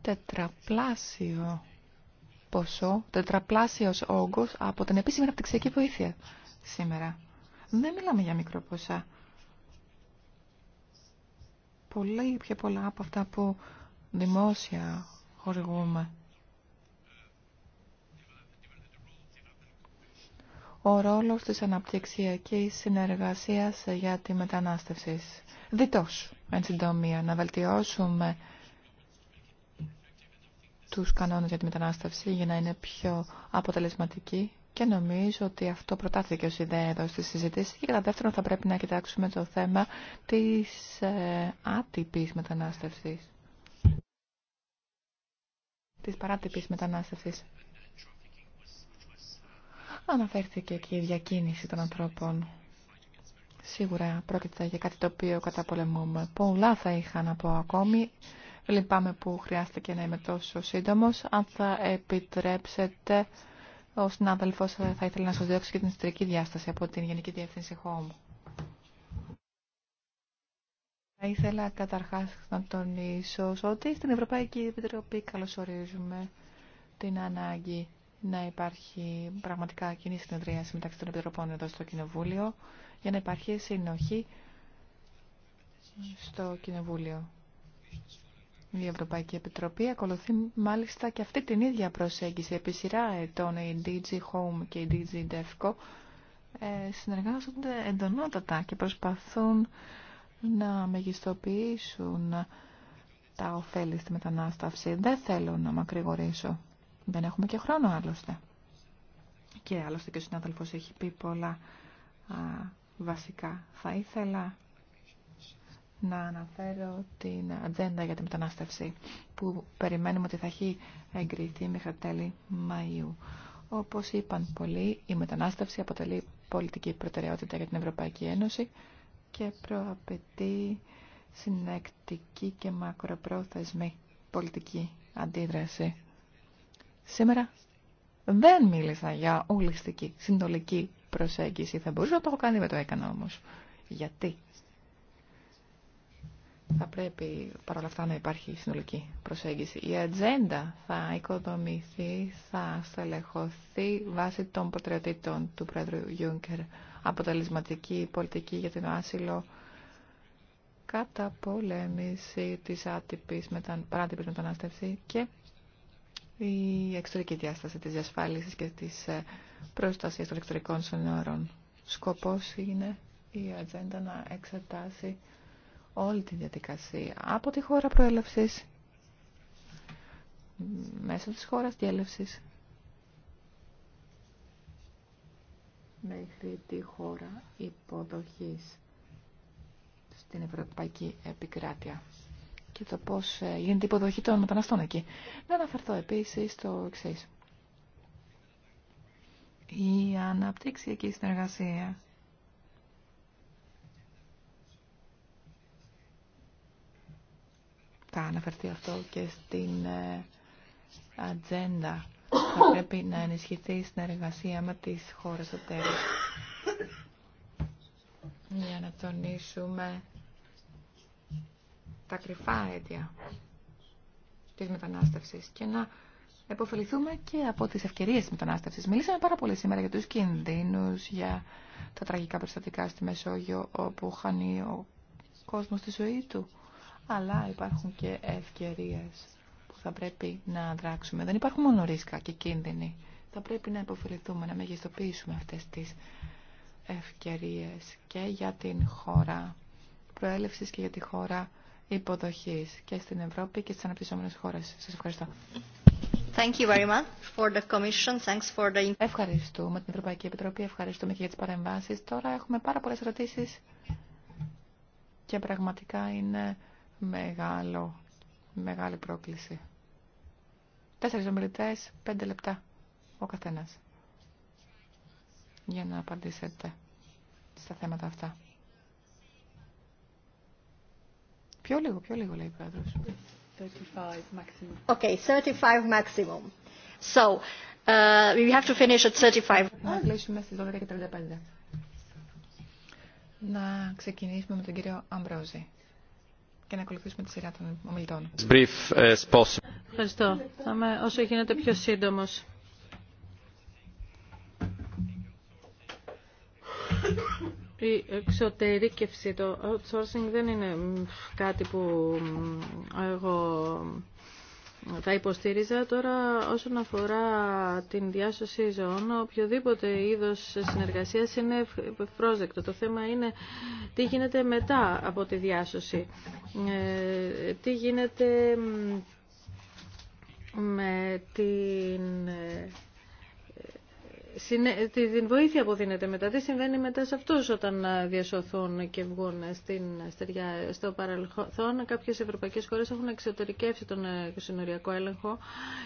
Τετραπλάσιο ποσό, τετραπλάσιος όγκος από την επίσημη αναπτυξιακή βοήθεια σήμερα. Δεν μιλάμε για μικρό ποσά. Πολύ πιο πολλά από αυτά που δημόσια χορηγούμε. Ο ρόλος της αναπτυξιακής συνεργασίας για τη μετανάστευση διτός, εν συντομία, να βελτιώσουμε τους κανόνες για τη μετανάστευση για να είναι πιο αποτελεσματικοί και νομίζω ότι αυτό προτάθηκε ως ιδέα εδώ στη συζήτηση και κατά δεύτερον θα πρέπει να κοιτάξουμε το θέμα της ε, άτυπης μετανάστευσης. Της παράτυπης μετανάστευσης. Αναφέρθηκε και η διακίνηση των ανθρώπων. Σίγουρα πρόκειται για κάτι το οποίο καταπολεμούμε. Πολλά θα είχα να πω ακόμη. Λυπάμαι που χρειάστηκε να είμαι τόσο σύντομο. Αν θα επιτρέψετε, ο συνάδελφο ε, θα ήθελε να σα διώξει και την ιστορική διάσταση από την Γενική Διεύθυνση Home. Θα ήθελα καταρχάς να τονίσω ότι στην Ευρωπαϊκή Επιτροπή καλωσορίζουμε την ανάγκη να υπάρχει πραγματικά κοινή συνεδρίαση μεταξύ των Επιτροπών εδώ στο Κοινοβούλιο για να υπάρχει συνοχή στο Κοινοβούλιο. Η Ευρωπαϊκή Επιτροπή ακολουθεί μάλιστα και αυτή την ίδια προσέγγιση. Επί σειρά ετών η DG Home και η DG DEFCO ε, συνεργάζονται εντονότατα και προσπαθούν να μεγιστοποιήσουν τα ωφέλη στη μετανάστευση. Δεν θέλω να μακρηγορήσω. Δεν έχουμε και χρόνο άλλωστε. Και άλλωστε και ο συνάδελφος έχει πει πολλά βασικά. Θα ήθελα να αναφέρω την ατζέντα για τη μετανάστευση που περιμένουμε ότι θα έχει εγκριθεί μέχρι τέλη Μαΐου. Όπως είπαν πολλοί, η μετανάστευση αποτελεί πολιτική προτεραιότητα για την Ευρωπαϊκή Ένωση και προαπαιτεί συνεκτική και μακροπρόθεσμη πολιτική αντίδραση. Σήμερα δεν μίλησα για ολιστική, συντολική προσέγγιση. Θα μπορούσα να το έχω κάνει, με το έκανα όμω. Γιατί. Θα πρέπει παρόλα αυτά να υπάρχει συνολική προσέγγιση. Η ατζέντα θα οικοδομηθεί, θα στελεχωθεί βάσει των προτεραιοτήτων του Πρόεδρου Γιούγκερ. Αποτελεσματική πολιτική για την άσυλο, καταπολέμηση της άτυπης, παράτυπης μετανάστευση και η εξωτερική διάσταση της διασφάλισης και της ε, προστασίας των εξωτερικών συνόρων. Σκοπός είναι η ατζέντα να εξετάσει όλη τη διαδικασία από τη χώρα προέλευσης, μέσω της χώρας διέλευσης, μέχρι τη χώρα υποδοχής στην Ευρωπαϊκή Επικράτεια και το πώς ε, γίνεται η υποδοχή των μεταναστών εκεί. Να αναφερθώ επίση στο εξή. Η αναπτύξη αναπτύξιακή συνεργασία θα αναφερθεί αυτό και στην ε, ατζέντα. Θα πρέπει να ενισχυθεί η συνεργασία με τις χώρες εταίρες. Για να τονίσουμε τα κρυφά αίτια της μετανάστευσης και να επωφεληθούμε και από τις ευκαιρίες της μετανάστευσης. Μιλήσαμε πάρα πολύ σήμερα για τους κινδύνους, για τα τραγικά περιστατικά στη Μεσόγειο όπου χάνει ο κόσμος τη ζωή του. Αλλά υπάρχουν και ευκαιρίες που θα πρέπει να δράξουμε. Δεν υπάρχουν μόνο ρίσκα και κίνδυνοι. Θα πρέπει να επωφεληθούμε, να μεγιστοποιήσουμε αυτές τις ευκαιρίες και για την χώρα προέλευσης και για τη χώρα υποδοχής και στην Ευρώπη και στις αναπτυσσόμενες χώρες. Σας ευχαριστώ. Thank you very much for the commission. Thanks for the... Ευχαριστούμε την Ευρωπαϊκή Επιτροπή, ευχαριστούμε και για τις παρεμβάσεις. Τώρα έχουμε πάρα πολλές ερωτήσεις και πραγματικά είναι μεγάλο, μεγάλη πρόκληση. Τέσσερις ομιλητές, πέντε λεπτά ο καθένας για να απαντήσετε στα θέματα αυτά. Πιο λίγο, πιο λίγο λέει η πρόεδρος. 35 maximum. Okay, 35 maximum. So, uh, we have to finish at 35. Να κλείσουμε στις 12 και 35. Να ξεκινήσουμε με τον κύριο Αμπρόζη και να ακολουθήσουμε τη σειρά των ομιλητών. Brief as possible. Ευχαριστώ. Θα είμαι όσο γίνεται πιο σύντομος. Thank you. Η εξωτερήκευση, το outsourcing δεν είναι κάτι που εγώ θα υποστήριζα. Τώρα όσον αφορά την διάσωση ζώων, οποιοδήποτε είδος συνεργασίας είναι πρόσδεκτο. Το θέμα είναι τι γίνεται μετά από τη διάσωση. Ε, τι γίνεται με την ε, την βοήθεια που δίνεται μετά. Τι συμβαίνει μετά σε αυτούς όταν διασωθούν και βγουν στην στεριά. Στο παρελθόν κάποιες ευρωπαϊκές χώρες έχουν εξωτερικεύσει τον ε, συνοριακό έλεγχο,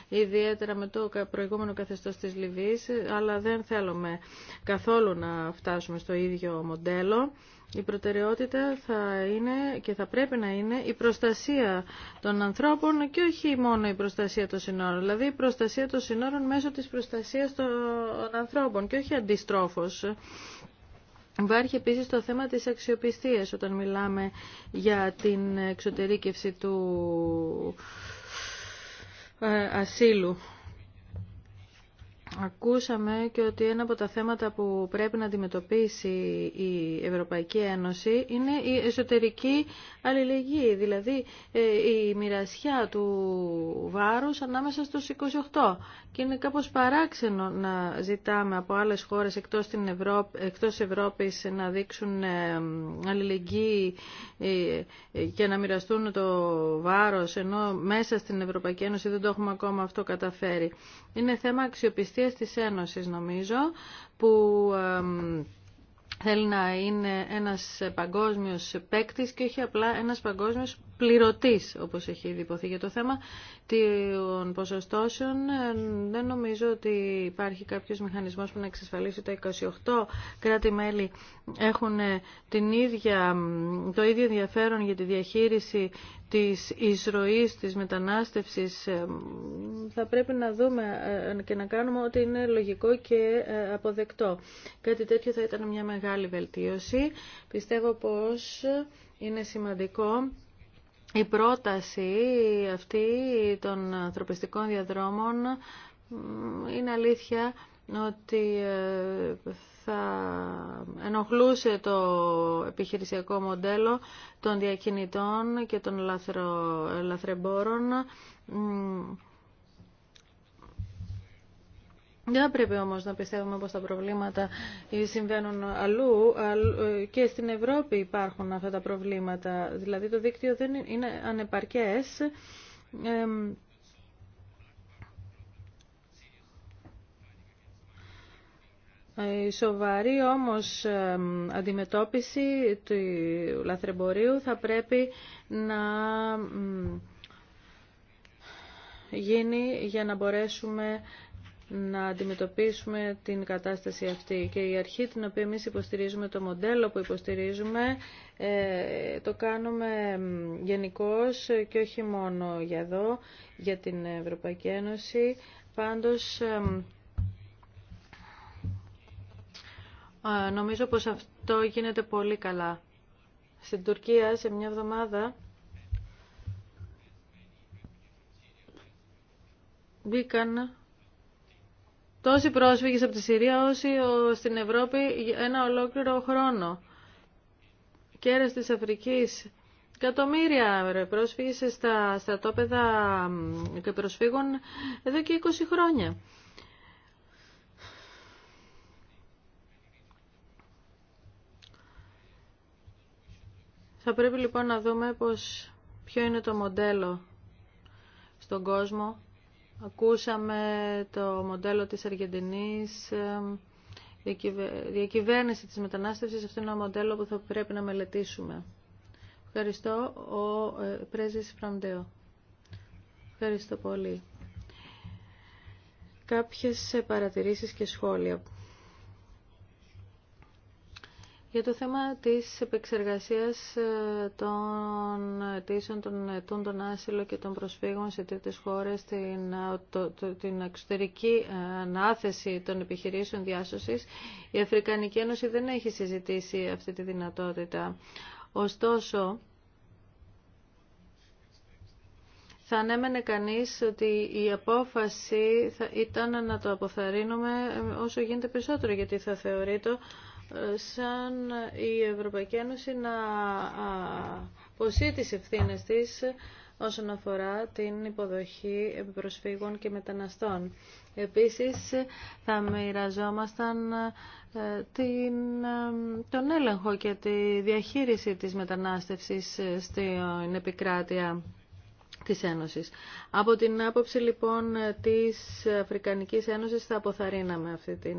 ιδιαίτερα με το προηγούμενο καθεστώς της Λιβύης, αλλά δεν θέλουμε καθόλου να φτάσουμε στο ίδιο μοντέλο. Η προτεραιότητα θα είναι και θα πρέπει να είναι η προστασία των ανθρώπων και όχι μόνο η προστασία των συνόρων. Δηλαδή η προστασία των συνόρων μέσω της προστασίας των ανθρώπων και όχι αντιστρόφως. Υπάρχει επίσης το θέμα της αξιοπιστίας όταν μιλάμε για την εξωτερήκευση του ε, ασύλου. Ακούσαμε και ότι ένα από τα θέματα που πρέπει να αντιμετωπίσει η Ευρωπαϊκή Ένωση είναι η εσωτερική αλληλεγγύη, δηλαδή ε, η μοιρασιά του βάρους ανάμεσα στους 28. Και είναι κάπως παράξενο να ζητάμε από άλλες χώρες εκτός, την Ευρώπη, Ευρώπης να δείξουν ε, αλληλεγγύη και ε, να μοιραστούν το βάρος, ενώ μέσα στην Ευρωπαϊκή Ένωση δεν το έχουμε ακόμα αυτό καταφέρει. Είναι θέμα αξιοπιστίας Τη της Ένωσης νομίζω που θέλει να είναι ένας παγκόσμιος παίκτη και όχι απλά ένας παγκόσμιος πληρωτής, όπως έχει υποθεί για το θέμα των ποσοστώσεων. Ε, δεν νομίζω ότι υπάρχει κάποιος μηχανισμός που να εξασφαλίσει τα 28 κράτη-μέλη έχουν ε, την ίδια, το ίδιο ενδιαφέρον για τη διαχείριση της εισρωής, της μετανάστευσης. Ε, θα πρέπει να δούμε και να κάνουμε ότι είναι λογικό και αποδεκτό. Κάτι τέτοιο θα ήταν μια μεγάλη βελτίωση. Πιστεύω πως είναι σημαντικό η πρόταση αυτή των ανθρωπιστικών διαδρόμων είναι αλήθεια ότι ε, θα ενοχλούσε το επιχειρησιακό μοντέλο των διακινητών και των λαθρεμπόρων δεν θα πρέπει όμως να πιστεύουμε πως τα προβλήματα συμβαίνουν αλλού ε, και στην Ευρώπη υπάρχουν αυτά τα προβλήματα. Δηλαδή το δίκτυο δεν είναι ανεπαρκές. Η σοβαρή όμως αντιμετώπιση του λαθρεμπορίου θα πρέπει να γίνει για να μπορέσουμε να αντιμετωπίσουμε την κατάσταση αυτή. Και η αρχή την οποία εμείς υποστηρίζουμε, το μοντέλο που υποστηρίζουμε, ε, το κάνουμε γενικώ και όχι μόνο για εδώ, για την Ευρωπαϊκή Ένωση. Πάντως, ε, ε, νομίζω πως αυτό γίνεται πολύ καλά. Στην Τουρκία, σε μια εβδομάδα, μπήκαν τόσοι πρόσφυγες από τη Συρία όσοι στην Ευρώπη ένα ολόκληρο χρόνο. Κέρας της Αφρικής. Εκατομμύρια πρόσφυγες στα στρατόπεδα και προσφύγων εδώ και 20 χρόνια. Θα πρέπει λοιπόν να δούμε πως, ποιο είναι το μοντέλο στον κόσμο Ακούσαμε το μοντέλο της Αργεντινής, ε, διακυβέρνηση της μετανάστευσης, αυτό είναι ένα μοντέλο που θα πρέπει να μελετήσουμε. Ευχαριστώ, ο ε, Πρέζης Φραμντέο. Ευχαριστώ πολύ. Κάποιες παρατηρήσεις και σχόλια για το θέμα της επεξεργασίας ε, των αιτήσεων των ετών των άσυλων και των προσφύγων σε τρίτες χώρες, την, την εξωτερική ε, ανάθεση των επιχειρήσεων διάσωσης, η Αφρικανική Ένωση δεν έχει συζητήσει αυτή τη δυνατότητα. Ωστόσο, θα ανέμενε κανείς ότι η απόφαση θα ήταν να το αποθαρρύνουμε ε, όσο γίνεται περισσότερο, γιατί θα θεωρείται σαν η Ευρωπαϊκή Ένωση να ποσεί τις ευθύνες της όσον αφορά την υποδοχή προσφύγων και μεταναστών. Επίσης, θα μοιραζόμασταν ε, την, ε, τον έλεγχο και τη διαχείριση της μετανάστευσης ε, στην επικράτεια της Ένωσης. Από την άποψη, λοιπόν, της Αφρικανικής Ένωσης θα αποθαρρύναμε αυτή την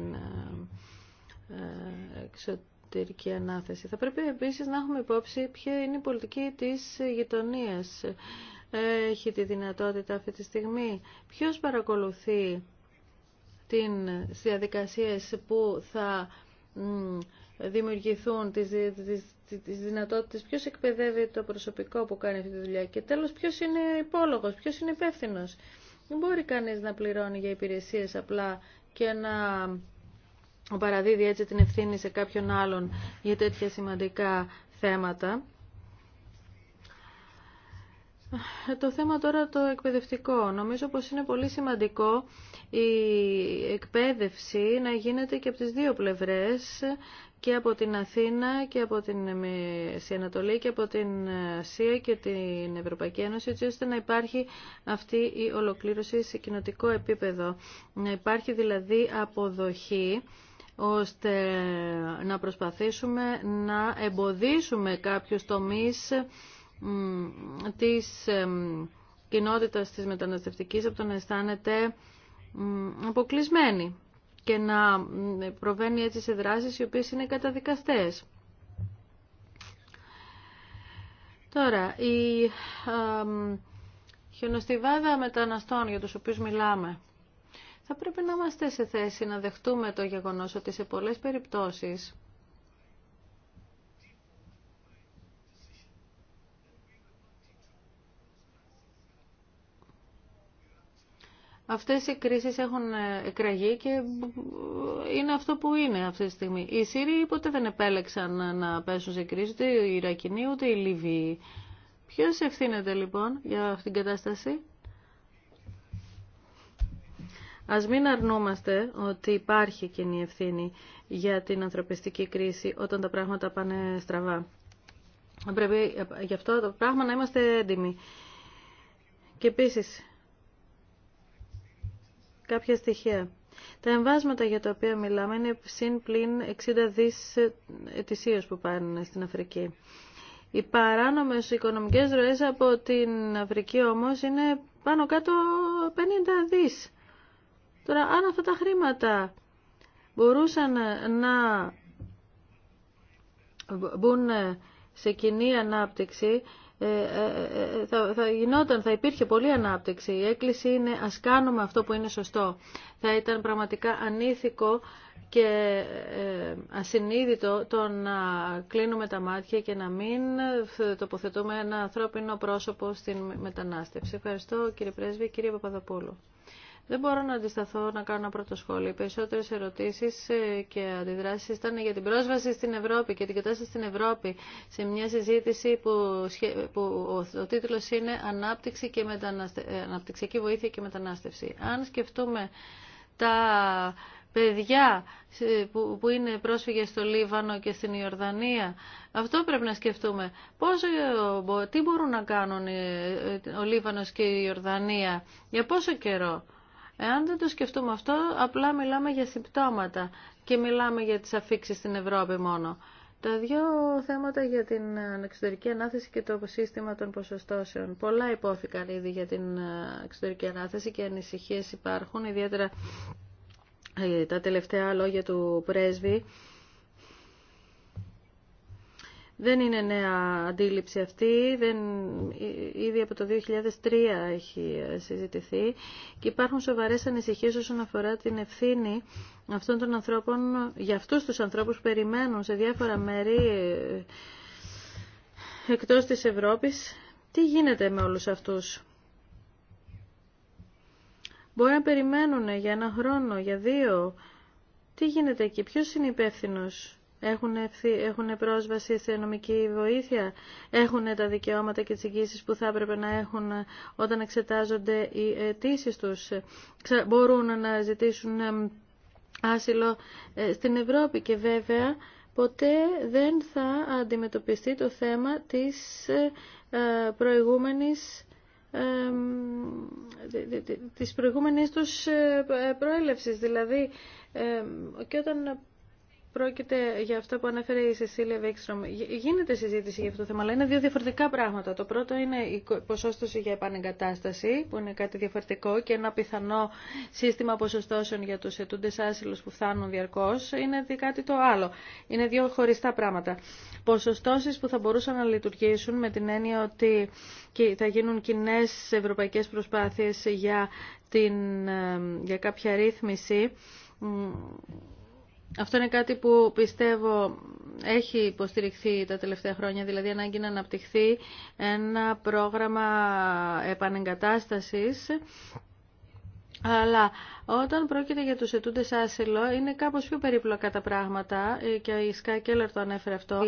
ε, εξωτερική ανάθεση. Θα πρέπει επίσης να έχουμε υπόψη ποια είναι η πολιτική της γειτονίας. Έχει τη δυνατότητα αυτή τη στιγμή. Ποιος παρακολουθεί την διαδικασίες που θα δημιουργηθούν τις, τις, τις δυνατότητες, ποιος εκπαιδεύει το προσωπικό που κάνει αυτή τη δουλειά και τέλος ποιος είναι υπόλογος, ποιος είναι υπεύθυνο. Δεν μπορεί κανείς να πληρώνει για υπηρεσίες απλά και να παραδίδει έτσι την ευθύνη σε κάποιον άλλον για τέτοια σημαντικά θέματα. Το θέμα τώρα το εκπαιδευτικό. Νομίζω πως είναι πολύ σημαντικό η εκπαίδευση να γίνεται και από τις δύο πλευρές, και από την Αθήνα και από την Ανατολή και από την Ασία και την Ευρωπαϊκή Ένωση, έτσι ώστε να υπάρχει αυτή η ολοκλήρωση σε κοινοτικό επίπεδο. Να υπάρχει δηλαδή αποδοχή ώστε να προσπαθήσουμε να εμποδίσουμε κάποιους τομείς της κοινότητας της μεταναστευτικής από το να αισθάνεται αποκλεισμένη και να προβαίνει έτσι σε δράσεις οι οποίες είναι καταδικαστές. Τώρα, η χιονοστιβάδα μεταναστών για τους οποίους μιλάμε θα πρέπει να είμαστε σε θέση να δεχτούμε το γεγονός ότι σε πολλές περιπτώσεις Αυτές οι κρίσεις έχουν ε, εκραγεί και είναι αυτό που είναι αυτή τη στιγμή. Οι Σύριοι ποτέ δεν επέλεξαν να πέσουν σε κρίση, ούτε οι Ιρακινοί ούτε οι Λιβύοι. Ποιος ευθύνεται λοιπόν για αυτήν την κατάσταση? Ας μην αρνούμαστε ότι υπάρχει κοινή ευθύνη για την ανθρωπιστική κρίση όταν τα πράγματα πάνε στραβά. Πρέπει γι' αυτό το πράγμα να είμαστε έντιμοι. Και επίσης, κάποια στοιχεία. Τα εμβάσματα για τα οποία μιλάμε είναι συν πλήν 60 δις ετησίως που πάνε στην Αφρική. Οι παράνομες οικονομικές ροές από την Αφρική όμως είναι πάνω κάτω 50 δις. Τώρα, αν αυτά τα χρήματα μπορούσαν να μπουν σε κοινή ανάπτυξη, ε, ε, ε, θα, γινόταν, θα υπήρχε πολλή ανάπτυξη. Η έκκληση είναι ας κάνουμε αυτό που είναι σωστό. Θα ήταν πραγματικά ανήθικο και ασυνείδητο το να κλείνουμε τα μάτια και να μην τοποθετούμε ένα ανθρώπινο πρόσωπο στην μετανάστευση. Ευχαριστώ κύριε Πρέσβη, κύριε Παπαδοπούλου. Δεν μπορώ να αντισταθώ να κάνω πρώτο σχόλιο. Οι περισσότερε ερωτήσει ε, και αντιδράσει ήταν για την πρόσβαση στην Ευρώπη και την κατάσταση στην Ευρώπη σε μια συζήτηση που, ο, τίτλο είναι Ανάπτυξη και μεταναστε... Ε, βοήθεια και μετανάστευση. Αν σκεφτούμε τα παιδιά που είναι πρόσφυγες στο Λίβανο και στην Ιορδανία. Αυτό πρέπει να σκεφτούμε. Πώς, ε, τι μπορούν να κάνουν ο Λίβανος και η Ιορδανία, για πόσο καιρό. Εάν δεν το σκεφτούμε αυτό, απλά μιλάμε για συμπτώματα και μιλάμε για τις αφήξεις στην Ευρώπη μόνο. Τα δύο θέματα για την ε, εξωτερική ανάθεση και το σύστημα των ποσοστώσεων. Πολλά υπόθηκαν ήδη για την ε, εξωτερική ανάθεση και ανησυχίες υπάρχουν, ιδιαίτερα ε, τα τελευταία λόγια του πρέσβη δεν είναι νέα αντίληψη αυτή, δεν, ήδη από το 2003 έχει συζητηθεί και υπάρχουν σοβαρές ανησυχίες όσον αφορά την ευθύνη αυτών των ανθρώπων, για αυτούς τους ανθρώπους που περιμένουν σε διάφορα μέρη ε, εκτός της Ευρώπης. Τι γίνεται με όλους αυτούς. Μπορεί να περιμένουν για ένα χρόνο, για δύο. Τι γίνεται εκεί, ποιος είναι υπεύθυνος. Έχουν, έχουν πρόσβαση σε νομική βοήθεια, έχουν τα δικαιώματα και τις εγγύσεις που θα έπρεπε να έχουν όταν εξετάζονται οι αιτήσει τους. Μπορούν να ζητήσουν άσυλο ε, στην Ευρώπη και βέβαια ποτέ δεν θα αντιμετωπιστεί το θέμα της ε, ε, προηγούμενης της προηγούμενης τους προέλευσης. Δηλαδή, και όταν πρόκειται για αυτά που ανέφερε η Σεσίλια Βέξτρομ. Γίνεται συζήτηση για αυτό το θέμα, αλλά είναι δύο διαφορετικά πράγματα. Το πρώτο είναι η ποσόστοση για επανεγκατάσταση, που είναι κάτι διαφορετικό και ένα πιθανό σύστημα ποσοστώσεων για του ετούντε άσυλου που φτάνουν διαρκώ. Είναι κάτι το άλλο. Είναι δύο χωριστά πράγματα. Ποσοστώσει που θα μπορούσαν να λειτουργήσουν με την έννοια ότι θα γίνουν κοινέ ευρωπαϊκέ προσπάθειε για, ε, για κάποια ρύθμιση αυτό είναι κάτι που πιστεύω έχει υποστηριχθεί τα τελευταία χρόνια, δηλαδή ανάγκη να αναπτυχθεί ένα πρόγραμμα επανεγκατάστασης αλλά όταν πρόκειται για τους ετούντες άσυλο είναι κάπως πιο περίπλοκα τα πράγματα ε, και η Sky Keller το ανέφερε αυτό.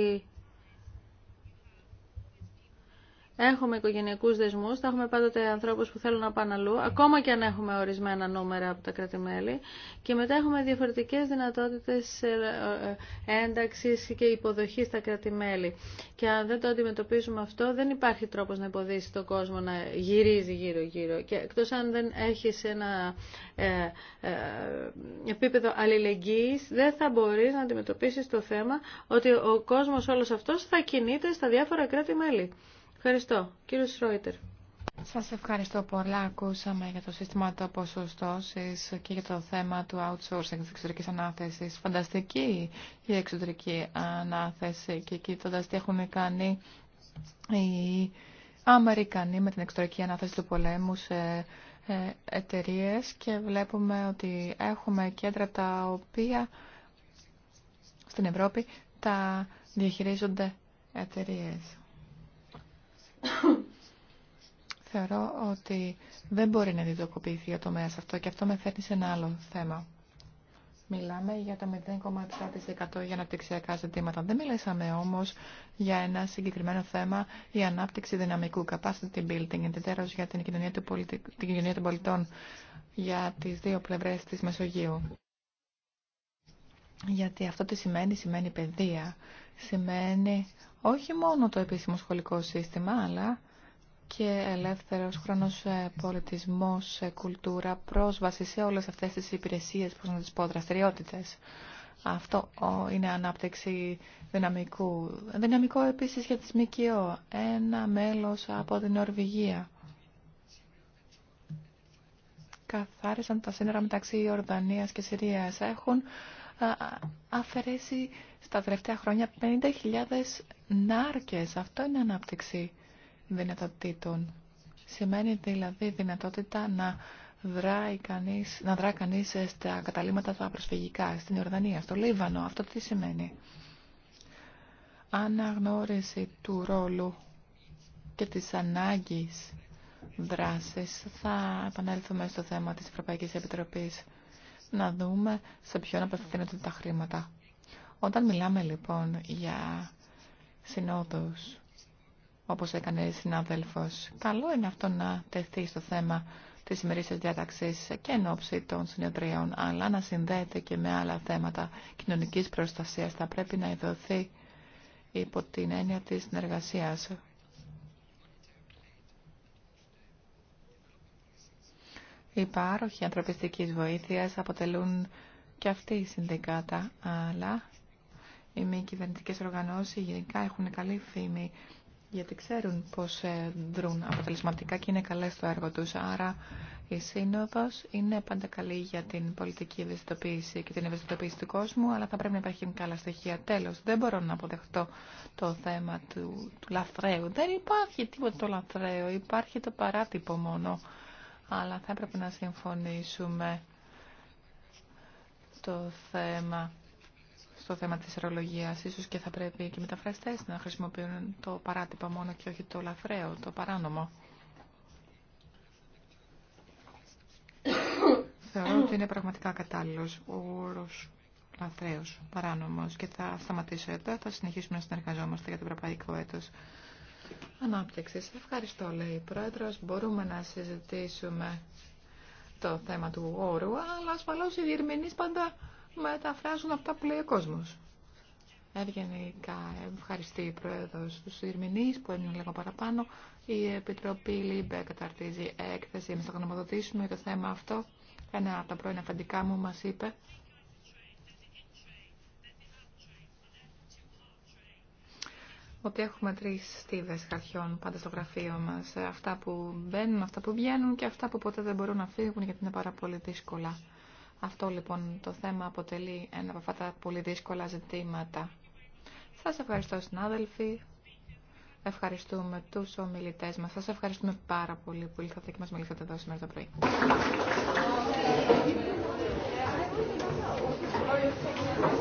Έχουμε οικογενειακούς δεσμούς, θα έχουμε πάντοτε ανθρώπους που θέλουν να πάνε αλλού, ακόμα και αν έχουμε ορισμένα νούμερα από τα κράτη-μέλη Και μετά έχουμε διαφορετικές δυνατότητες ε, ε, ένταξης και υποδοχής στα κρατημέλη. Και αν δεν το αντιμετωπίσουμε αυτό, δεν υπάρχει τρόπος να υποδείσει τον κόσμο να γυρίζει γύρω-γύρω. Και εκτός αν δεν έχει ένα ε, επίπεδο αλληλεγγύης, δεν θα μπορείς να αντιμετωπίσεις το θέμα ότι ο κόσμος όλος αυτός θα κινείται στα διάφορα Ευχαριστώ. Κύριο Σρόιτερ. Σας ευχαριστώ πολλά. Ακούσαμε για το σύστημα το ποσοστώσεις και για το θέμα του outsourcing της εξωτερικής ανάθεσης. Φανταστική η εξωτερική ανάθεση και κοιτώντας τι έχουν κάνει οι Αμερικανοί με την εξωτερική ανάθεση του πολέμου σε ε, εταιρείε και βλέπουμε ότι έχουμε κέντρα τα οποία στην Ευρώπη τα διαχειρίζονται εταιρείε. Θεωρώ ότι δεν μπορεί να διδοκοποιηθεί ο τομέα αυτό και αυτό με φέρνει σε ένα άλλο θέμα. Μιλάμε για τα 0,7% για αναπτυξιακά ζητήματα. Δεν μιλήσαμε όμω για ένα συγκεκριμένο θέμα, η ανάπτυξη δυναμικού capacity building, εντετέρως για την κοινωνία, του την κοινωνία των πολιτών, για τι δύο πλευρέ τη Μεσογείου. Γιατί αυτό τι σημαίνει, σημαίνει παιδεία, σημαίνει όχι μόνο το επίσημο σχολικό σύστημα, αλλά και ελεύθερος χρόνος ε, πολιτισμός, ε, κουλτούρα, πρόσβαση σε όλες αυτές τις υπηρεσίες, πώς να τις πω, δραστηριότητες. Αυτό είναι ανάπτυξη δυναμικού. Δυναμικό επίσης για τις ΜΚΟ. Ένα μέλος από την Νορβηγία. Καθάρισαν τα σύνορα μεταξύ Ιορδανίας και Συρίας. Έχουν αφαιρέσει στα τελευταία χρόνια 50.000 νάρκες. Αυτό είναι ανάπτυξη δυνατοτήτων. Σημαίνει δηλαδή δυνατότητα να δράει κανείς, να κανείς στα καταλήμματα προσφυγικά, στην Ιορδανία, στο Λίβανο. Αυτό τι σημαίνει. Αναγνώριση του ρόλου και της ανάγκης δράσης. Θα επανέλθουμε στο θέμα της Ευρωπαϊκής Επιτροπής να δούμε σε ποιον απευθύνονται τα χρήματα. Όταν μιλάμε λοιπόν για συνόδους, όπως έκανε η συνάδελφος, καλό είναι αυτό να τεθεί στο θέμα της σημερινής διαταξή και εν ώψη των συνεδρίων, αλλά να συνδέεται και με άλλα θέματα κοινωνικής προστασίας. Θα πρέπει να ειδωθεί υπό την έννοια της συνεργασίας Οι πάροχοι ανθρωπιστικής βοήθειας αποτελούν και αυτοί οι συνδικάτα, αλλά οι μη κυβερνητικέ οργανώσει, γενικά έχουν καλή φήμη γιατί ξέρουν πώς ε, δρούν αποτελεσματικά και είναι καλέ στο έργο του. Άρα η σύνοδο είναι πάντα καλή για την πολιτική ευαισθητοποίηση και την ευαισθητοποίηση του κόσμου, αλλά θα πρέπει να υπάρχουν καλά στοιχεία. τέλο. δεν μπορώ να αποδεχτώ το θέμα του, του λαθρέου. Δεν υπάρχει τίποτα το λαθρέο, υπάρχει το παράτυπο μόνο αλλά θα έπρεπε να συμφωνήσουμε το θέμα, στο θέμα της ρολογίας. Ίσως και θα πρέπει και οι μεταφραστές να χρησιμοποιούν το παράτυπο μόνο και όχι το λαθρέο, το παράνομο. Θεωρώ ότι είναι πραγματικά κατάλληλος ο όρος λαθρέος, παράνομος και θα σταματήσω εδώ, θα συνεχίσουμε να συνεργαζόμαστε για το ευρωπαϊκό έτος. Ανάπτυξης. Ευχαριστώ, λέει η Πρόεδρος. Μπορούμε να συζητήσουμε το θέμα του όρου, αλλά ασφαλώς οι διερμηνείς πάντα μεταφράζουν αυτά που λέει ο κόσμος. Ευγενικά ευχαριστεί η Πρόεδρος του Συρμηνής που έμεινε λίγο παραπάνω. Η Επιτροπή ΛΥΜΠΕ καταρτίζει έκθεση. Εμείς θα γνωμοδοτήσουμε το θέμα αυτό. Ένα από τα πρώην αφεντικά μου μας είπε ότι έχουμε τρεις στίβες χαρτιών πάντα στο γραφείο μας. Ε, αυτά που μπαίνουν, αυτά που βγαίνουν και αυτά που ποτέ δεν μπορούν να φύγουν γιατί είναι πάρα πολύ δύσκολα. Αυτό λοιπόν το θέμα αποτελεί ένα από αυτά τα πολύ δύσκολα ζητήματα. Σας ευχαριστώ συνάδελφοι. Ευχαριστούμε τους ομιλητές μας. Σας ευχαριστούμε πάρα πολύ που ήλθατε και μας μιλήσατε εδώ σήμερα το πρωί.